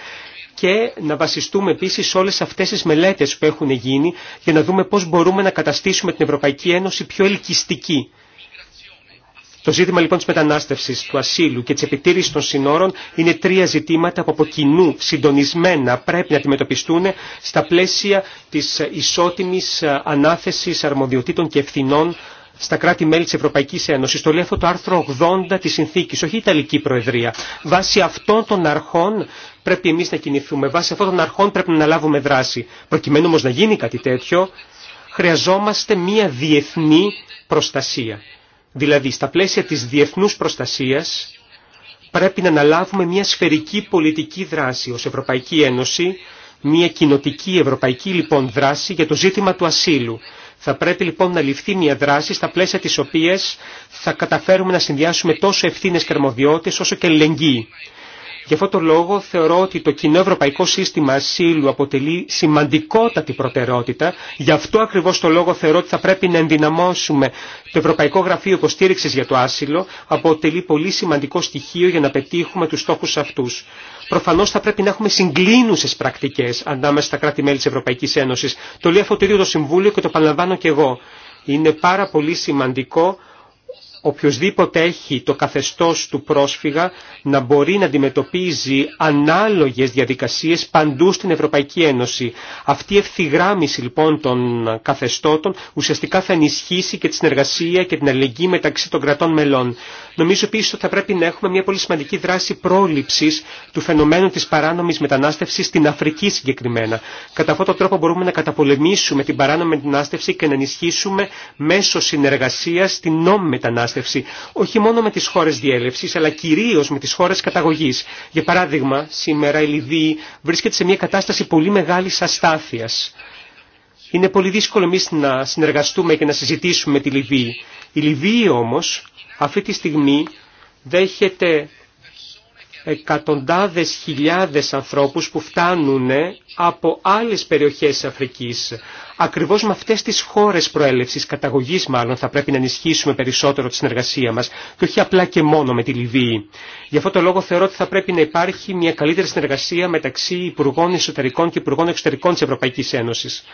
και να βασιστούμε επίσης όλες αυτές τις μελέτες που έχουν γίνει για να δούμε πώς μπορούμε να καταστήσουμε την Ευρωπαϊκή Ένωση πιο ελκυστική το ζήτημα λοιπόν τη μετανάστευση του ασύλου και τη επιτήρηση των συνόρων είναι τρία ζητήματα που από κοινού συντονισμένα πρέπει να αντιμετωπιστούν στα πλαίσια της ισότιμη ανάθεσης αρμοδιοτήτων και ευθυνών στα κράτη-μέλη τη Ευρωπαϊκή Ένωση, Το λέει αυτό το άρθρο 80 τη συνθήκη, όχι η Ιταλική Προεδρία. Βάσει αυτών των αρχών πρέπει εμεί να κινηθούμε. Βάσει αυτών των αρχών πρέπει να λάβουμε δράση. Προκειμένου όμω να γίνει κάτι τέτοιο, χρειαζόμαστε μία διεθνή προστασία. Δηλαδή, στα πλαίσια της διεθνούς προστασίας πρέπει να αναλάβουμε μια σφαιρική πολιτική δράση ως Ευρωπαϊκή Ένωση, μια κοινοτική ευρωπαϊκή λοιπόν δράση για το ζήτημα του ασύλου. Θα πρέπει λοιπόν να ληφθεί μια δράση στα πλαίσια της οποίας θα καταφέρουμε να συνδυάσουμε τόσο ευθύνες και όσο και λεγγύη. Γι' αυτό το λόγο θεωρώ ότι το κοινό ευρωπαϊκό σύστημα ασύλου αποτελεί σημαντικότατη προτεραιότητα. Γι' αυτό ακριβώς το λόγο θεωρώ ότι θα πρέπει να ενδυναμώσουμε το Ευρωπαϊκό Γραφείο Υποστήριξης για το Άσυλο. Αποτελεί πολύ σημαντικό στοιχείο για να πετύχουμε τους στόχους αυτούς. Προφανώ θα πρέπει να έχουμε συγκλίνουσε πρακτικέ ανάμεσα στα κράτη-μέλη τη Ευρωπαϊκή Ένωση. Το λέει αυτό το ίδιο το Συμβούλιο και το παραλαμβάνω και εγώ. Είναι πάρα πολύ σημαντικό οποιοδήποτε έχει το καθεστώς του πρόσφυγα να μπορεί να αντιμετωπίζει ανάλογες διαδικασίες παντού στην Ευρωπαϊκή Ένωση. Αυτή η ευθυγράμμιση λοιπόν των καθεστώτων ουσιαστικά θα ενισχύσει και τη συνεργασία και την αλληλεγγύη μεταξύ των κρατών μελών. Νομίζω επίση ότι θα πρέπει να έχουμε μια πολύ σημαντική δράση πρόληψη του φαινομένου τη παράνομη μετανάστευση στην Αφρική συγκεκριμένα. Κατά αυτόν τον τρόπο μπορούμε να καταπολεμήσουμε την παράνομη μετανάστευση και να ενισχύσουμε μέσω συνεργασία την νόμιμη μετανάστευση. Όχι μόνο με τι χώρε διέλευση, αλλά κυρίω με τι χώρε καταγωγή. Για παράδειγμα, σήμερα η Λιβύη βρίσκεται σε μια κατάσταση πολύ μεγάλη αστάθεια. Είναι πολύ δύσκολο εμεί να συνεργαστούμε και να συζητήσουμε τη Λιβύη. Η Λιβύη όμως αυτή τη στιγμή δέχεται εκατοντάδες χιλιάδες ανθρώπους που φτάνουν από άλλες περιοχές Αφρικής. Ακριβώς με αυτές τις χώρες προέλευσης, καταγωγής μάλλον, θα πρέπει να ενισχύσουμε περισσότερο τη συνεργασία μας και όχι απλά και μόνο με τη Λιβύη. Γι' αυτό το λόγο θεωρώ ότι θα πρέπει να υπάρχει μια καλύτερη συνεργασία μεταξύ Υπουργών Εσωτερικών και Υπουργών Εξωτερικών της Ευρωπαϊκής Ένωσης.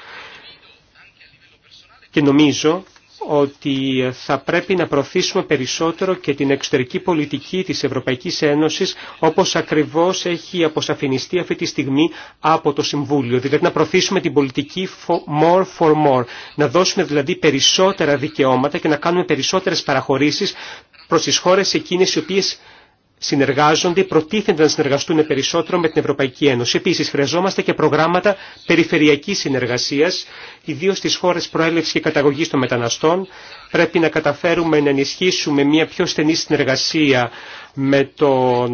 Και νομίζω ότι θα πρέπει να προωθήσουμε περισσότερο και την εξωτερική πολιτική της Ευρωπαϊκής Ένωσης όπως ακριβώς έχει αποσαφινιστεί αυτή τη στιγμή από το Συμβούλιο. Δηλαδή να προωθήσουμε την πολιτική more for more. Να δώσουμε δηλαδή περισσότερα δικαιώματα και να κάνουμε περισσότερες παραχωρήσεις προς τις χώρες εκείνες οι οποίες συνεργάζονται, προτίθενται να συνεργαστούν περισσότερο με την Ευρωπαϊκή Ένωση. Επίσης, χρειαζόμαστε και προγράμματα περιφερειακής συνεργασίας, ιδίως στις χώρες προέλευσης και καταγωγής των μεταναστών. Πρέπει να καταφέρουμε να ενισχύσουμε μια πιο στενή συνεργασία με, τον,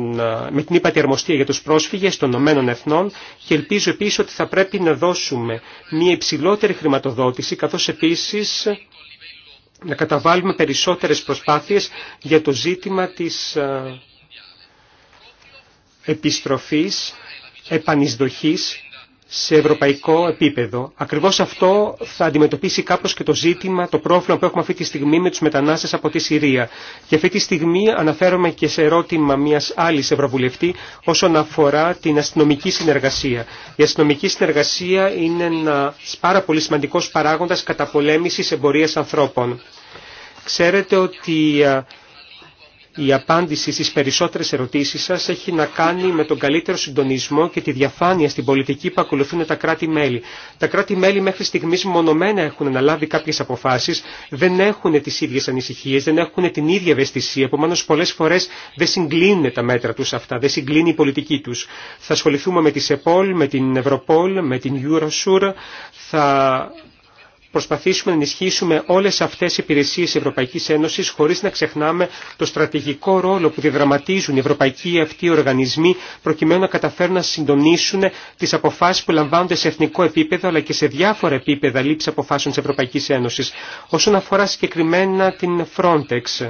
με την ύπατη αρμοστία για τους πρόσφυγες των Ηνωμένων Εθνών και ελπίζω επίσης ότι θα πρέπει να δώσουμε μια υψηλότερη χρηματοδότηση, καθώς επίση να καταβάλουμε περισσότερες προσπάθειες για το ζήτημα της ε, επιστροφής, επανεισδοχής σε ευρωπαϊκό επίπεδο. Ακριβώς αυτό θα αντιμετωπίσει κάπως και το ζήτημα, το πρόβλημα που έχουμε αυτή τη στιγμή με τους μετανάστες από τη Συρία. Και αυτή τη στιγμή αναφέρομαι και σε ερώτημα μιας άλλης Ευρωβουλευτή όσον αφορά την αστυνομική συνεργασία. Η αστυνομική συνεργασία είναι ένα πάρα πολύ σημαντικός παράγοντας καταπολέμησης εμπορίας ανθρώπων. Ξέρετε ότι η απάντηση στις περισσότερες ερωτήσεις σας έχει να κάνει με τον καλύτερο συντονισμό και τη διαφάνεια στην πολιτική που ακολουθούν τα κράτη-μέλη. Τα κράτη-μέλη μέχρι στιγμής μονομένα έχουν αναλάβει κάποιες αποφάσεις, δεν έχουν τις ίδιες ανησυχίες, δεν έχουν την ίδια ευαισθησία, επομένως πολλές φορές δεν συγκλίνουν τα μέτρα τους αυτά, δεν συγκλίνει η πολιτική τους. Θα ασχοληθούμε με τη ΣΕΠΟΛ, με την Ευρωπόλ, με την Eurosur, θα προσπαθήσουμε να ενισχύσουμε όλες αυτές οι υπηρεσίες Ευρωπαϊκής Ένωσης χωρίς να ξεχνάμε το στρατηγικό ρόλο που διδραματίζουν οι ευρωπαϊκοί αυτοί οργανισμοί προκειμένου να καταφέρουν να συντονίσουν τις αποφάσεις που λαμβάνονται σε εθνικό επίπεδο αλλά και σε διάφορα επίπεδα λήψη αποφάσεων της Ευρωπαϊκής Ένωσης. Όσον αφορά συγκεκριμένα την Frontex,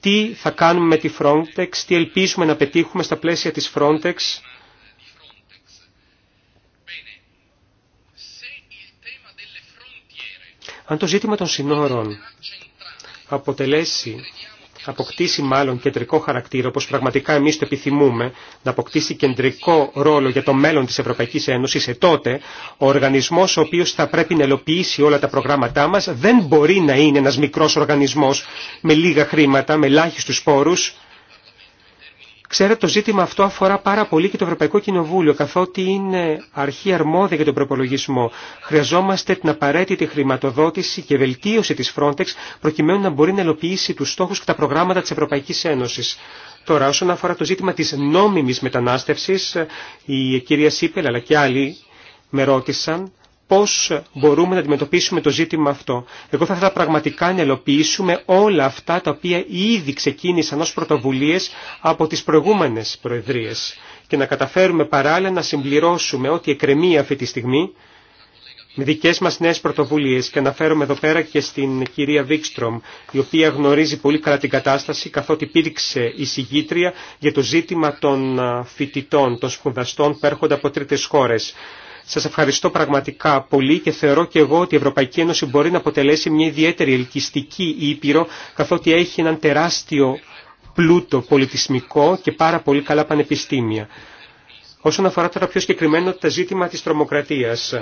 τι θα κάνουμε με τη Frontex, τι ελπίζουμε να πετύχουμε στα πλαίσια της Frontex Αν το ζήτημα των συνόρων αποτελέσει αποκτήσει μάλλον κεντρικό χαρακτήρα, όπως πραγματικά εμείς το επιθυμούμε, να αποκτήσει κεντρικό ρόλο για το μέλλον της Ευρωπαϊκής Ένωσης, ε, τότε ο οργανισμός ο οποίος θα πρέπει να ελοποιήσει όλα τα προγράμματά μας δεν μπορεί να είναι ένας μικρός οργανισμός με λίγα χρήματα, με ελάχιστους πόρους, Ξέρετε, το ζήτημα αυτό αφορά πάρα πολύ και το Ευρωπαϊκό Κοινοβούλιο, καθότι είναι αρχή αρμόδια για τον προπολογισμό. Χρειαζόμαστε την απαραίτητη χρηματοδότηση και βελτίωση της Frontex, προκειμένου να μπορεί να ελοποιήσει τους στόχους και τα προγράμματα της Ευρωπαϊκής Ένωσης. Τώρα, όσον αφορά το ζήτημα της νόμιμης μετανάστευσης, η κυρία Σίπελ αλλά και άλλοι με ρώτησαν πώς μπορούμε να αντιμετωπίσουμε το ζήτημα αυτό. Εγώ θα ήθελα πραγματικά να ελοποιήσουμε όλα αυτά τα οποία ήδη ξεκίνησαν ως πρωτοβουλίες από τις προηγούμενες προεδρίες και να καταφέρουμε παράλληλα να συμπληρώσουμε ό,τι εκκρεμεί αυτή τη στιγμή με δικέ μα νέε πρωτοβουλίε. Και αναφέρομαι εδώ πέρα και στην κυρία Βίξτρομ, η οποία γνωρίζει πολύ καλά την κατάσταση, καθότι η εισηγήτρια για το ζήτημα των φοιτητών, των σπουδαστών που έρχονται από τρίτε χώρε. Σας ευχαριστώ πραγματικά πολύ και θεωρώ και εγώ ότι η Ευρωπαϊκή Ένωση μπορεί να αποτελέσει μια ιδιαίτερη ελκυστική ήπειρο καθότι έχει έναν τεράστιο πλούτο πολιτισμικό και πάρα πολύ καλά πανεπιστήμια. Όσον αφορά τώρα πιο συγκεκριμένα τα ζήτημα της τρομοκρατίας,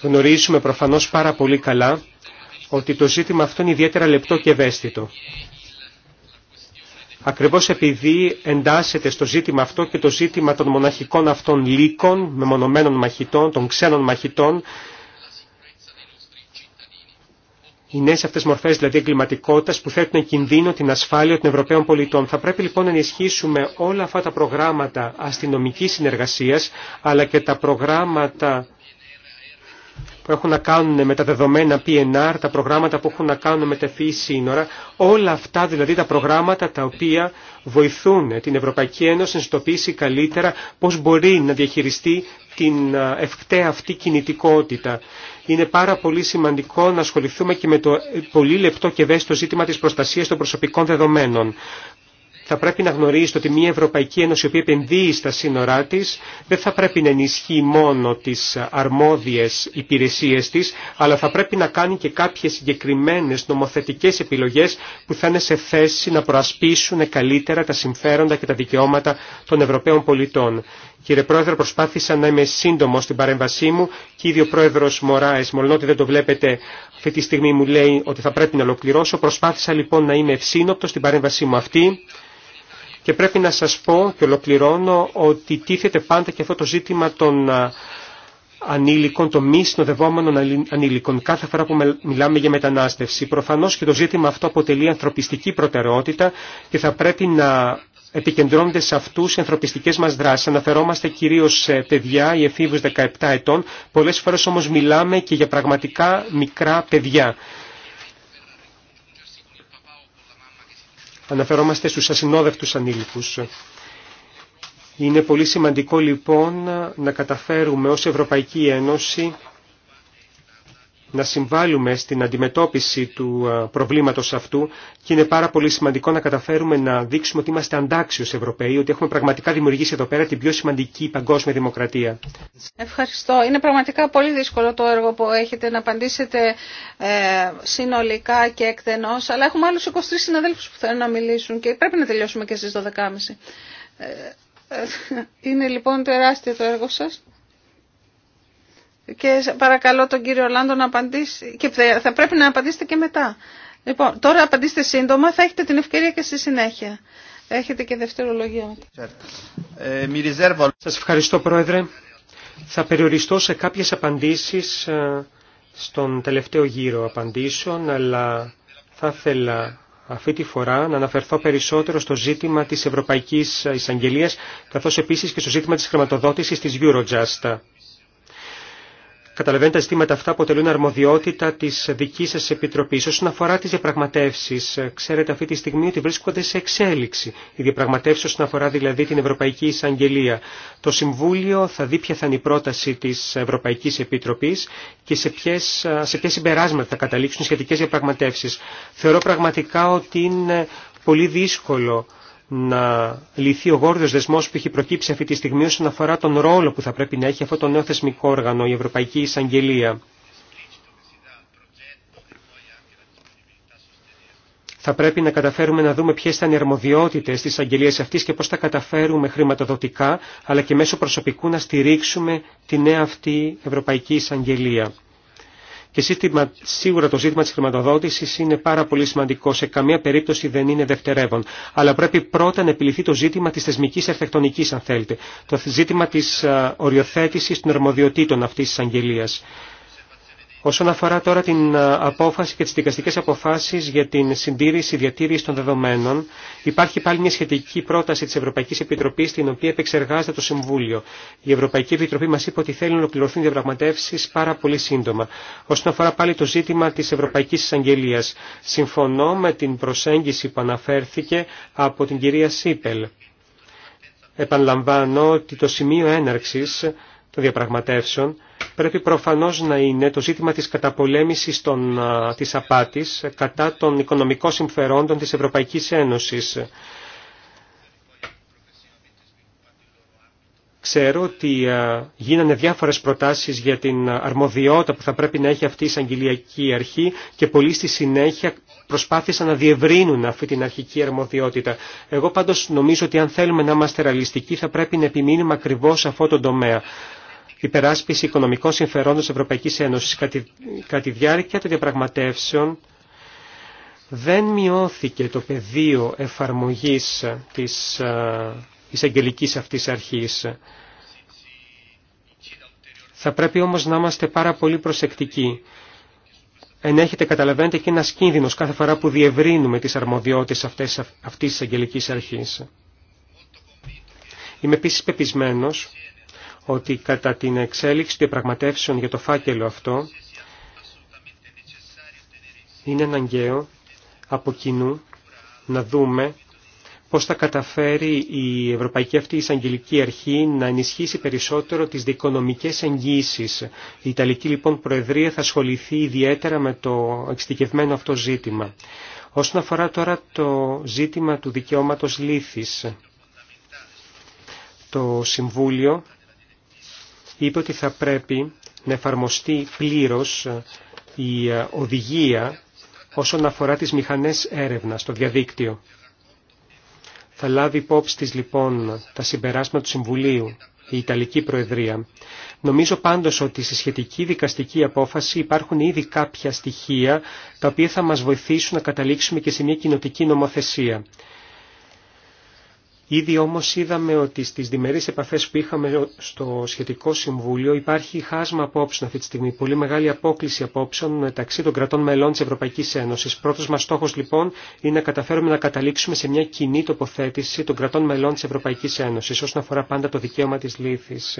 γνωρίζουμε προφανώς πάρα πολύ καλά ότι το ζήτημα αυτό είναι ιδιαίτερα λεπτό και ευαίσθητο ακριβώς επειδή εντάσσεται στο ζήτημα αυτό και το ζήτημα των μοναχικών αυτών λύκων, μεμονωμένων μαχητών, των ξένων μαχητών, οι νέε αυτέ μορφέ δηλαδή εγκληματικότητα που θέτουν κινδύνο την ασφάλεια των Ευρωπαίων πολιτών. Θα πρέπει λοιπόν να ενισχύσουμε όλα αυτά τα προγράμματα αστυνομική συνεργασία αλλά και τα προγράμματα που έχουν να κάνουν με τα δεδομένα PNR, τα προγράμματα που έχουν να κάνουν με τα φύση e σύνορα, όλα αυτά δηλαδή τα προγράμματα τα οποία βοηθούν την Ευρωπαϊκή Ένωση να συνειδητοποιήσει καλύτερα πώς μπορεί να διαχειριστεί την ευκταία αυτή κινητικότητα. Είναι πάρα πολύ σημαντικό να ασχοληθούμε και με το πολύ λεπτό και ευαίσθητο ζήτημα της προστασίας των προσωπικών δεδομένων θα πρέπει να γνωρίζετε ότι μια Ευρωπαϊκή Ένωση η οποία επενδύει στα σύνορά τη δεν θα πρέπει να ενισχύει μόνο τι αρμόδιε υπηρεσίε τη, αλλά θα πρέπει να κάνει και κάποιε συγκεκριμένε νομοθετικέ επιλογέ που θα είναι σε θέση να προασπίσουν καλύτερα τα συμφέροντα και τα δικαιώματα των Ευρωπαίων πολιτών. Κύριε Πρόεδρε, προσπάθησα να είμαι σύντομο στην παρέμβασή μου και ήδη ο Πρόεδρο Μωράε, μόλον ότι δεν το βλέπετε αυτή τη στιγμή, μου λέει ότι θα πρέπει να ολοκληρώσω. Προσπάθησα λοιπόν να είμαι ευσύνοπτο στην παρέμβασή μου αυτή. Και πρέπει να σας πω και ολοκληρώνω ότι τίθεται πάντα και αυτό το ζήτημα των ανήλικων, το μη συνοδευόμενων ανήλικων, κάθε φορά που μιλάμε για μετανάστευση. Προφανώς και το ζήτημα αυτό αποτελεί ανθρωπιστική προτεραιότητα και θα πρέπει να επικεντρώνονται σε αυτούς οι ανθρωπιστικέ μα δράσει. Αναφερόμαστε κυρίως σε παιδιά ή εφήβους 17 ετών. Πολλές φορές όμως μιλάμε και για πραγματικά μικρά παιδιά. Αναφερόμαστε στους ασυνόδευτους ανήλικους. Είναι πολύ σημαντικό λοιπόν να καταφέρουμε ως Ευρωπαϊκή Ένωση να συμβάλλουμε στην αντιμετώπιση του ε, προβλήματος αυτού και είναι πάρα πολύ σημαντικό να καταφέρουμε να δείξουμε ότι είμαστε αντάξιος Ευρωπαίοι, ότι έχουμε πραγματικά δημιουργήσει εδώ πέρα την πιο σημαντική παγκόσμια δημοκρατία. Ευχαριστώ. Είναι πραγματικά πολύ δύσκολο το έργο που έχετε να απαντήσετε ε, συνολικά και εκτενώς, αλλά έχουμε άλλους 23 συναδέλφους που θέλουν να μιλήσουν και πρέπει να τελειώσουμε και στις 12.30. Ε, είναι λοιπόν τεράστιο το έργο σας και παρακαλώ τον κύριο Λάντο να απαντήσει και θα πρέπει να απαντήσετε και μετά. Λοιπόν, τώρα απαντήστε σύντομα, θα έχετε την ευκαιρία και στη συνέχεια. Έχετε και δευτερολογία. Ε, Σας ευχαριστώ Πρόεδρε. Θα περιοριστώ σε κάποιες απαντήσεις ε, στον τελευταίο γύρο απαντήσεων, αλλά θα ήθελα αυτή τη φορά να αναφερθώ περισσότερο στο ζήτημα της Ευρωπαϊκής Εισαγγελίας, καθώς επίσης και στο ζήτημα της χρηματοδότησης της Eurojust. Καταλαβαίνετε, τα ζητήματα αυτά αποτελούν αρμοδιότητα τη δική σα επιτροπή. Όσον αφορά τι διαπραγματεύσει, ξέρετε αυτή τη στιγμή ότι βρίσκονται σε εξέλιξη. Οι διαπραγματεύσει όσον αφορά δηλαδή την Ευρωπαϊκή Εισαγγελία. Το Συμβούλιο θα δει ποια θα είναι η πρόταση τη Ευρωπαϊκή Επιτροπή και σε ποιε σε ποιες συμπεράσματα θα καταλήξουν σχετικέ διαπραγματεύσει. Θεωρώ πραγματικά ότι είναι πολύ δύσκολο να λυθεί ο γόρδιο δεσμό που έχει προκύψει αυτή τη στιγμή όσον αφορά τον ρόλο που θα πρέπει να έχει αυτό το νέο θεσμικό όργανο, η Ευρωπαϊκή Εισαγγελία. Θα πρέπει να καταφέρουμε να δούμε ποιε θα είναι οι αρμοδιότητε τη αγγελία αυτή και πώ θα καταφέρουμε χρηματοδοτικά αλλά και μέσω προσωπικού να στηρίξουμε τη νέα αυτή Ευρωπαϊκή Εισαγγελία. Και σίγουρα το ζήτημα της χρηματοδότησης είναι πάρα πολύ σημαντικό. Σε καμία περίπτωση δεν είναι δευτερεύον. Αλλά πρέπει πρώτα να επιληθεί το ζήτημα της θεσμικής αρχιτεκτονικής, αν θέλετε. Το ζήτημα της ε, οριοθέτησης των αρμοδιοτήτων αυτής της αγγελίας. Όσον αφορά τώρα την ε, απόφαση και τις δικαστικές αποφάσεις για την συντήρηση διατήρηση των δεδομένων, υπάρχει πάλι μια σχετική πρόταση της Ευρωπαϊκής Επιτροπής, την οποία επεξεργάζεται το Συμβούλιο. Η Ευρωπαϊκή Επιτροπή μας είπε ότι θέλει να ολοκληρωθούν διαπραγματεύσεις πάρα πολύ σύντομα. Όσον αφορά πάλι το ζήτημα της Ευρωπαϊκής Εισαγγελίας, συμφωνώ με την προσέγγιση που αναφέρθηκε από την κυρία Σίπελ. Επαναλαμβάνω ότι το σημείο έναρξης των διαπραγματεύσεων πρέπει προφανώς να είναι το ζήτημα της καταπολέμησης των, της απάτης κατά των οικονομικών συμφερόντων της Ευρωπαϊκής Ένωσης. Ξέρω ότι γίνανε διάφορες προτάσεις για την αρμοδιότητα που θα πρέπει να έχει αυτή η εισαγγελιακή αρχή και πολλοί στη συνέχεια προσπάθησαν να διευρύνουν αυτή την αρχική αρμοδιότητα. Εγώ πάντως νομίζω ότι αν θέλουμε να είμαστε ραλιστικοί θα πρέπει να επιμείνουμε ακριβώς σε αυτό το τομέα υπεράσπιση οικονομικών συμφερόντων της Ευρωπαϊκής Ένωσης. Κατά τη διάρκεια των διαπραγματεύσεων δεν μειώθηκε το πεδίο εφαρμογής της εισαγγελικής αυτής αρχής. Θα πρέπει όμως να είμαστε πάρα πολύ προσεκτικοί. Ενέχεται, καταλαβαίνετε, και ένας κίνδυνος κάθε φορά που διευρύνουμε τις αρμοδιότητες αυτές, αυτής της αγγελικής αρχής. Είμαι επίσης πεπισμένος ότι κατά την εξέλιξη των πραγματεύσεων για το φάκελο αυτό είναι αναγκαίο από κοινού να δούμε πώς θα καταφέρει η Ευρωπαϊκή αυτή εισαγγελική αρχή να ενισχύσει περισσότερο τις δικονομικές εγγύησεις. Η Ιταλική λοιπόν Προεδρία θα ασχοληθεί ιδιαίτερα με το εξειδικευμένο αυτό ζήτημα. Όσον αφορά τώρα το ζήτημα του δικαιώματος λήθης, το Συμβούλιο είπε ότι θα πρέπει να εφαρμοστεί πλήρως ε, η ε, οδηγία όσον αφορά τις μηχανές έρευνα στο διαδίκτυο. Θα λάβει υπόψη της λοιπόν τα συμπεράσματα του Συμβουλίου η Ιταλική Προεδρία. Νομίζω πάντως ότι στη σχετική δικαστική απόφαση υπάρχουν ήδη κάποια στοιχεία τα οποία θα μας βοηθήσουν να καταλήξουμε και σε μια κοινοτική νομοθεσία. Ήδη όμως είδαμε ότι στις διμερείς επαφές που είχαμε στο σχετικό συμβούλιο υπάρχει χάσμα απόψεων αυτή τη στιγμή, πολύ μεγάλη απόκληση απόψεων μεταξύ των κρατών μελών της Ευρωπαϊκής Ένωσης. Πρώτος μας στόχος λοιπόν είναι να καταφέρουμε να καταλήξουμε σε μια κοινή τοποθέτηση των κρατών μελών της Ευρωπαϊκής Ένωσης όσον αφορά πάντα το δικαίωμα της λήθης.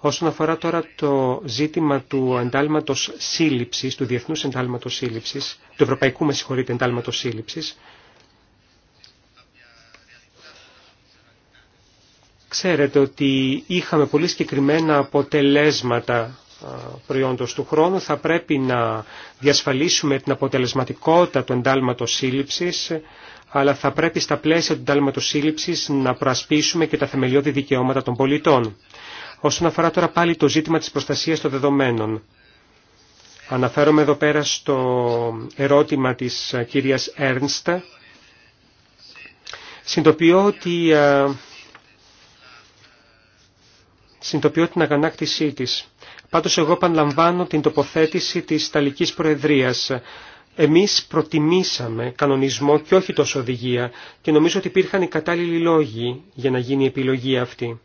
Όσον αφορά τώρα το ζήτημα του εντάλματος σύλληψης, του διεθνούς εντάλματος σύλληψης, του ευρωπαϊκού με συγχωρείτε εντάλματος Ξέρετε ότι είχαμε πολύ συγκεκριμένα αποτελέσματα προϊόντος του χρόνου. Θα πρέπει να διασφαλίσουμε την αποτελεσματικότητα του εντάλματος σύλληψης, αλλά θα πρέπει στα πλαίσια του εντάλματος σύλληψης να προασπίσουμε και τα θεμελιώδη δικαιώματα των πολιτών. Όσον αφορά τώρα πάλι το ζήτημα της προστασίας των δεδομένων. Αναφέρομαι εδώ πέρα στο ερώτημα της ε, κυρίας Έρνστα, Συντοπιώ ότι ε, συνειδητοποιώ την αγανάκτησή της. Πάντως εγώ επαναλαμβάνω την τοποθέτηση της Ιταλικής Προεδρίας. Εμείς προτιμήσαμε κανονισμό και όχι τόσο οδηγία και νομίζω ότι υπήρχαν οι κατάλληλοι λόγοι για να γίνει η επιλογή αυτή.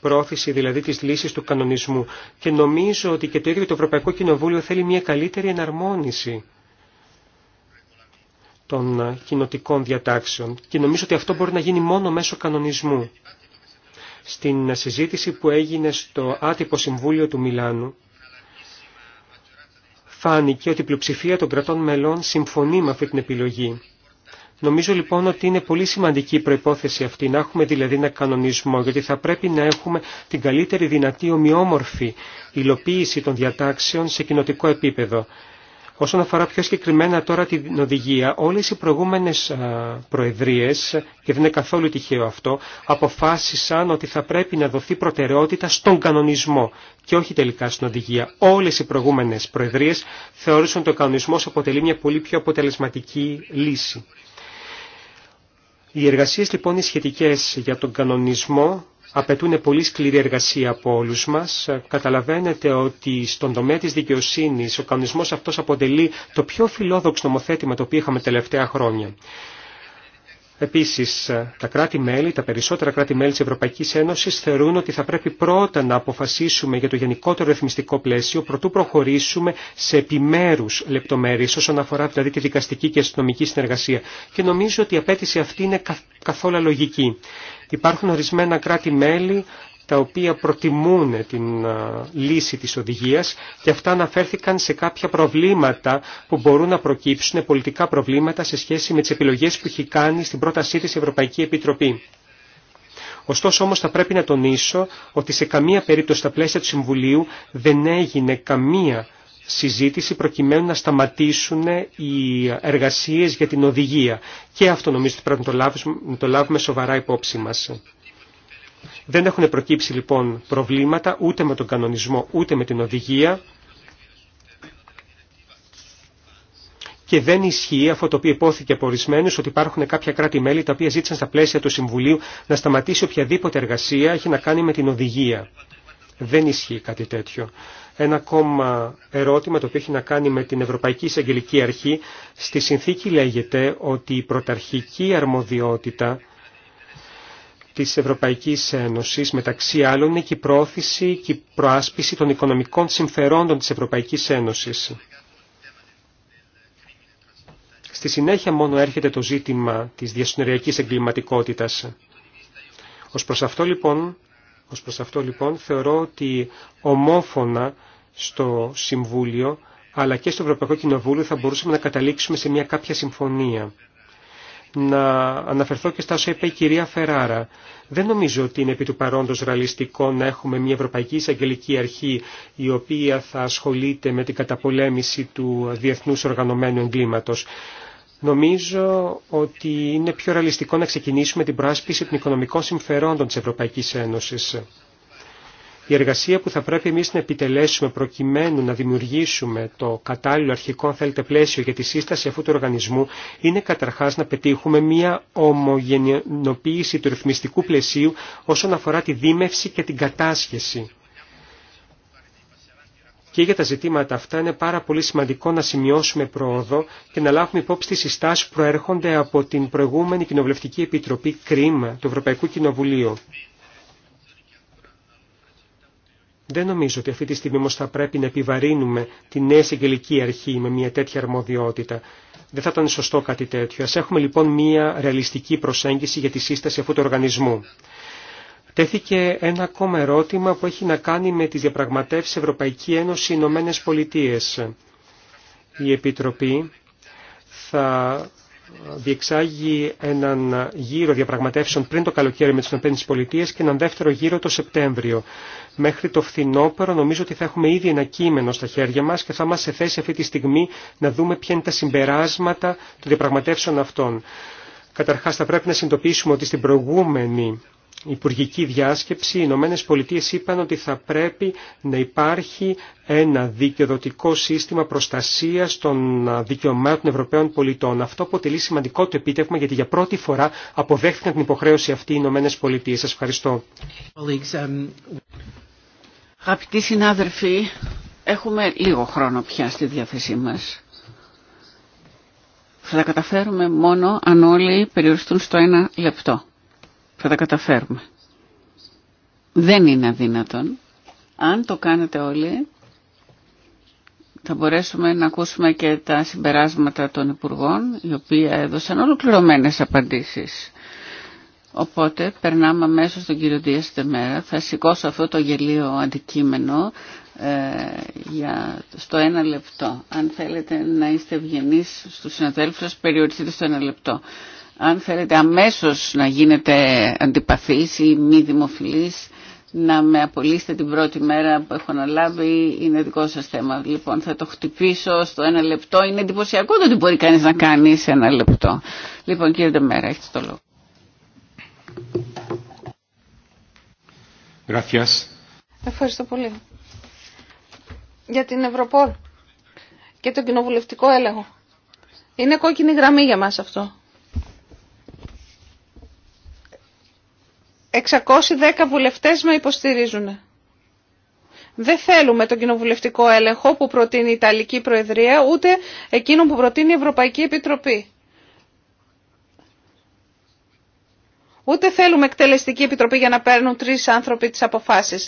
Πρόθεση δηλαδή της λύσης του κανονισμού και νομίζω ότι και το ίδιο το Ευρωπαϊκό Κοινοβούλιο θέλει μια καλύτερη εναρμόνιση των κοινοτικών διατάξεων και νομίζω ότι αυτό μπορεί να γίνει μόνο μέσω κανονισμού στην συζήτηση που έγινε στο άτυπο Συμβούλιο του Μιλάνου φάνηκε ότι η πλειοψηφία των κρατών μελών συμφωνεί με αυτή την επιλογή. Νομίζω λοιπόν ότι είναι πολύ σημαντική η προϋπόθεση αυτή, να έχουμε δηλαδή ένα κανονισμό, γιατί θα πρέπει να έχουμε την καλύτερη δυνατή ομοιόμορφη υλοποίηση των διατάξεων σε κοινοτικό επίπεδο. Όσον αφορά πιο συγκεκριμένα τώρα την οδηγία, όλες οι προηγούμενες προεδρίες, και δεν είναι καθόλου τυχαίο αυτό, αποφάσισαν ότι θα πρέπει να δοθεί προτεραιότητα στον κανονισμό και όχι τελικά στην οδηγία. Όλες οι προηγούμενες προεδρίες θεώρησαν ότι ο κανονισμός αποτελεί μια πολύ πιο αποτελεσματική λύση. Οι εργασίες λοιπόν οι για τον κανονισμό απαιτούν πολύ σκληρή εργασία από όλους μας. Καταλαβαίνετε ότι στον τομέα της δικαιοσύνης ο κανονισμός αυτός αποτελεί το πιο φιλόδοξο νομοθέτημα το οποίο είχαμε τελευταία χρόνια. Επίσης, ε, τα κράτη-μέλη, τα περισσότερα κράτη-μέλη της Ευρωπαϊκής Ένωσης θεωρούν ότι θα πρέπει πρώτα να αποφασίσουμε για το γενικότερο ρυθμιστικό πλαίσιο προτού προχωρήσουμε σε επιμέρους λεπτομέρειες όσον αφορά δηλαδή τη δικαστική και αστυνομική συνεργασία. Και νομίζω ότι η απέτηση αυτή είναι καθόλου λογική. Υπάρχουν ορισμένα κράτη-μέλη τα οποία προτιμούν την λύση της οδηγίας και αυτά αναφέρθηκαν σε κάποια προβλήματα που μπορούν να προκύψουν, πολιτικά προβλήματα σε σχέση με τις επιλογές που έχει κάνει στην πρότασή της Ευρωπαϊκή Επιτροπή. Ωστόσο όμως θα πρέπει να τονίσω ότι σε καμία περίπτωση στα πλαίσια του Συμβουλίου δεν έγινε καμία συζήτηση προκειμένου να σταματήσουν οι εργασίες για την οδηγία. Και αυτό νομίζω ότι πρέπει να το λάβουμε, να το λάβουμε σοβαρά υπόψη μας. Δεν έχουν προκύψει λοιπόν προβλήματα ούτε με τον κανονισμό ούτε με την οδηγία και δεν ισχύει αυτό το οποίο υπόθηκε από ορισμένου ότι υπάρχουν κάποια κράτη-μέλη τα οποία ζήτησαν στα πλαίσια του Συμβουλίου να σταματήσει οποιαδήποτε εργασία έχει να κάνει με την οδηγία. Δεν ισχύει κάτι τέτοιο. Ένα ακόμα ερώτημα το οποίο έχει να κάνει με την Ευρωπαϊκή Εισαγγελική Αρχή. Στη συνθήκη λέγεται ότι η πρωταρχική αρμοδιότητα της Ευρωπαϊκής Ένωσης, μεταξύ άλλων είναι και η πρόθεση και η προάσπιση των οικονομικών συμφερόντων της Ευρωπαϊκής Ένωσης. Στη συνέχεια μόνο έρχεται το ζήτημα της διασυνοριακής εγκληματικότητας. Ως προς αυτό λοιπόν, ως προς αυτό, λοιπόν θεωρώ ότι ομόφωνα στο Συμβούλιο αλλά και στο Ευρωπαϊκό Κοινοβούλιο θα μπορούσαμε να καταλήξουμε σε μια κάποια συμφωνία να αναφερθώ και στα όσα είπε η κυρία Φεράρα. Δεν νομίζω ότι είναι επί του παρόντος ρεαλιστικό να έχουμε μια Ευρωπαϊκή Εισαγγελική Αρχή η οποία θα ασχολείται με την καταπολέμηση του διεθνούς οργανωμένου εγκλήματος. Νομίζω ότι είναι πιο ραλιστικό να ξεκινήσουμε την προάσπιση των οικονομικών συμφερόντων της Ευρωπαϊκής Ένωσης. Η εργασία που θα πρέπει εμείς να επιτελέσουμε προκειμένου να δημιουργήσουμε το κατάλληλο αρχικό αν θέλετε πλαίσιο για τη σύσταση αυτού του οργανισμού είναι καταρχάς να πετύχουμε μια ομογενοποίηση του ρυθμιστικού πλαισίου όσον αφορά τη δίμευση και την κατάσχεση. Και για τα ζητήματα αυτά είναι πάρα πολύ σημαντικό να σημειώσουμε πρόοδο και να λάβουμε υπόψη τις συστάσεις που προέρχονται από την προηγούμενη Κοινοβουλευτική Επιτροπή ΚΡΙΜ του Ευρωπαϊκού Κοινοβουλίου. Δεν νομίζω ότι αυτή τη στιγμή όμω θα πρέπει να επιβαρύνουμε τη νέα εισαγγελική αρχή με μια τέτοια αρμοδιότητα. Δεν θα ήταν σωστό κάτι τέτοιο. Α έχουμε λοιπόν μια ρεαλιστική προσέγγιση για τη σύσταση αυτού του οργανισμού. Τέθηκε ένα ακόμα ερώτημα που έχει να κάνει με τις διαπραγματεύσεις Ευρωπαϊκή Ένωση Ηνωμένε Η Επιτροπή θα διεξάγει έναν γύρο διαπραγματεύσεων πριν το καλοκαίρι με τις Πολιτείες και έναν δεύτερο γύρο το Σεπτέμβριο. Μέχρι το φθινόπωρο νομίζω ότι θα έχουμε ήδη ένα κείμενο στα χέρια μας και θα μας σε θέση αυτή τη στιγμή να δούμε ποια είναι τα συμπεράσματα των διαπραγματεύσεων αυτών. Καταρχάς θα πρέπει να συνειδητοποιήσουμε ότι στην προηγούμενη υπουργική διάσκεψη, οι Ηνωμένε Πολιτείε είπαν ότι θα πρέπει να υπάρχει ένα δικαιοδοτικό σύστημα προστασίας των δικαιωμάτων Ευρωπαίων πολιτών. Αυτό αποτελεί σημαντικό το επίτευγμα γιατί για πρώτη φορά αποδέχθηκαν την υποχρέωση αυτή οι Ηνωμένε Πολιτείε. Σας ευχαριστώ. Um, αγαπητοί συνάδελφοι, έχουμε λίγο χρόνο πια στη διάθεσή μας. Θα τα καταφέρουμε μόνο αν όλοι περιοριστούν στο ένα λεπτό θα τα καταφέρουμε. Δεν είναι αδύνατον. Αν το κάνετε όλοι, θα μπορέσουμε να ακούσουμε και τα συμπεράσματα των Υπουργών, οι οποίοι έδωσαν ολοκληρωμένες απαντήσεις. Οπότε περνάμε αμέσως στον κύριο Δίας Τεμέρα. Θα σηκώσω αυτό το γελίο αντικείμενο ε, για, στο ένα λεπτό. Αν θέλετε να είστε ευγενείς στους συναδέλφους σας, περιοριστείτε στο ένα λεπτό αν θέλετε αμέσως να γίνετε αντιπαθής ή μη δημοφιλής, να με απολύσετε την πρώτη μέρα που έχω αναλάβει είναι δικό σας θέμα. Λοιπόν, θα το χτυπήσω στο ένα λεπτό. Είναι εντυπωσιακό το ότι μπορεί κανείς να κάνει σε ένα λεπτό. Λοιπόν, κύριε Ντεμέρα, έχετε το λόγο. Ευχαριστώ πολύ. Για την Ευρωπόλ και τον κοινοβουλευτικό έλεγχο. Είναι κόκκινη γραμμή για μας αυτό. 610 βουλευτές με υποστηρίζουν. Δεν θέλουμε τον κοινοβουλευτικό έλεγχο που προτείνει η Ιταλική Προεδρία, ούτε εκείνον που προτείνει η Ευρωπαϊκή Επιτροπή. Ούτε θέλουμε εκτελεστική επιτροπή για να παίρνουν τρει άνθρωποι τι αποφάσει.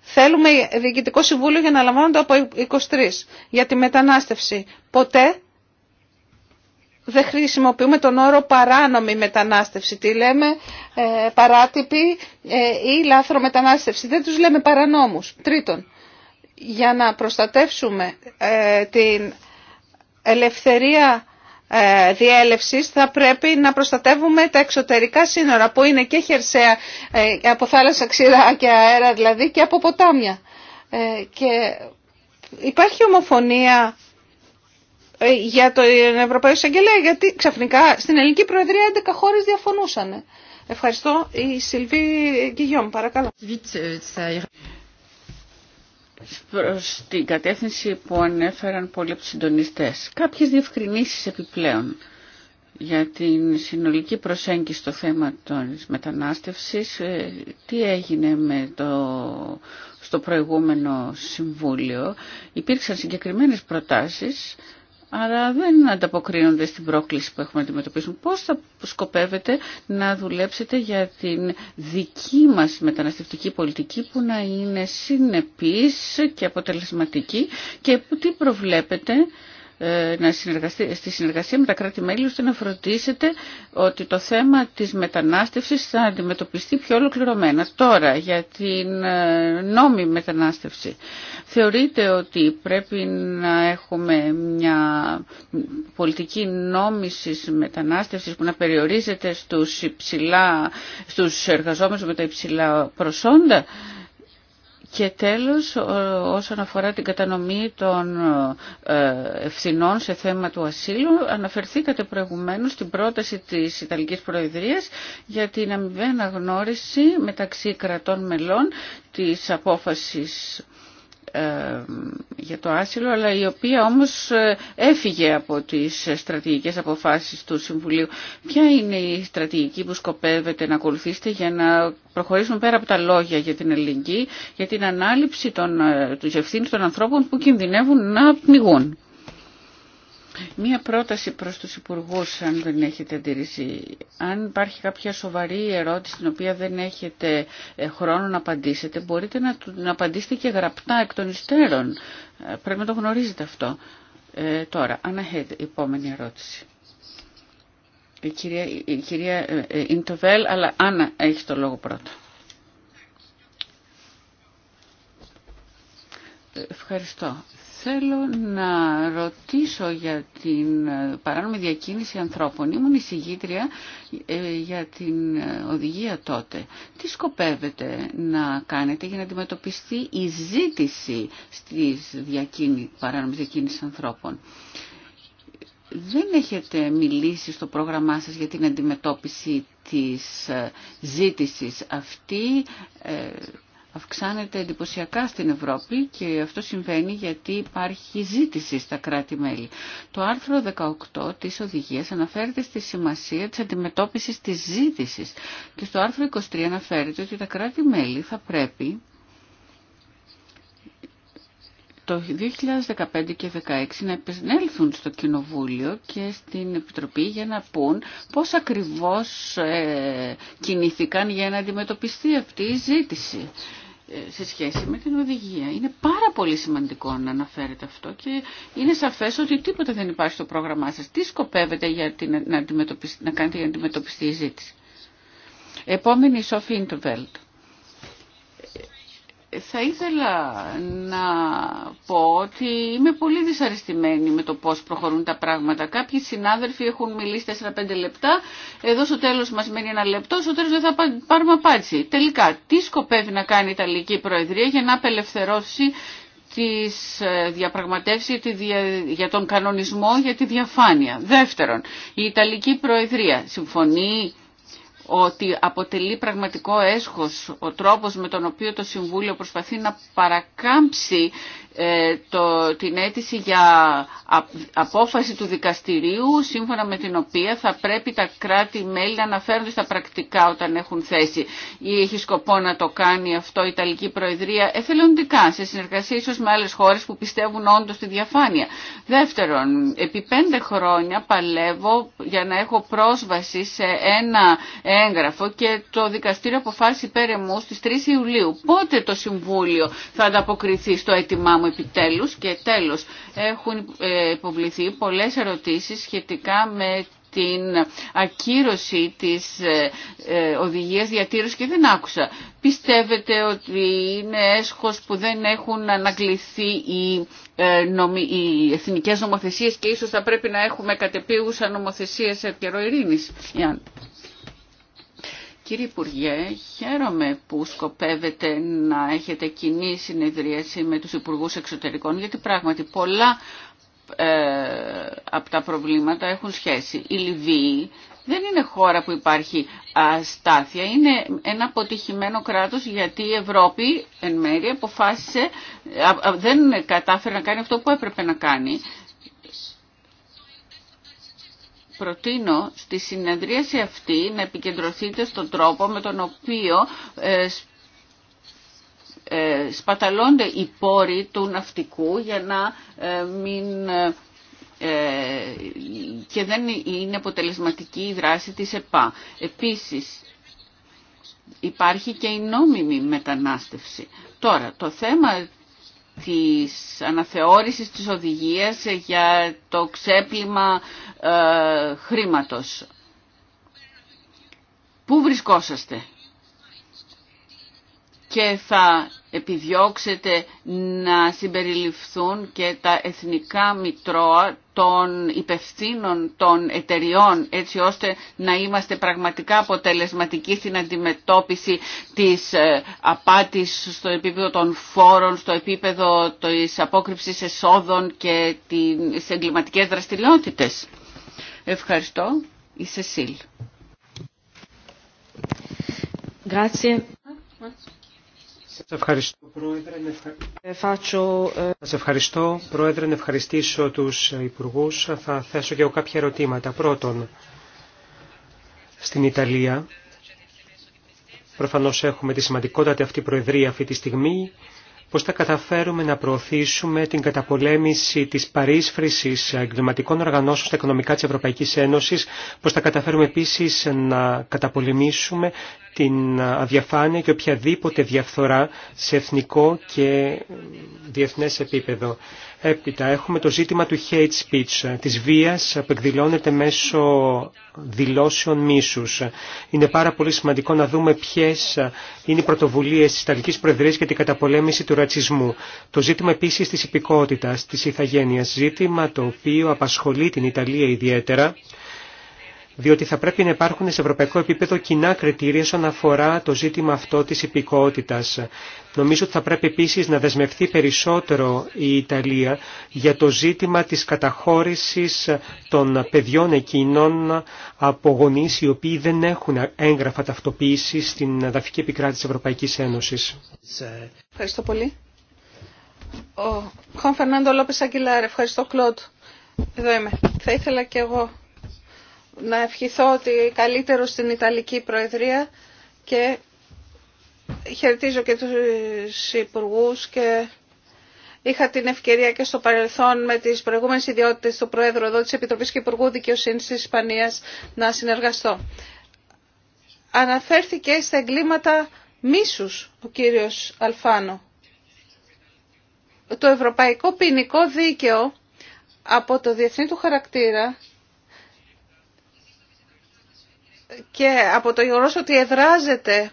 Θέλουμε διοικητικό συμβούλιο για να λαμβάνονται από 23 για τη μετανάστευση. Ποτέ δεν χρησιμοποιούμε τον όρο παράνομη μετανάστευση. Τι λέμε ε, παράτυπη ε, ή λάθρο μετανάστευση. Δεν τους λέμε παρανόμους. Τρίτον, για να προστατεύσουμε ε, την ελευθερία ε, διέλευσης θα πρέπει να προστατεύουμε τα εξωτερικά σύνορα που είναι και χερσαία από θάλασσα, ξηρά και αέρα δηλαδή και από ποτάμια. και υπάρχει ομοφωνία ε, για το ε, Ευρωπαϊκή Εισαγγελέα, γιατί ξαφνικά στην Ελληνική Προεδρία 11 χώρε διαφωνούσαν. Ευχαριστώ. Η Σιλβί Γκυγιόμ, παρακαλώ. Ε, Προ την κατεύθυνση που ανέφεραν πολλοί από του συντονιστέ, κάποιε διευκρινήσει επιπλέον για την συνολική προσέγγιση στο θέμα των μετανάστευσης. Τι έγινε με το, στο προηγούμενο συμβούλιο. Υπήρξαν συγκεκριμένες προτάσεις Άρα δεν ανταποκρίνονται στην πρόκληση που έχουμε να αντιμετωπίσουν. Πώς θα σκοπεύετε να δουλέψετε για την δική μας μεταναστευτική πολιτική που να είναι συνεπής και αποτελεσματική και τι προβλέπετε ε, να συνεργαστεί, στη συνεργασία με τα κράτη-μέλη ώστε να φροντίσετε ότι το θέμα της μετανάστευσης θα αντιμετωπιστεί πιο ολοκληρωμένα. Τώρα για την ε, νόμιμη μετανάστευση. Θεωρείτε ότι πρέπει να έχουμε μια πολιτική νόμισης μετανάστευσης που να περιορίζεται στους, υψηλά, στους εργαζόμενους με τα υψηλά προσόντα και τέλος, όσον αφορά την κατανομή των ε, ευθυνών σε θέμα του ασύλου, αναφερθήκατε προηγουμένως στην πρόταση της Ιταλικής Προεδρίας για την αμοιβή αναγνώριση μεταξύ κρατών μελών της απόφασης ε, για το άσυλο, αλλά η οποία όμως ε, έφυγε από τις στρατηγικές αποφάσεις του Συμβουλίου. Ποια είναι η στρατηγική που σκοπεύετε να ακολουθήσετε για να προχωρήσουμε πέρα από τα λόγια για την ελληνική, για την ανάληψη των, ε, τους των ανθρώπων που κινδυνεύουν να πνιγούν. Μία πρόταση προς τους Υπουργούς, αν δεν έχετε αντιρρήσει. Αν υπάρχει κάποια σοβαρή ερώτηση την οποία δεν έχετε ε, χρόνο να απαντήσετε, μπορείτε να, να απαντήσετε και γραπτά εκ των υστέρων. Ε, πρέπει να το γνωρίζετε αυτό. Ε, τώρα, έχετε επόμενη ερώτηση. Η κυρία, η κυρία ε, Ιντοβέλ, αλλά Άννα έχει το λόγο πρώτο. Ευχαριστώ. Θέλω να ρωτήσω για την παράνομη διακίνηση ανθρώπων. Ήμουν εισηγήτρια ε, για την οδηγία τότε. Τι σκοπεύετε να κάνετε για να αντιμετωπιστεί η ζήτηση στις διακίνη, παράνομης διακίνηση ανθρώπων. Δεν έχετε μιλήσει στο πρόγραμμά σας για την αντιμετώπιση της ε, ζήτησης αυτή ε, αυξάνεται εντυπωσιακά στην Ευρώπη και αυτό συμβαίνει γιατί υπάρχει ζήτηση στα κράτη-μέλη. Το άρθρο 18 της οδηγίας αναφέρεται στη σημασία της αντιμετώπισης της ζήτησης και στο άρθρο 23 αναφέρεται ότι τα κράτη-μέλη θα πρέπει το 2015 και 2016 να επενέλθουν στο Κοινοβούλιο και στην Επιτροπή για να πούν πώς ακριβώς ε, κινηθήκαν για να αντιμετωπιστεί αυτή η ζήτηση σε σχέση με την οδηγία. Είναι πάρα πολύ σημαντικό να αναφέρετε αυτό και είναι σαφές ότι τίποτα δεν υπάρχει στο πρόγραμμά σας. Τι σκοπεύετε για την, να, να, κάνετε για να αντιμετωπιστεί η ζήτηση. Επόμενη η Σόφη θα ήθελα να πω ότι είμαι πολύ δυσαρεστημένη με το πώς προχωρούν τα πράγματα. Κάποιοι συνάδελφοι έχουν μιλήσει 4-5 λεπτά, εδώ στο τέλος μας μένει ένα λεπτό, στο τέλος δεν θα πάρουμε απάντηση. Τελικά, τι σκοπεύει να κάνει η Ιταλική Προεδρία για να απελευθερώσει τις ε, διαπραγματεύσεις για τον κανονισμό για τη διαφάνεια. Δεύτερον, η Ιταλική Προεδρία συμφωνεί ότι αποτελεί πραγματικό έσχος ο τρόπος με τον οποίο το Συμβούλιο προσπαθεί να παρακάμψει ε, το, την αίτηση για απόφαση του δικαστηρίου σύμφωνα με την οποία θα πρέπει τα κράτη-μέλη να αναφέρονται στα πρακτικά όταν έχουν θέση ή έχει σκοπό να το κάνει αυτό η Ιταλική Προεδρία εθελοντικά σε συνεργασία ίσως με άλλες χώρες που πιστεύουν όντως τη διαφάνεια. Δεύτερον, επί πέντε χρόνια παλεύω για να έχω πρόσβαση σε ένα έγγραφο και το δικαστήριο αποφάσισε υπέρ μου στις 3 Ιουλίου. Πότε το Συμβούλιο θα ανταποκριθεί στο αίτημά μου επιτέλους και τέλος έχουν ε, υποβληθεί πολλές ερωτήσεις σχετικά με την ακύρωση της ε, ε, οδηγίας διατήρησης και δεν άκουσα. Πιστεύετε ότι είναι έσχος που δεν έχουν ανακληθεί οι, νομι... οι εθνικές νομοθεσίες και ίσως θα πρέπει να έχουμε κατεπίγουσα νομοθεσίες σε καιρό ειρήνης. Κύριε Υπουργέ, χαίρομαι που σκοπεύετε να έχετε κοινή συνεδρίαση με τους Υπουργούς Εξωτερικών, γιατί πράγματι πολλά ε, από τα προβλήματα έχουν σχέση. Η Λιβύη δεν είναι χώρα που υπάρχει αστάθεια, είναι ένα αποτυχημένο κράτος γιατί η Ευρώπη εν μέρει αποφάσισε, δεν κατάφερε να κάνει αυτό που έπρεπε να κάνει προτείνω στη συνεδρίαση αυτή να επικεντρωθείτε στον τρόπο με τον οποίο ε, ε, σπαταλώνται οι πόροι του ναυτικού για να ε, μην και δεν είναι αποτελεσματική η δράση της ΕΠΑ. Επίσης, υπάρχει και η νόμιμη μετανάστευση. Τώρα, το θέμα της αναθεώρησης της οδηγίας για το ξέπλυμα ε, χρήματος. Πού βρισκόσαστε και θα επιδιώξετε να συμπεριληφθούν και τα εθνικά μητρώα των υπευθύνων των εταιριών έτσι ώστε να είμαστε πραγματικά αποτελεσματικοί στην αντιμετώπιση της ε, απάτης στο επίπεδο των φόρων, στο επίπεδο της απόκρυψης εσόδων και τις εγκληματικές δραστηριότητες. Ευχαριστώ. Η Σεσίλ. Grazie. Σας ευχαριστώ, Πρόεδρε, ε, ε, Σας ευχαριστώ, Πρόεδρε, να ευχαριστήσω τους Υπουργούς. Θα θέσω και εγώ κάποια ερωτήματα. Πρώτον, στην Ιταλία, προφανώς έχουμε τη σημαντικότητα αυτή Προεδρία αυτή τη στιγμή, πώς θα καταφέρουμε να προωθήσουμε την καταπολέμηση της παρίσφρησης εγκληματικών οργανώσεων στα οικονομικά της Ευρωπαϊκής Ένωσης, πώς θα καταφέρουμε επίσης να καταπολεμήσουμε την αδιαφάνεια και οποιαδήποτε διαφθορά σε εθνικό και διεθνές επίπεδο. Έπειτα έχουμε το ζήτημα του hate speech, της βίας που εκδηλώνεται μέσω δηλώσεων μίσους. Είναι πάρα πολύ σημαντικό να δούμε ποιες είναι οι πρωτοβουλίες της Ιταλικής Προεδρίας για την καταπολέμηση του ρατσισμού. Το ζήτημα επίσης της υπηκότητας, της ηθαγένειας, ζήτημα το οποίο απασχολεί την Ιταλία ιδιαίτερα διότι θα πρέπει να υπάρχουν σε ευρωπαϊκό επίπεδο κοινά κριτήρια όσον αφορά το ζήτημα αυτό της υπηκότητας. Νομίζω ότι θα πρέπει επίσης να δεσμευτεί περισσότερο η Ιταλία για το ζήτημα της καταχώρησης των παιδιών εκείνων από γονείς οι οποίοι δεν έχουν έγγραφα ταυτοποίηση στην δαφική επικράτηση της Ευρωπαϊκής Ένωσης. Ευχαριστώ πολύ. Ο Χον Φερνάντο Λόπες Αγγιλάρ, ευχαριστώ Κλοντ. Εδώ είμαι. Θα ήθελα και εγώ να ευχηθώ ότι καλύτερο στην Ιταλική Προεδρία και χαιρετίζω και τους υπουργού και είχα την ευκαιρία και στο παρελθόν με τις προηγούμενες ιδιότητες του Προέδρου εδώ της Επιτροπής και Υπουργού Δικαιοσύνης της Ισπανίας να συνεργαστώ. Αναφέρθηκε στα εγκλήματα μίσους ο κύριος Αλφάνο. Το Ευρωπαϊκό Ποινικό Δίκαιο από το διεθνή του χαρακτήρα και από το γεγονό ότι εδράζεται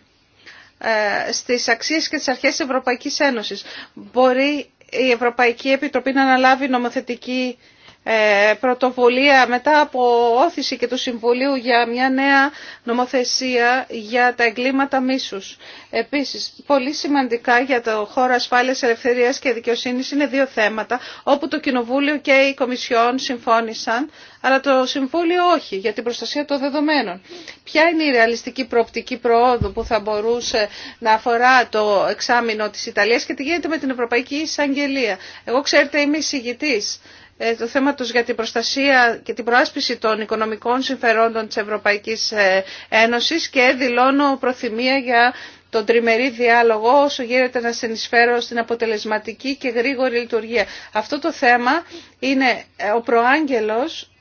ε, στις αξίες και τις αρχές της Ευρωπαϊκής Ένωσης. Μπορεί η Ευρωπαϊκή Επιτροπή να αναλάβει νομοθετική ε, πρωτοβουλία μετά από όθηση και του Συμβουλίου για μια νέα νομοθεσία για τα εγκλήματα μίσους. Επίσης, πολύ σημαντικά για το χώρο ασφάλειας, ελευθερίας και δικαιοσύνης είναι δύο θέματα όπου το Κοινοβούλιο και η Κομισιόν συμφώνησαν αλλά το Συμβούλιο όχι για την προστασία των δεδομένων. Ποια είναι η ρεαλιστική προοπτική προόδου που θα μπορούσε να αφορά το εξάμεινο της Ιταλίας και τι γίνεται με την Ευρωπαϊκή Εισαγγελία. Εγώ ξέρετε είμαι εισηγητής ε, το θέμα τους για την προστασία και την προάσπιση των οικονομικών συμφερόντων της Ευρωπαϊκής ε, Ένωσης και δηλώνω προθυμία για τον τριμερή διάλογο όσο γίνεται να συνεισφέρω στην αποτελεσματική και γρήγορη λειτουργία. Αυτό το θέμα είναι ε, ο προάγγελος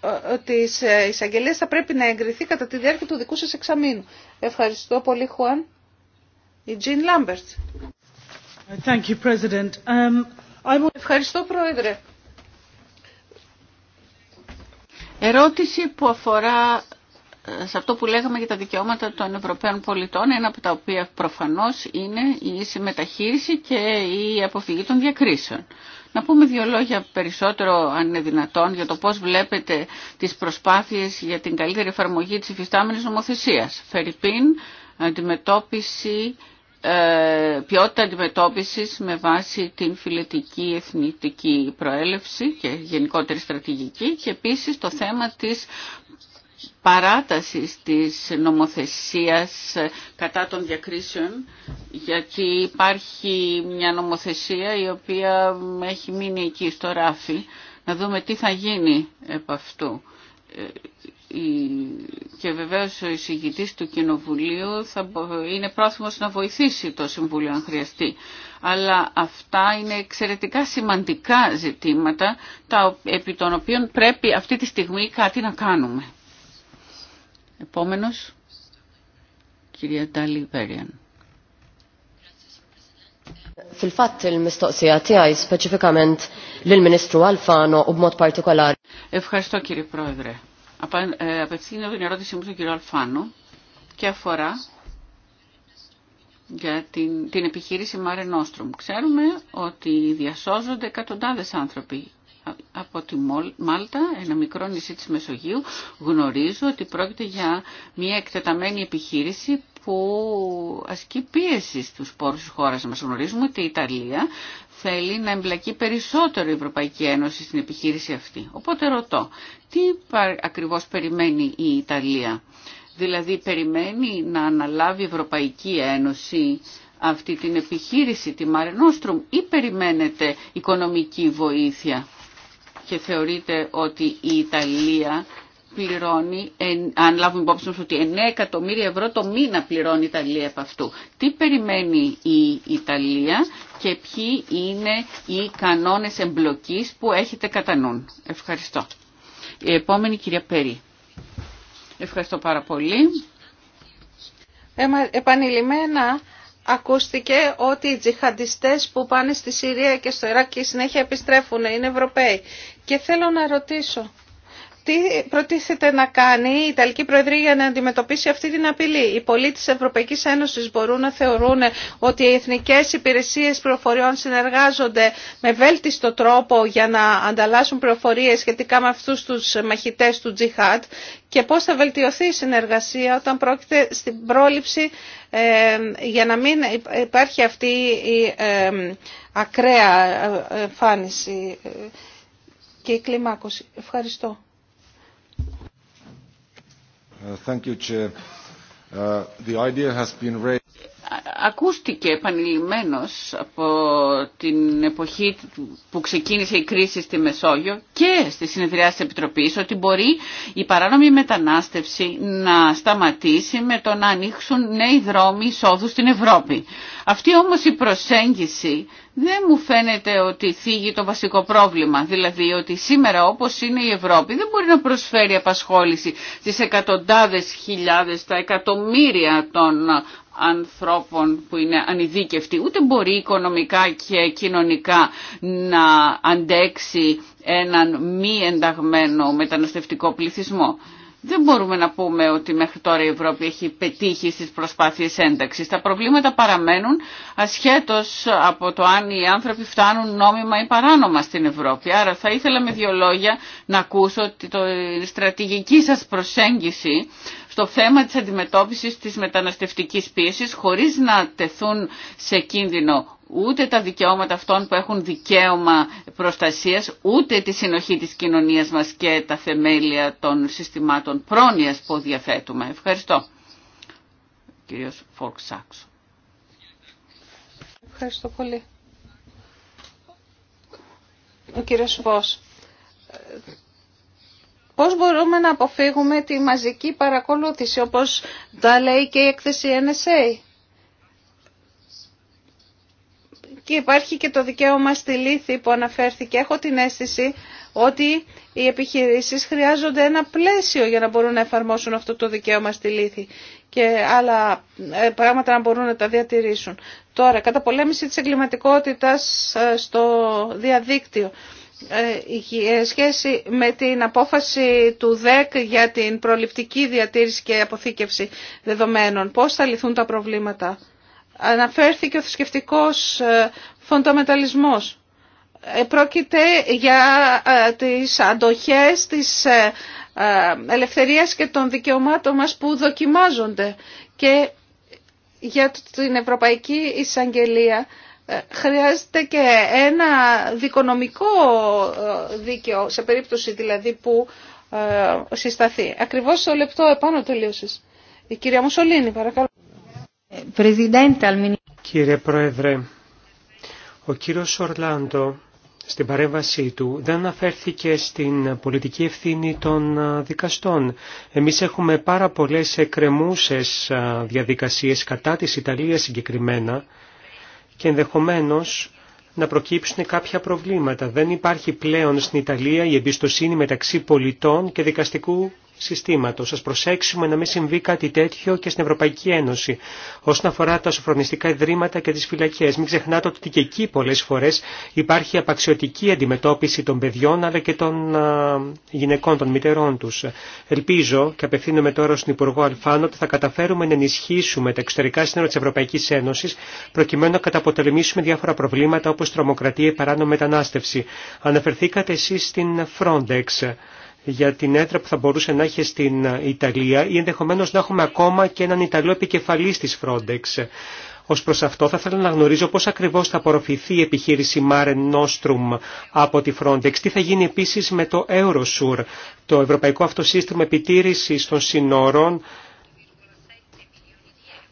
οι ε, ε, εισαγγελία θα πρέπει να εγκριθεί κατά τη διάρκεια του δικού σας εξαμήνου. Ευχαριστώ πολύ Χουάν. Η Τζιν Λάμπερτ. Um, Ευχαριστώ Πρόεδρε. Ερώτηση που αφορά σε αυτό που λέγαμε για τα δικαιώματα των Ευρωπαίων πολιτών, ένα από τα οποία προφανώς είναι η συμμεταχείριση και η αποφυγή των διακρίσεων. Να πούμε δύο λόγια περισσότερο, αν είναι δυνατόν, για το πώς βλέπετε τις προσπάθειες για την καλύτερη εφαρμογή της υφιστάμενης νομοθεσίας. Φερρυπίν, αντιμετώπιση, ε, ποιότητα αντιμετώπισης με βάση την φιλετική εθνική προέλευση και γενικότερη στρατηγική και επίσης το θέμα της Παράταση της νομοθεσίας ε, κατά των διακρίσεων γιατί υπάρχει μια νομοθεσία η οποία έχει μείνει εκεί στο ράφι να δούμε τι θα γίνει επ' αυτού. Ε, και βεβαίως ο εισηγητής του Κοινοβουλίου θα είναι πρόθυμος να βοηθήσει το Συμβούλιο αν χρειαστεί. Αλλά αυτά είναι εξαιρετικά σημαντικά ζητήματα τα, επί των οποίων πρέπει αυτή τη στιγμή κάτι να κάνουμε. Επόμενος, κυρία Τάλι Βέριαν. Ευχαριστώ κύριε Πρόεδρε. Ε, απευθύνω την ερώτησή μου στον κύριο Αλφάνο και αφορά για την, την επιχείρηση Μάρεν Όστρομ. Ξέρουμε ότι διασώζονται εκατοντάδες άνθρωποι από τη Μάλτα, ένα μικρό νησί της Μεσογείου, γνωρίζω ότι πρόκειται για μια εκτεταμένη επιχείρηση που ασκεί πίεση στους πόρους της χώρας μας. Γνωρίζουμε ότι η Ιταλία θέλει να εμπλακεί περισσότερο η Ευρωπαϊκή Ένωση στην επιχείρηση αυτή. Οπότε ρωτώ, τι ακριβώς περιμένει η Ιταλία. Δηλαδή περιμένει να αναλάβει η Ευρωπαϊκή Ένωση αυτή την επιχείρηση, τη Μαρενόστρουμ, ή περιμένετε οικονομική βοήθεια και θεωρείται ότι η Ιταλία πληρώνει, αν λάβουμε υπόψη μας ότι 9 εκατομμύρια ευρώ το μήνα πληρώνει η Ιταλία από αυτού. Τι περιμένει η Ιταλία και ποιοι είναι οι κανόνες εμπλοκής που έχετε κατά νου. Ευχαριστώ. Η επόμενη κυρία Περί. Ευχαριστώ πάρα πολύ. Επανειλημμένα ακούστηκε ότι οι τζιχαντιστές που πάνε στη Συρία και στο Ιράκ και συνέχεια επιστρέφουν είναι Ευρωπαίοι. Και θέλω να ρωτήσω, τι προτίθεται να κάνει η Ιταλική Προεδρία για να αντιμετωπίσει αυτή την απειλή. Οι πολίτες της Ευρωπαϊκής Ένωσης μπορούν να θεωρούν ότι οι εθνικές υπηρεσίες πληροφοριών συνεργάζονται με βέλτιστο τρόπο για να ανταλλάσσουν πληροφορίες σχετικά με αυτούς τους μαχητές του τζιχάτ και πώς θα βελτιωθεί η συνεργασία όταν πρόκειται στην πρόληψη ε, για να μην υπάρχει αυτή η ε, ακραία εμφάνιση ε, και η κλιμάκωση. Ευχαριστώ. Thank you, Chair. The idea has been raised ακούστηκε επανειλημμένος από την εποχή που ξεκίνησε η κρίση στη Μεσόγειο και στη συνεδριά της Επιτροπής ότι μπορεί η παράνομη μετανάστευση να σταματήσει με το να ανοίξουν νέοι δρόμοι εισόδου στην Ευρώπη. Αυτή όμως η προσέγγιση δεν μου φαίνεται ότι θίγει το βασικό πρόβλημα, δηλαδή ότι σήμερα όπως είναι η Ευρώπη δεν μπορεί να προσφέρει απασχόληση στις εκατοντάδες χιλιάδες, τα εκατομμύρια των ανθρώπων που είναι ανειδίκευτοι, ούτε μπορεί οικονομικά και κοινωνικά να αντέξει έναν μη ενταγμένο μεταναστευτικό πληθυσμό. Δεν μπορούμε να πούμε ότι μέχρι τώρα η Ευρώπη έχει πετύχει στις προσπάθειες ένταξης. Τα προβλήματα παραμένουν ασχέτως από το αν οι άνθρωποι φτάνουν νόμιμα ή παράνομα στην Ευρώπη. Άρα θα ήθελα με δύο λόγια να ακούσω το στρατηγική σας προσέγγιση στο θέμα της αντιμετώπισης της μεταναστευτικής πίεσης χωρίς να τεθούν σε κίνδυνο ούτε τα δικαιώματα αυτών που έχουν δικαίωμα προστασίας, ούτε τη συνοχή της κοινωνίας μας και τα θεμέλια των συστημάτων πρόνοιας που διαθέτουμε. Ευχαριστώ. Κύριος Φόρκ Ευχαριστώ πολύ. Ο κύριος Βος. Πώς μπορούμε να αποφύγουμε τη μαζική παρακολούθηση, όπως τα λέει και η έκθεση NSA. Και υπάρχει και το δικαίωμα στη λύθη που αναφέρθηκε. Έχω την αίσθηση ότι οι επιχειρήσεις χρειάζονται ένα πλαίσιο για να μπορούν να εφαρμόσουν αυτό το δικαίωμα στη λύθη και άλλα ε, πράγματα να μπορούν να τα διατηρήσουν. Τώρα, κατά πολέμηση της εγκληματικότητας ε, στο διαδίκτυο. Ε, ε, σχέση με την απόφαση του ΔΕΚ για την προληπτική διατήρηση και αποθήκευση δεδομένων. Πώς θα λυθούν τα προβλήματα. Αναφέρθηκε ο θρησκευτικός ε, φοντομεταλλισμός. Πρόκειται για τις αντοχές της ελευθερίας και των δικαιωμάτων μας που δοκιμάζονται και για την Ευρωπαϊκή Εισαγγελία ε, χρειάζεται και ένα δικονομικό ε, δίκαιο, σε περίπτωση δηλαδή που ε, συσταθεί. Ακριβώς το λεπτό επάνω τελείωσης. Η κυρία Μουσολίνη, παρακαλώ. Κύριε Πρόεδρε, ο κύριος Ορλάντο στην παρέμβασή του δεν αναφέρθηκε στην πολιτική ευθύνη των δικαστών. Εμείς έχουμε πάρα πολλές εκκρεμούσες διαδικασίες κατά της Ιταλίας συγκεκριμένα και ενδεχομένως να προκύψουν κάποια προβλήματα. Δεν υπάρχει πλέον στην Ιταλία η εμπιστοσύνη μεταξύ πολιτών και δικαστικού συστήματος. Ας προσέξουμε να μην συμβεί κάτι τέτοιο και στην Ευρωπαϊκή Ένωση. Όσον αφορά τα σοφρονιστικά ιδρύματα και τις φυλακές, μην ξεχνάτε ότι και εκεί πολλές φορές υπάρχει απαξιωτική αντιμετώπιση των παιδιών αλλά και των γυναικών, των μητερών τους. Ελπίζω και απευθύνομαι τώρα στον Υπουργό Αλφάνο ότι θα καταφέρουμε να ενισχύσουμε τα εξωτερικά σύνορα της Ευρωπαϊκής Ένωσης προκειμένου να καταποτελεμήσουμε διάφορα προβλήματα όπως τρομοκρατία ή παράνομη μετανάστευση. Αναφερθήκατε εσεί στην Frontex για την έντρα που θα μπορούσε να έχει στην Ιταλία ή ενδεχομένως να έχουμε ακόμα και έναν Ιταλό επικεφαλής της Frontex. Ως προς αυτό θα ήθελα να γνωρίζω πώς ακριβώς θα απορροφηθεί η επιχείρηση Mare Nostrum από τη Frontex. Τι θα γίνει επίσης με το Eurosur, το Ευρωπαϊκό Αυτοσύστημα Επιτήρησης των Συνόρων,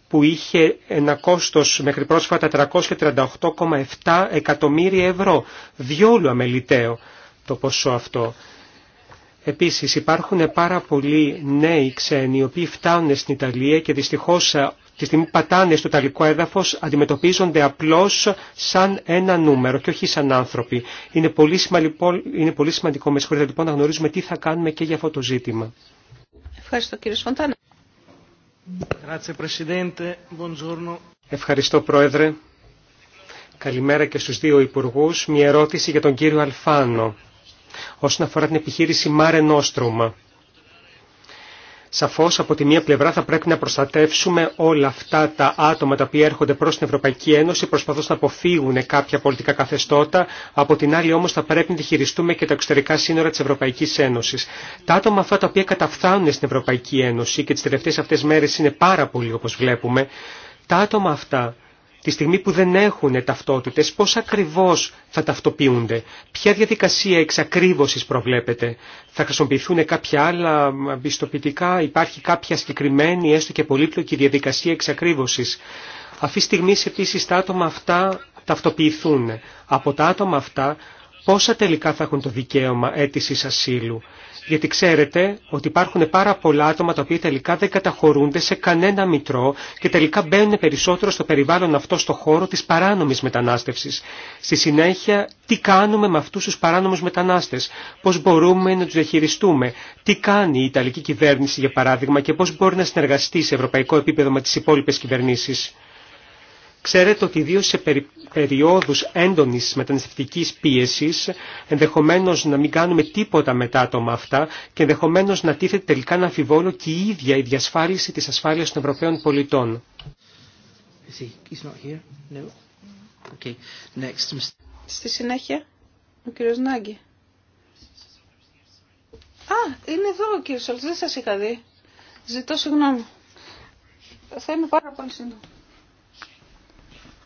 που είχε ένα κόστος μέχρι πρόσφατα 338,7 εκατομμύρια ευρώ. Διόλου αμεληταίο το ποσό αυτό. Επίσης υπάρχουν πάρα πολλοί νέοι ξένοι οι οποίοι φτάνουν στην Ιταλία και δυστυχώς ε, τη στιγμή πατάνε στο Ιταλικό έδαφος αντιμετωπίζονται απλώς σαν ένα νούμερο και όχι σαν άνθρωποι. Είναι πολύ, σημαντικό, είναι με συγχωρείτε λοιπόν να γνωρίζουμε τι θα κάνουμε και για αυτό το ζήτημα. Ευχαριστώ κύριε Σφοντάνα. Ευχαριστώ Πρόεδρε. Καλημέρα και στους δύο Υπουργούς. Μια ερώτηση για τον κύριο Αλφάνο όσον αφορά την επιχείρηση Mare Nostrum. Σαφώς από τη μία πλευρά θα πρέπει να προστατεύσουμε όλα αυτά τα άτομα τα οποία έρχονται προς την Ευρωπαϊκή Ένωση προσπαθώντας να αποφύγουν κάποια πολιτικά καθεστώτα, από την άλλη όμως θα πρέπει να διχειριστούμε και τα εξωτερικά σύνορα της Ευρωπαϊκής Ένωσης. Τα άτομα αυτά τα οποία καταφθάνουν στην Ευρωπαϊκή Ένωση και τις τελευταίες αυτές μέρες είναι πάρα πολύ όπως βλέπουμε, τα άτομα αυτά τη στιγμή που δεν έχουν ταυτότητες, πώς ακριβώς θα ταυτοποιούνται, ποια διαδικασία εξακρίβωσης προβλέπεται, θα χρησιμοποιηθούν κάποια άλλα πιστοποιητικά, υπάρχει κάποια συγκεκριμένη έστω και πολύπλοκη διαδικασία εξακρίβωσης. Αυτή τη στιγμή επίσης τα άτομα αυτά ταυτοποιηθούν. Από τα άτομα αυτά πόσα τελικά θα έχουν το δικαίωμα αίτηση ασύλου. Γιατί ξέρετε ότι υπάρχουν πάρα πολλά άτομα τα οποία τελικά δεν καταχωρούνται σε κανένα μητρό και τελικά μπαίνουν περισσότερο στο περιβάλλον αυτό στο χώρο της παράνομης μετανάστευσης. Στη συνέχεια, τι κάνουμε με αυτούς τους παράνομους μετανάστες, πώς μπορούμε να τους διαχειριστούμε, τι κάνει η Ιταλική κυβέρνηση για παράδειγμα και πώς μπορεί να συνεργαστεί σε ευρωπαϊκό επίπεδο με τις υπόλοιπες κυβερνήσεις. Ξέρετε ότι ιδίω σε περιόδους έντονης μεταναστευτική πίεσης ενδεχομένως να μην κάνουμε τίποτα με τα άτομα αυτά και ενδεχομένως να τίθεται τελικά να αμφιβόλω και η ίδια η διασφάλιση της ασφάλειας των Ευρωπαίων πολιτών. Στη συνέχεια, ο κύριος Νάγκη. Α, είναι εδώ ο κύριο Σολτ, δεν σα είχα δει. Ζητώ συγγνώμη. Θα είμαι πάρα πολύ σύντομη.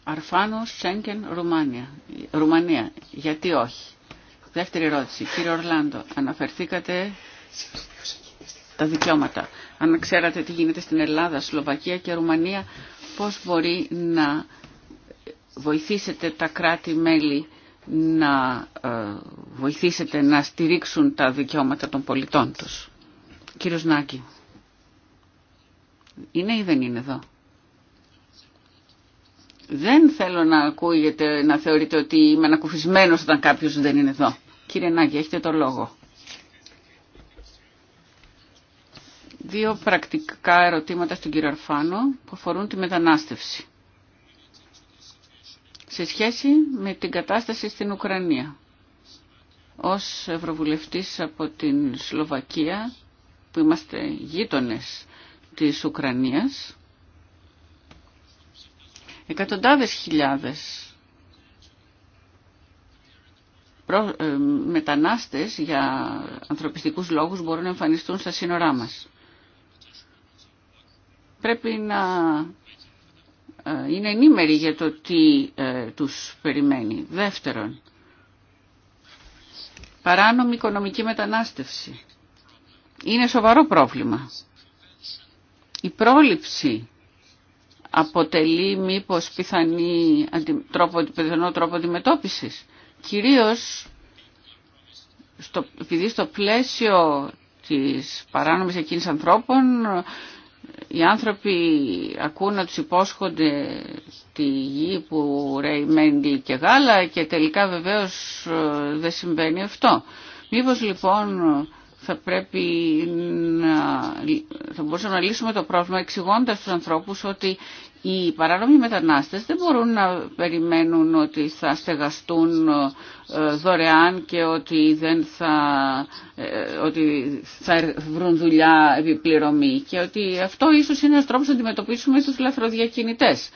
Αρφάνο, Σέγγεν, Ρουμάνια. Ρουμανία. Γιατί όχι. Δεύτερη ερώτηση. Κύριε Ορλάντο, αναφερθήκατε τα δικαιώματα. Αν ξέρατε τι γίνεται στην Ελλάδα, Σλοβακία και Ρουμανία, πώς μπορεί να βοηθήσετε τα κράτη-μέλη να ε, βοηθήσετε να στηρίξουν τα δικαιώματα των πολιτών τους. Κύριος Νάκη, είναι ή δεν είναι εδώ. Δεν θέλω να ακούγεται, να θεωρείτε ότι είμαι ανακουφισμένος όταν κάποιος δεν είναι εδώ. Κύριε Νάγκη, έχετε το λόγο. Δύο πρακτικά ερωτήματα στον κύριο Αρφάνο που αφορούν τη μετανάστευση. Σε σχέση με την κατάσταση στην Ουκρανία. Ως Ευρωβουλευτής από την Σλοβακία, που είμαστε γείτονες της Ουκρανίας, εκατοντάδες χιλιάδες ε, μετανάστες για ανθρωπιστικούς λόγους μπορούν να εμφανιστούν στα σύνορά μας. Πρέπει να ε, είναι ενήμεροι για το τι ε, τους περιμένει. Δεύτερον, παράνομη οικονομική μετανάστευση. Είναι σοβαρό πρόβλημα. Η πρόληψη αποτελεί μήπως πιθανή, τρόπο, πιθανό τρόπο αντιμετώπισης. Κυρίως στο, επειδή στο πλαίσιο της παράνομης εκείνης ανθρώπων οι άνθρωποι ακούν να τους υπόσχονται τη γη που ρέει μέντλι και γάλα και τελικά βεβαίως ε, δεν συμβαίνει αυτό. Μήπως λοιπόν θα πρέπει να θα μπορούσαμε να λύσουμε το πρόβλημα εξηγώντα στους ανθρώπους ότι οι παράνομοι μετανάστες δεν μπορούν να περιμένουν ότι θα στεγαστούν ε, δωρεάν και ότι, δεν θα, ε, ότι θα βρουν δουλειά επιπληρωμή και ότι αυτό ίσως είναι ένας τρόπος να αντιμετωπίσουμε τους λαθροδιακινητές.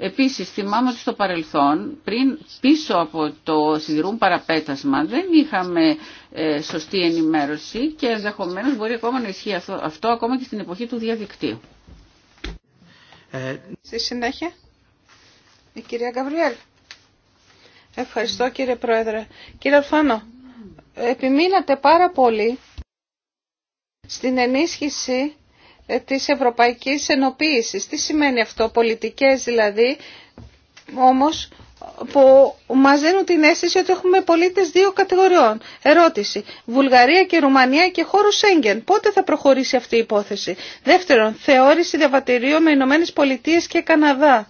Επίσης θυμάμαι ότι στο παρελθόν πριν πίσω από το σιδηρούν παραπέτασμα δεν είχαμε ε, σωστή ενημέρωση και ενδεχομένως μπορεί ακόμα να ισχύει αυτό, ακόμα και στην εποχή του διαδικτύου. Ε... Στη συνέχεια η κυρία Γκαβριέλ. Ευχαριστώ κύριε Πρόεδρε. Κύριε Αλφάνο επιμείνατε πάρα πολύ στην ενίσχυση ε, της Ευρωπαϊκής Ενοποίησης. Τι σημαίνει αυτό, πολιτικές δηλαδή, όμως που μας δίνουν την αίσθηση ότι έχουμε πολίτες δύο κατηγοριών. Ερώτηση. Βουλγαρία και Ρουμανία και χώρο Σέγγεν. Πότε θα προχωρήσει αυτή η υπόθεση. Δεύτερον, θεώρηση διαβατηρίων με Ηνωμένε Πολιτείες και Καναδά.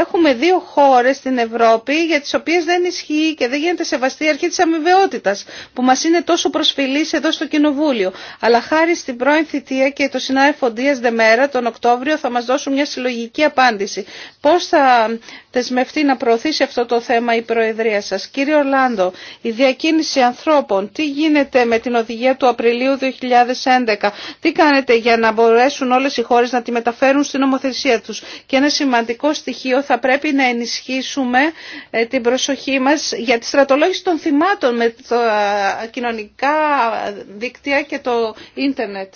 Έχουμε δύο χώρες στην Ευρώπη για τις οποίες δεν ισχύει και δεν γίνεται σεβαστή η αρχή της αμοιβαιότητας που μας είναι τόσο προσφυλής εδώ στο Κοινοβούλιο. Αλλά χάρη στην πρώην θητεία και το συνάδελφο Δίας Δεμέρα τον Οκτώβριο θα μας δώσουν μια συλλογική απάντηση. Πώς θα δεσμευτεί να προωθήσει αυτό το θέμα η Προεδρία σας. Κύριε Ορλάντο, η διακίνηση ανθρώπων, τι γίνεται με την οδηγία του Απριλίου 2011, τι κάνετε για να μπορέσουν όλες οι χώρες να τη μεταφέρουν στην ομοθεσία τους. Και ένα σημαντικό στοιχείο θα πρέπει να ενισχύσουμε ε, την προσοχή μας για τη στρατολόγηση των θυμάτων με τα κοινωνικά δίκτυα και το ίντερνετ.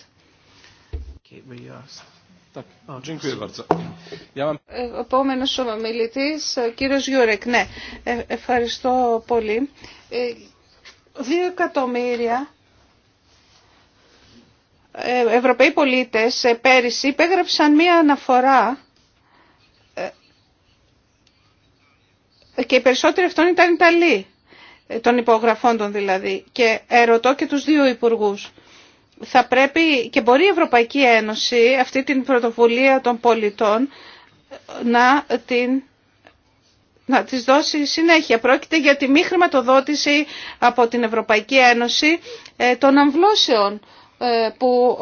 Ε, Επόμενο ομιλητή, ο κύριο Γιούρεκ. Ναι, ε, ευχαριστώ πολύ. Δύο εκατομμύρια Ευρωπαίοι πολίτες πέρυσι υπέγραψαν μία αναφορά και οι περισσότεροι αυτών ήταν Ιταλοί, ε, των υπογραφών δηλαδή. Και ερωτώ και τους δύο υπουργούς. Θα πρέπει και μπορεί η Ευρωπαϊκή Ένωση αυτή την πρωτοβουλία των πολιτών να την να τις δώσει συνέχεια. Πρόκειται για τη μη χρηματοδότηση από την Ευρωπαϊκή Ένωση ε, των αμβλώσεων ε, που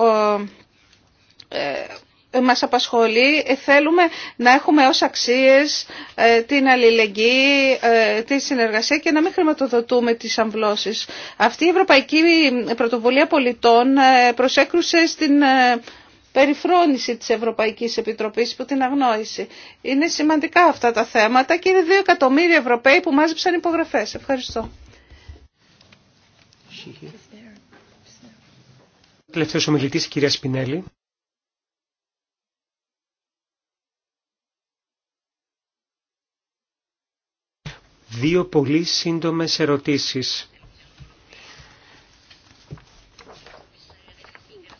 μας απασχολεί. Θέλουμε να έχουμε ως αξίες ε, την αλληλεγγύη, ε, τη συνεργασία και να μην χρηματοδοτούμε τις αμβλώσεις. Αυτή η Ευρωπαϊκή Πρωτοβουλία Πολιτών ε, προσέκρουσε στην περιφρόνηση της Ευρωπαϊκής Επιτροπής που την αγνόησε. Είναι σημαντικά αυτά τα θέματα και είναι δύο εκατομμύρια Ευρωπαίοι που μάζεψαν υπογραφές. Ευχαριστώ. Τελευταίος ομιλητής, κυρία Σπινέλη. δύο πολύ σύντομες ερωτήσεις.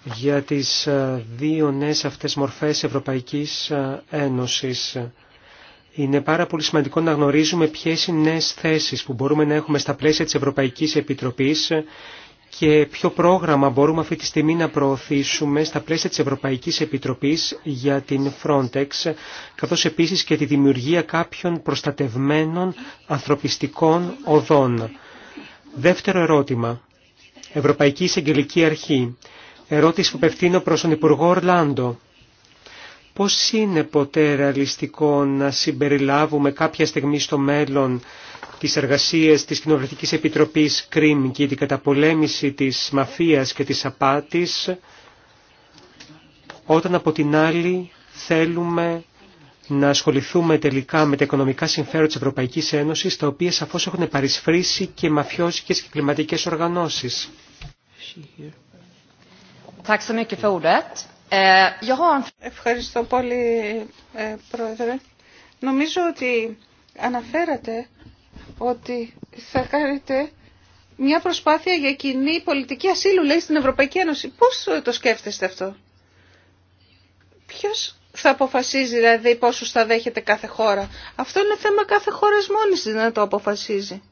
για τις ε, δύο νέες αυτές μορφές Ευρωπαϊκής ε, Ένωσης. Είναι πάρα πολύ σημαντικό να γνωρίζουμε ποιες είναι νέες θέσεις που μπορούμε να έχουμε στα πλαίσια της Ευρωπαϊκής Επιτροπής και ποιο πρόγραμμα μπορούμε αυτή τη στιγμή να προωθήσουμε στα πλαίσια της Ευρωπαϊκής Επιτροπής για την Frontex, καθώς επίσης και τη δημιουργία κάποιων προστατευμένων ανθρωπιστικών οδών. Δεύτερο ερώτημα. Ευρωπαϊκή Εισαγγελική Αρχή. Ερώτηση που απευθύνω προς τον Υπουργό Ορλάντο. Πώς είναι ποτέ ρεαλιστικό να συμπεριλάβουμε κάποια στιγμή στο μέλλον τις εργασίες της Κοινοβουλευτικής Επιτροπής Κρίμ και την καταπολέμηση της μαφίας και της απάτης, όταν από την άλλη θέλουμε να ασχοληθούμε τελικά με τα οικονομικά συμφέροντα της Ευρωπαϊκής Ένωσης, τα οποία σαφώς έχουν παρισφρήσει και μαφιώσικες και κλιματικές οργανώσεις. Ε, Ευχαριστώ πολύ, ε, Πρόεδρε. Νομίζω ότι αναφέρατε ότι θα κάνετε μια προσπάθεια για κοινή πολιτική ασύλου, λέει, στην Ευρωπαϊκή Ένωση. Πώς το σκέφτεστε αυτό? Ποιος θα αποφασίζει, δηλαδή, πόσους θα δέχεται κάθε χώρα. Αυτό είναι θέμα κάθε χώρας μόνης να το αποφασίζει.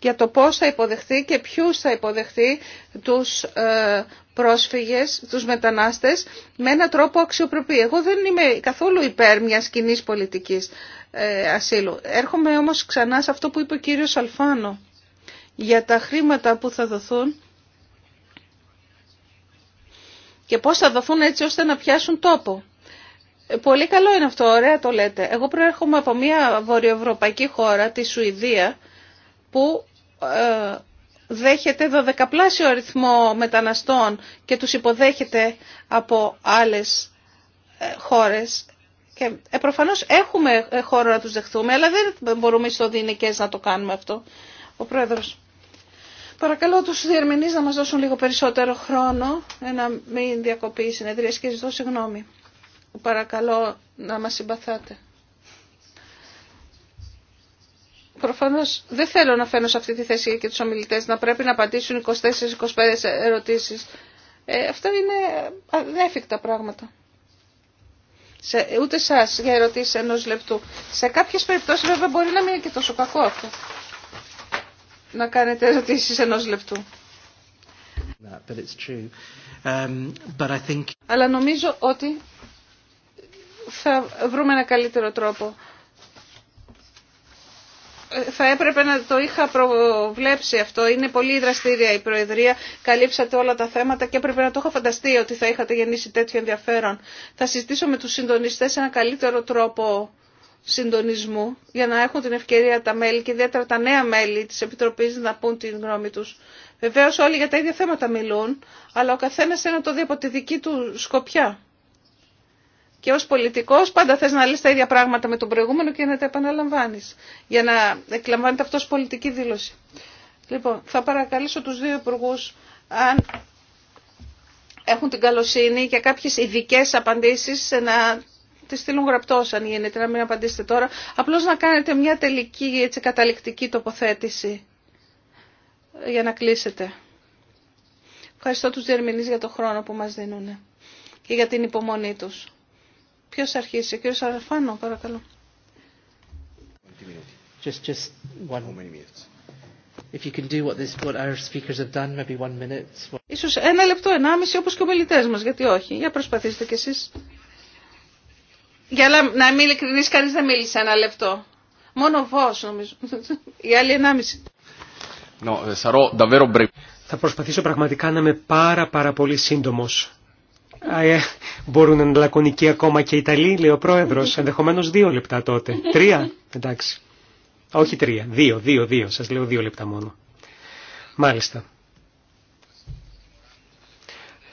Για το πώς θα υποδεχθεί και ποιους θα υποδεχθεί τους ε, πρόσφυγες, τους μετανάστες, με έναν τρόπο αξιοπρεπή. Εγώ δεν είμαι καθόλου υπέρ μιας κοινή πολιτικής ε, ασύλου. Έρχομαι όμως ξανά σε αυτό που είπε ο κύριος Αλφάνο για τα χρήματα που θα δοθούν και πώς θα δοθούν έτσι ώστε να πιάσουν τόπο. Ε, πολύ καλό είναι αυτό, ωραία το λέτε. Εγώ προέρχομαι από μια βορειοευρωπαϊκή χώρα, τη Σουηδία, που ε, δέχεται δωδεκαπλάσιο αριθμό μεταναστών και τους υποδέχεται από άλλες ε, χώρες. Και ε, προφανώς έχουμε ε, χώρο να τους δεχθούμε, αλλά δεν μπορούμε στο δίνεκές να το κάνουμε αυτό. Ο Πρόεδρος. Παρακαλώ τους διερμηνείς να μας δώσουν λίγο περισσότερο χρόνο, να μην διακοπεί η συνεδρία και ζητώ συγγνώμη. Παρακαλώ να μας συμπαθάτε. Προφανώς δεν θέλω να φαίνω σε αυτή τη θέση και τους ομιλητές να πρέπει να απαντήσουν 24-25 ερωτήσεις. Ε, αυτά είναι ανέφικτα πράγματα. Σε, ούτε εσά για ερωτήσει ενό λεπτού. Σε κάποιε περιπτώσει βέβαια μπορεί να μην είναι και τόσο κακό αυτό. Να κάνετε ερωτήσει ενό λεπτού. Um, Αλλά νομίζω ότι θα βρούμε ένα καλύτερο τρόπο θα έπρεπε να το είχα προβλέψει αυτό. Είναι πολύ δραστήρια η Προεδρία. Καλύψατε όλα τα θέματα και έπρεπε να το είχα φανταστεί ότι θα είχατε γεννήσει τέτοιο ενδιαφέρον. Θα συζητήσω με τους συντονιστές ένα καλύτερο τρόπο συντονισμού για να έχουν την ευκαιρία τα μέλη και ιδιαίτερα τα νέα μέλη της Επιτροπής να πούν την γνώμη τους. Βεβαίως όλοι για τα ίδια θέματα μιλούν, αλλά ο καθένας να το δει από τη δική του σκοπιά και ως πολιτικός πάντα θες να λες τα ίδια πράγματα με τον προηγούμενο και να τα επαναλαμβάνεις για να εκλαμβάνεται αυτός πολιτική δήλωση. Λοιπόν, θα παρακαλέσω τους δύο υπουργού αν έχουν την καλοσύνη για κάποιες ειδικέ απαντήσεις να τη στείλουν γραπτό αν γίνεται, να μην απαντήσετε τώρα. Απλώς να κάνετε μια τελική έτσι, καταληκτική τοποθέτηση ε, για να κλείσετε. Ευχαριστώ τους διερμηνείς για το χρόνο που μας δίνουν και για την υπομονή τους. Ποιος αρχίσει, ο κύριος Αραφάνο, παρακαλώ. Just, just one. If you can do what, this, what our speakers have done, maybe one minute. Ίσως ένα λεπτό, ένα ενάμιση, όπως και ο μιλητές μας, γιατί όχι. Για προσπαθήστε κι εσείς. Για να, να μην ειλικρινείς, κανείς δεν μίλησε ένα λεπτό. Μόνο βός, νομίζω. άλλη ένα ενάμιση. No, sarò davvero breve. Θα προσπαθήσω πραγματικά να είμαι πάρα πάρα πολύ σύντομος. Ε, μπορούν να είναι λακωνικοί ακόμα και οι Ιταλοί, λέει ο πρόεδρο. Ενδεχομένω δύο λεπτά τότε. Τρία, εντάξει. Όχι τρία. Δύο, δύο, δύο. Σα λέω δύο λεπτά μόνο. Μάλιστα.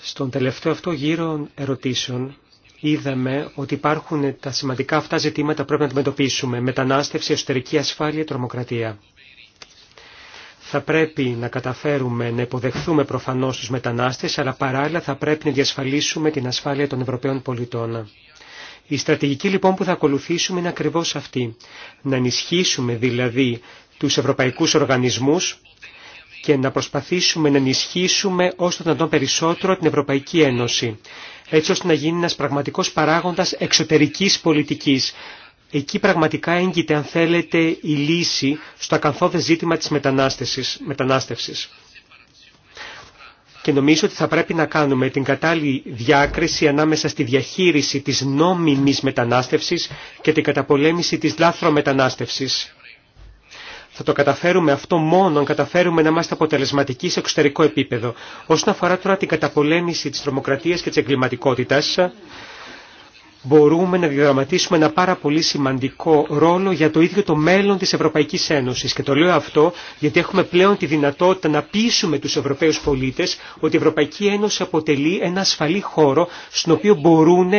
Στον τελευταίο αυτό γύρο ερωτήσεων είδαμε ότι υπάρχουν τα σημαντικά αυτά ζητήματα που πρέπει να αντιμετωπίσουμε. Μετανάστευση, εσωτερική ασφάλεια, τρομοκρατία θα πρέπει να καταφέρουμε να υποδεχθούμε προφανώς τους μετανάστες, αλλά παράλληλα θα πρέπει να διασφαλίσουμε την ασφάλεια των Ευρωπαίων πολιτών. Η στρατηγική λοιπόν που θα ακολουθήσουμε είναι ακριβώς αυτή. Να ενισχύσουμε δηλαδή τους ευρωπαϊκούς οργανισμούς και να προσπαθήσουμε να ενισχύσουμε όσο το δυνατόν περισσότερο την Ευρωπαϊκή Ένωση, έτσι ώστε να γίνει ένας πραγματικός παράγοντας εξωτερικής πολιτικής, Εκεί πραγματικά έγκυται, αν θέλετε, η λύση στο ακαθόδε ζήτημα της μετανάστευσης. Και νομίζω ότι θα πρέπει να κάνουμε την κατάλληλη διάκριση ανάμεσα στη διαχείριση της νόμιμης μετανάστευσης και την καταπολέμηση της μετανάστευσης. Θα το καταφέρουμε αυτό μόνο αν καταφέρουμε να είμαστε αποτελεσματικοί σε εξωτερικό επίπεδο. Όσον αφορά τώρα την καταπολέμηση της τρομοκρατίας και της εγκληματικότητας, μπορούμε να διαδραματίσουμε ένα πάρα πολύ σημαντικό ρόλο για το ίδιο το μέλλον της Ευρωπαϊκής Ένωσης. Και το λέω αυτό γιατί έχουμε πλέον τη δυνατότητα να πείσουμε τους Ευρωπαίους πολίτες ότι η Ευρωπαϊκή Ένωση αποτελεί ένα ασφαλή χώρο στον οποίο μπορούν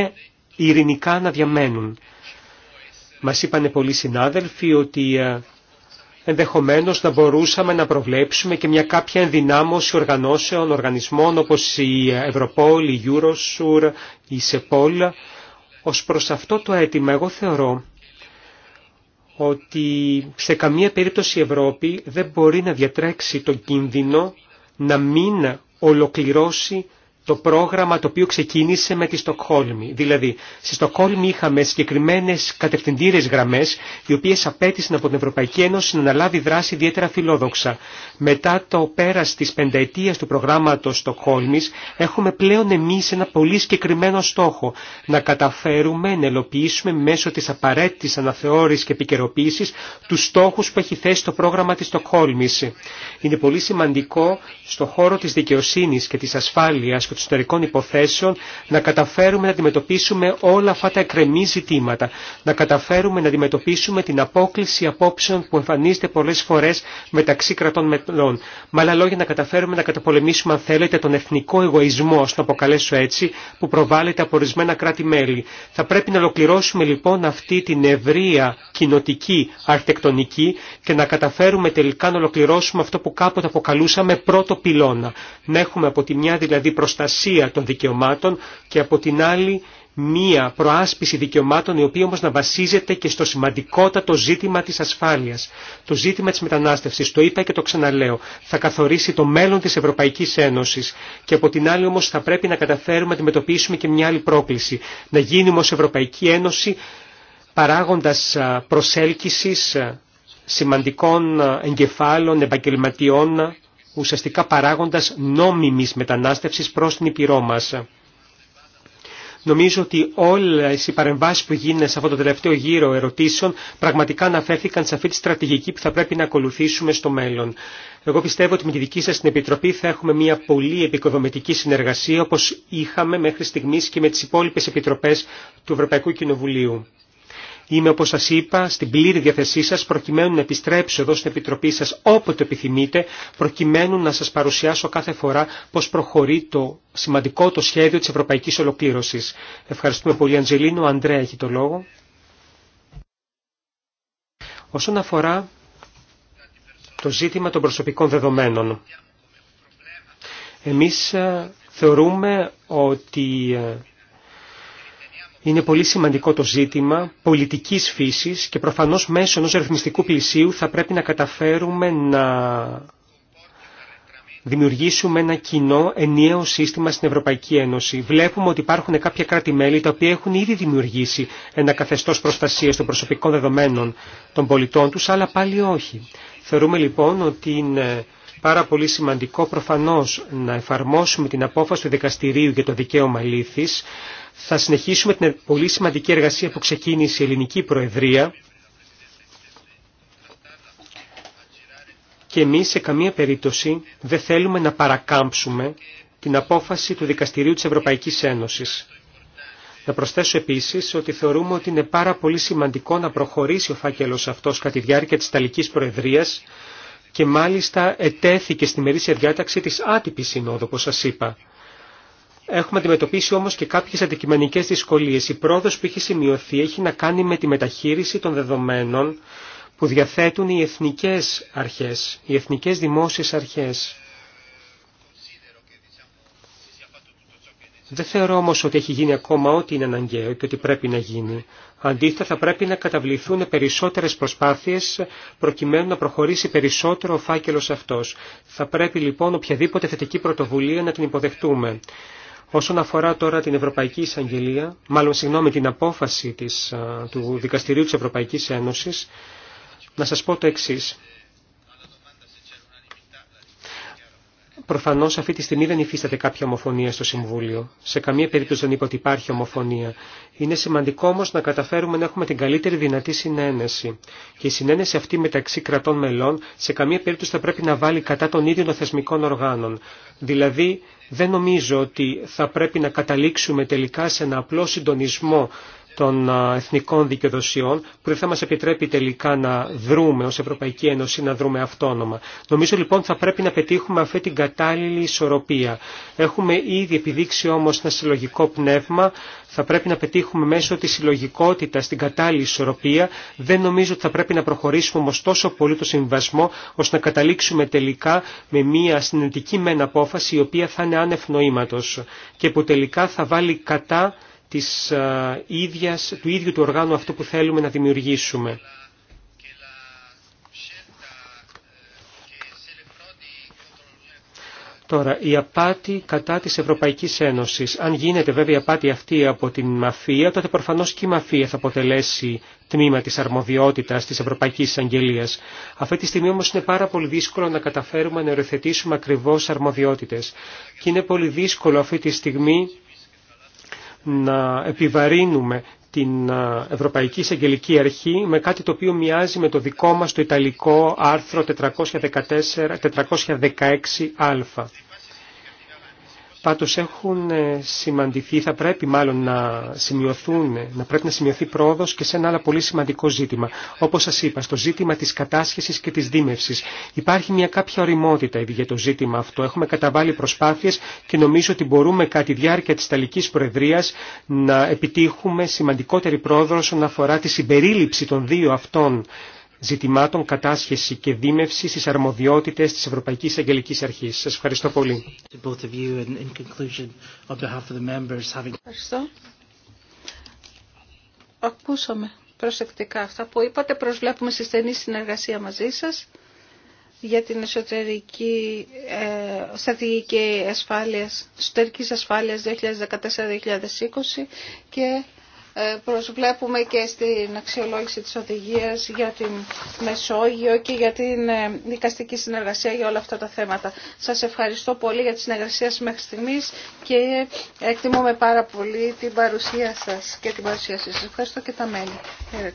ειρηνικά να διαμένουν. Μας είπανε πολλοί συνάδελφοι ότι ε, ενδεχομένως να μπορούσαμε να προβλέψουμε και μια κάποια ενδυνάμωση οργανώσεων, οργανισμών όπως η Ευρωπόλ, η Eurosur, η ΣΕΠΟΛ, ως προς αυτό το αίτημα εγώ θεωρώ ότι σε καμία περίπτωση η Ευρώπη δεν μπορεί να διατρέξει τον κίνδυνο να μην ολοκληρώσει το πρόγραμμα το οποίο ξεκίνησε με τη Στοκχόλμη. Δηλαδή, στη Στοκχόλμη είχαμε συγκεκριμένε κατευθυντήρε γραμμέ, οι οποίε απέτησαν από την Ευρωπαϊκή Ένωση να αναλάβει δράση ιδιαίτερα φιλόδοξα. Μετά το πέρα τη πενταετία του προγράμματο Στοκχόλμη, έχουμε πλέον εμεί ένα πολύ συγκεκριμένο στόχο. Να καταφέρουμε να ελοποιήσουμε μέσω τη απαραίτητη αναθεώρηση και επικαιροποίηση του στόχου που έχει θέσει το πρόγραμμα τη Στοκχόλμη. Είναι πολύ σημαντικό στο χώρο τη δικαιοσύνη και τη ασφάλεια Εξωτερικών Υποθέσεων να καταφέρουμε να αντιμετωπίσουμε όλα αυτά τα εκκρεμή ζητήματα. Να καταφέρουμε να αντιμετωπίσουμε την απόκληση απόψεων που εμφανίζεται πολλέ φορέ μεταξύ κρατών μελών. Με άλλα λόγια, να καταφέρουμε να καταπολεμήσουμε, αν θέλετε, τον εθνικό εγωισμό, το αποκαλέσω έτσι, που προβάλλεται από ορισμένα κράτη-μέλη. Θα πρέπει να ολοκληρώσουμε λοιπόν αυτή την ευρεία κοινοτική αρχιτεκτονική και να καταφέρουμε τελικά να ολοκληρώσουμε αυτό που κάποτε αποκαλούσαμε πρώτο πυλώνα. Να έχουμε από τη μια δηλαδή προστασία προστασία των δικαιωμάτων και από την άλλη μία προάσπιση δικαιωμάτων η οποία όμως να βασίζεται και στο σημαντικότατο ζήτημα της ασφάλειας. Το ζήτημα της μετανάστευσης, το είπα και το ξαναλέω, θα καθορίσει το μέλλον της Ευρωπαϊκής Ένωσης και από την άλλη όμως θα πρέπει να καταφέρουμε να αντιμετωπίσουμε και μια άλλη πρόκληση. Να γίνουμε ως Ευρωπαϊκή Ένωση παράγοντας προσέλκυσης σημαντικών εγκεφάλων, επαγγελματιών ουσιαστικά παράγοντας νόμιμης μετανάστευσης προς την υπηρό μας. Νομίζω ότι όλες οι παρεμβάσεις που γίνανε σε αυτό το τελευταίο γύρο ερωτήσεων πραγματικά αναφέρθηκαν σε αυτή τη στρατηγική που θα πρέπει να ακολουθήσουμε στο μέλλον. Εγώ πιστεύω ότι με τη δική σας την Επιτροπή θα έχουμε μια πολύ επικοδομητική συνεργασία όπως είχαμε μέχρι στιγμής και με τις υπόλοιπες επιτροπές του Ευρωπαϊκού Κοινοβουλίου. Είμαι, όπως σας είπα, στην πλήρη διαθεσή σας, προκειμένου να επιστρέψω εδώ στην Επιτροπή σας όποτε επιθυμείτε, προκειμένου να σας παρουσιάσω κάθε φορά πώς προχωρεί το σημαντικό το σχέδιο της Ευρωπαϊκής Ολοκλήρωσης. Ευχαριστούμε πολύ, Αντζελίνο. Ο Αντρέα έχει το λόγο. Όσον αφορά το ζήτημα των προσωπικών δεδομένων, εμείς ε, θεωρούμε ότι ε, είναι πολύ σημαντικό το ζήτημα πολιτικής φύσης και προφανώς μέσω ενός ρυθμιστικού πλησίου θα πρέπει να καταφέρουμε να δημιουργήσουμε ένα κοινό ενιαίο σύστημα στην Ευρωπαϊκή Ένωση. Βλέπουμε ότι υπάρχουν κάποια κράτη-μέλη τα οποία έχουν ήδη δημιουργήσει ένα καθεστώς προστασίας των προσωπικών δεδομένων των πολιτών τους, αλλά πάλι όχι. Θεωρούμε λοιπόν ότι είναι πάρα πολύ σημαντικό προφανώς να εφαρμόσουμε την απόφαση του δικαστηρίου για το δικαίωμα λήθης. Θα συνεχίσουμε την πολύ σημαντική εργασία που ξεκίνησε η ελληνική προεδρία και εμείς σε καμία περίπτωση δεν θέλουμε να παρακάμψουμε την απόφαση του Δικαστηρίου της Ευρωπαϊκής Ένωσης. Να προσθέσω επίσης ότι θεωρούμε ότι είναι πάρα πολύ σημαντικό να προχωρήσει ο φάκελος αυτός κατά τη διάρκεια της Ιταλικής Προεδρίας και μάλιστα ετέθηκε στη μερίσια διάταξη της άτυπης συνόδου, όπως σας είπα. Έχουμε αντιμετωπίσει όμως και κάποιες αντικειμενικές δυσκολίες. Η πρόοδος που έχει σημειωθεί έχει να κάνει με τη μεταχείριση των δεδομένων που διαθέτουν οι εθνικές αρχές, οι εθνικές δημόσιες αρχές. Δεν θεωρώ όμω ότι έχει γίνει ακόμα ό,τι είναι αναγκαίο και ότι πρέπει να γίνει. Αντίθετα θα πρέπει να καταβληθούν περισσότερες προσπάθειες προκειμένου να προχωρήσει περισσότερο ο φάκελος αυτός. Θα πρέπει λοιπόν οποιαδήποτε θετική πρωτοβουλία να την υποδεχτούμε. Όσον αφορά τώρα την Ευρωπαϊκή Εισαγγελία, μάλλον συγγνώμη την απόφαση της, του Δικαστηρίου της Ευρωπαϊκής Ένωσης, να σας πω το εξής. Προφανώς αυτή τη στιγμή δεν υφίσταται κάποια ομοφωνία στο Συμβούλιο. Σε καμία περίπτωση δεν είπα ότι υπάρχει ομοφωνία. Είναι σημαντικό όμως να καταφέρουμε να έχουμε την καλύτερη δυνατή συνένεση. Και η συνένεση αυτή μεταξύ κρατών μελών σε καμία περίπτωση θα πρέπει να βάλει κατά των ίδιων των θεσμικών οργάνων. Δηλαδή δεν νομίζω ότι θα πρέπει να καταλήξουμε τελικά σε ένα απλό συντονισμό των εθνικών δικαιοδοσιών που δεν θα μας επιτρέπει τελικά να δρούμε ως Ευρωπαϊκή Ένωση, να δρούμε αυτόνομα. Νομίζω λοιπόν θα πρέπει να πετύχουμε αυτή την κατάλληλη ισορροπία. Έχουμε ήδη επιδείξει όμως ένα συλλογικό πνεύμα, θα πρέπει να πετύχουμε μέσω της συλλογικότητα την κατάλληλη ισορροπία. Δεν νομίζω ότι θα πρέπει να προχωρήσουμε όμως τόσο πολύ το συμβασμό ώστε να καταλήξουμε τελικά με μια συνεντική μεν απόφαση η οποία θα είναι άνευ νοήματος και που τελικά θα βάλει κατά της του ίδιου του οργάνου αυτού που θέλουμε να δημιουργήσουμε. Τώρα, η απάτη κατά της Ευρωπαϊκής Ένωσης. Αν γίνεται βέβαια η απάτη αυτή από την μαφία, τότε προφανώς και η μαφία θα αποτελέσει τμήμα της αρμοδιότητας της Ευρωπαϊκής Αγγελίας. Αυτή τη στιγμή όμως είναι πάρα πολύ δύσκολο να καταφέρουμε να οριοθετήσουμε ακριβώς αρμοδιότητες. Και είναι πολύ δύσκολο αυτή τη στιγμή να επιβαρύνουμε την Ευρωπαϊκή Εισαγγελική Αρχή με κάτι το οποίο μοιάζει με το δικό μας το Ιταλικό άρθρο 416α. Πάντως έχουν ε, σημαντηθεί, θα πρέπει μάλλον να σημειωθούν, ε, να πρέπει να σημειωθεί πρόοδος και σε ένα άλλο πολύ σημαντικό ζήτημα. Όπως σας είπα, στο ζήτημα της κατάσχεσης και της δίμευσης. Υπάρχει μια κάποια οριμότητα για το ζήτημα αυτό. Έχουμε καταβάλει προσπάθειες και νομίζω ότι μπορούμε κατά τη διάρκεια της Ιταλικής Προεδρίας να επιτύχουμε σημαντικότερη πρόοδο όσον αφορά τη συμπερίληψη των δύο αυτών ζητημάτων κατάσχεση και δίμευση στις αρμοδιότητες της Ευρωπαϊκής Αγγελικής Αρχής. Σας ευχαριστώ πολύ. Ευχαριστώ. Ακούσαμε προσεκτικά αυτά που είπατε. Προσβλέπουμε στη στενή συνεργασία μαζί σας για την εσωτερική ε, στρατηγική ασφάλειας, εσωτερικής ασφάλειας 2014-2020 και ε, προσβλέπουμε και στην αξιολόγηση της οδηγίας για την Μεσόγειο και για την ε, δικαστική συνεργασία για όλα αυτά τα θέματα. Σας ευχαριστώ πολύ για τη συνεργασία σας μέχρι στιγμής και εκτιμούμε πάρα πολύ την παρουσία σας και την παρουσία σας. Ευχαριστώ και τα μέλη.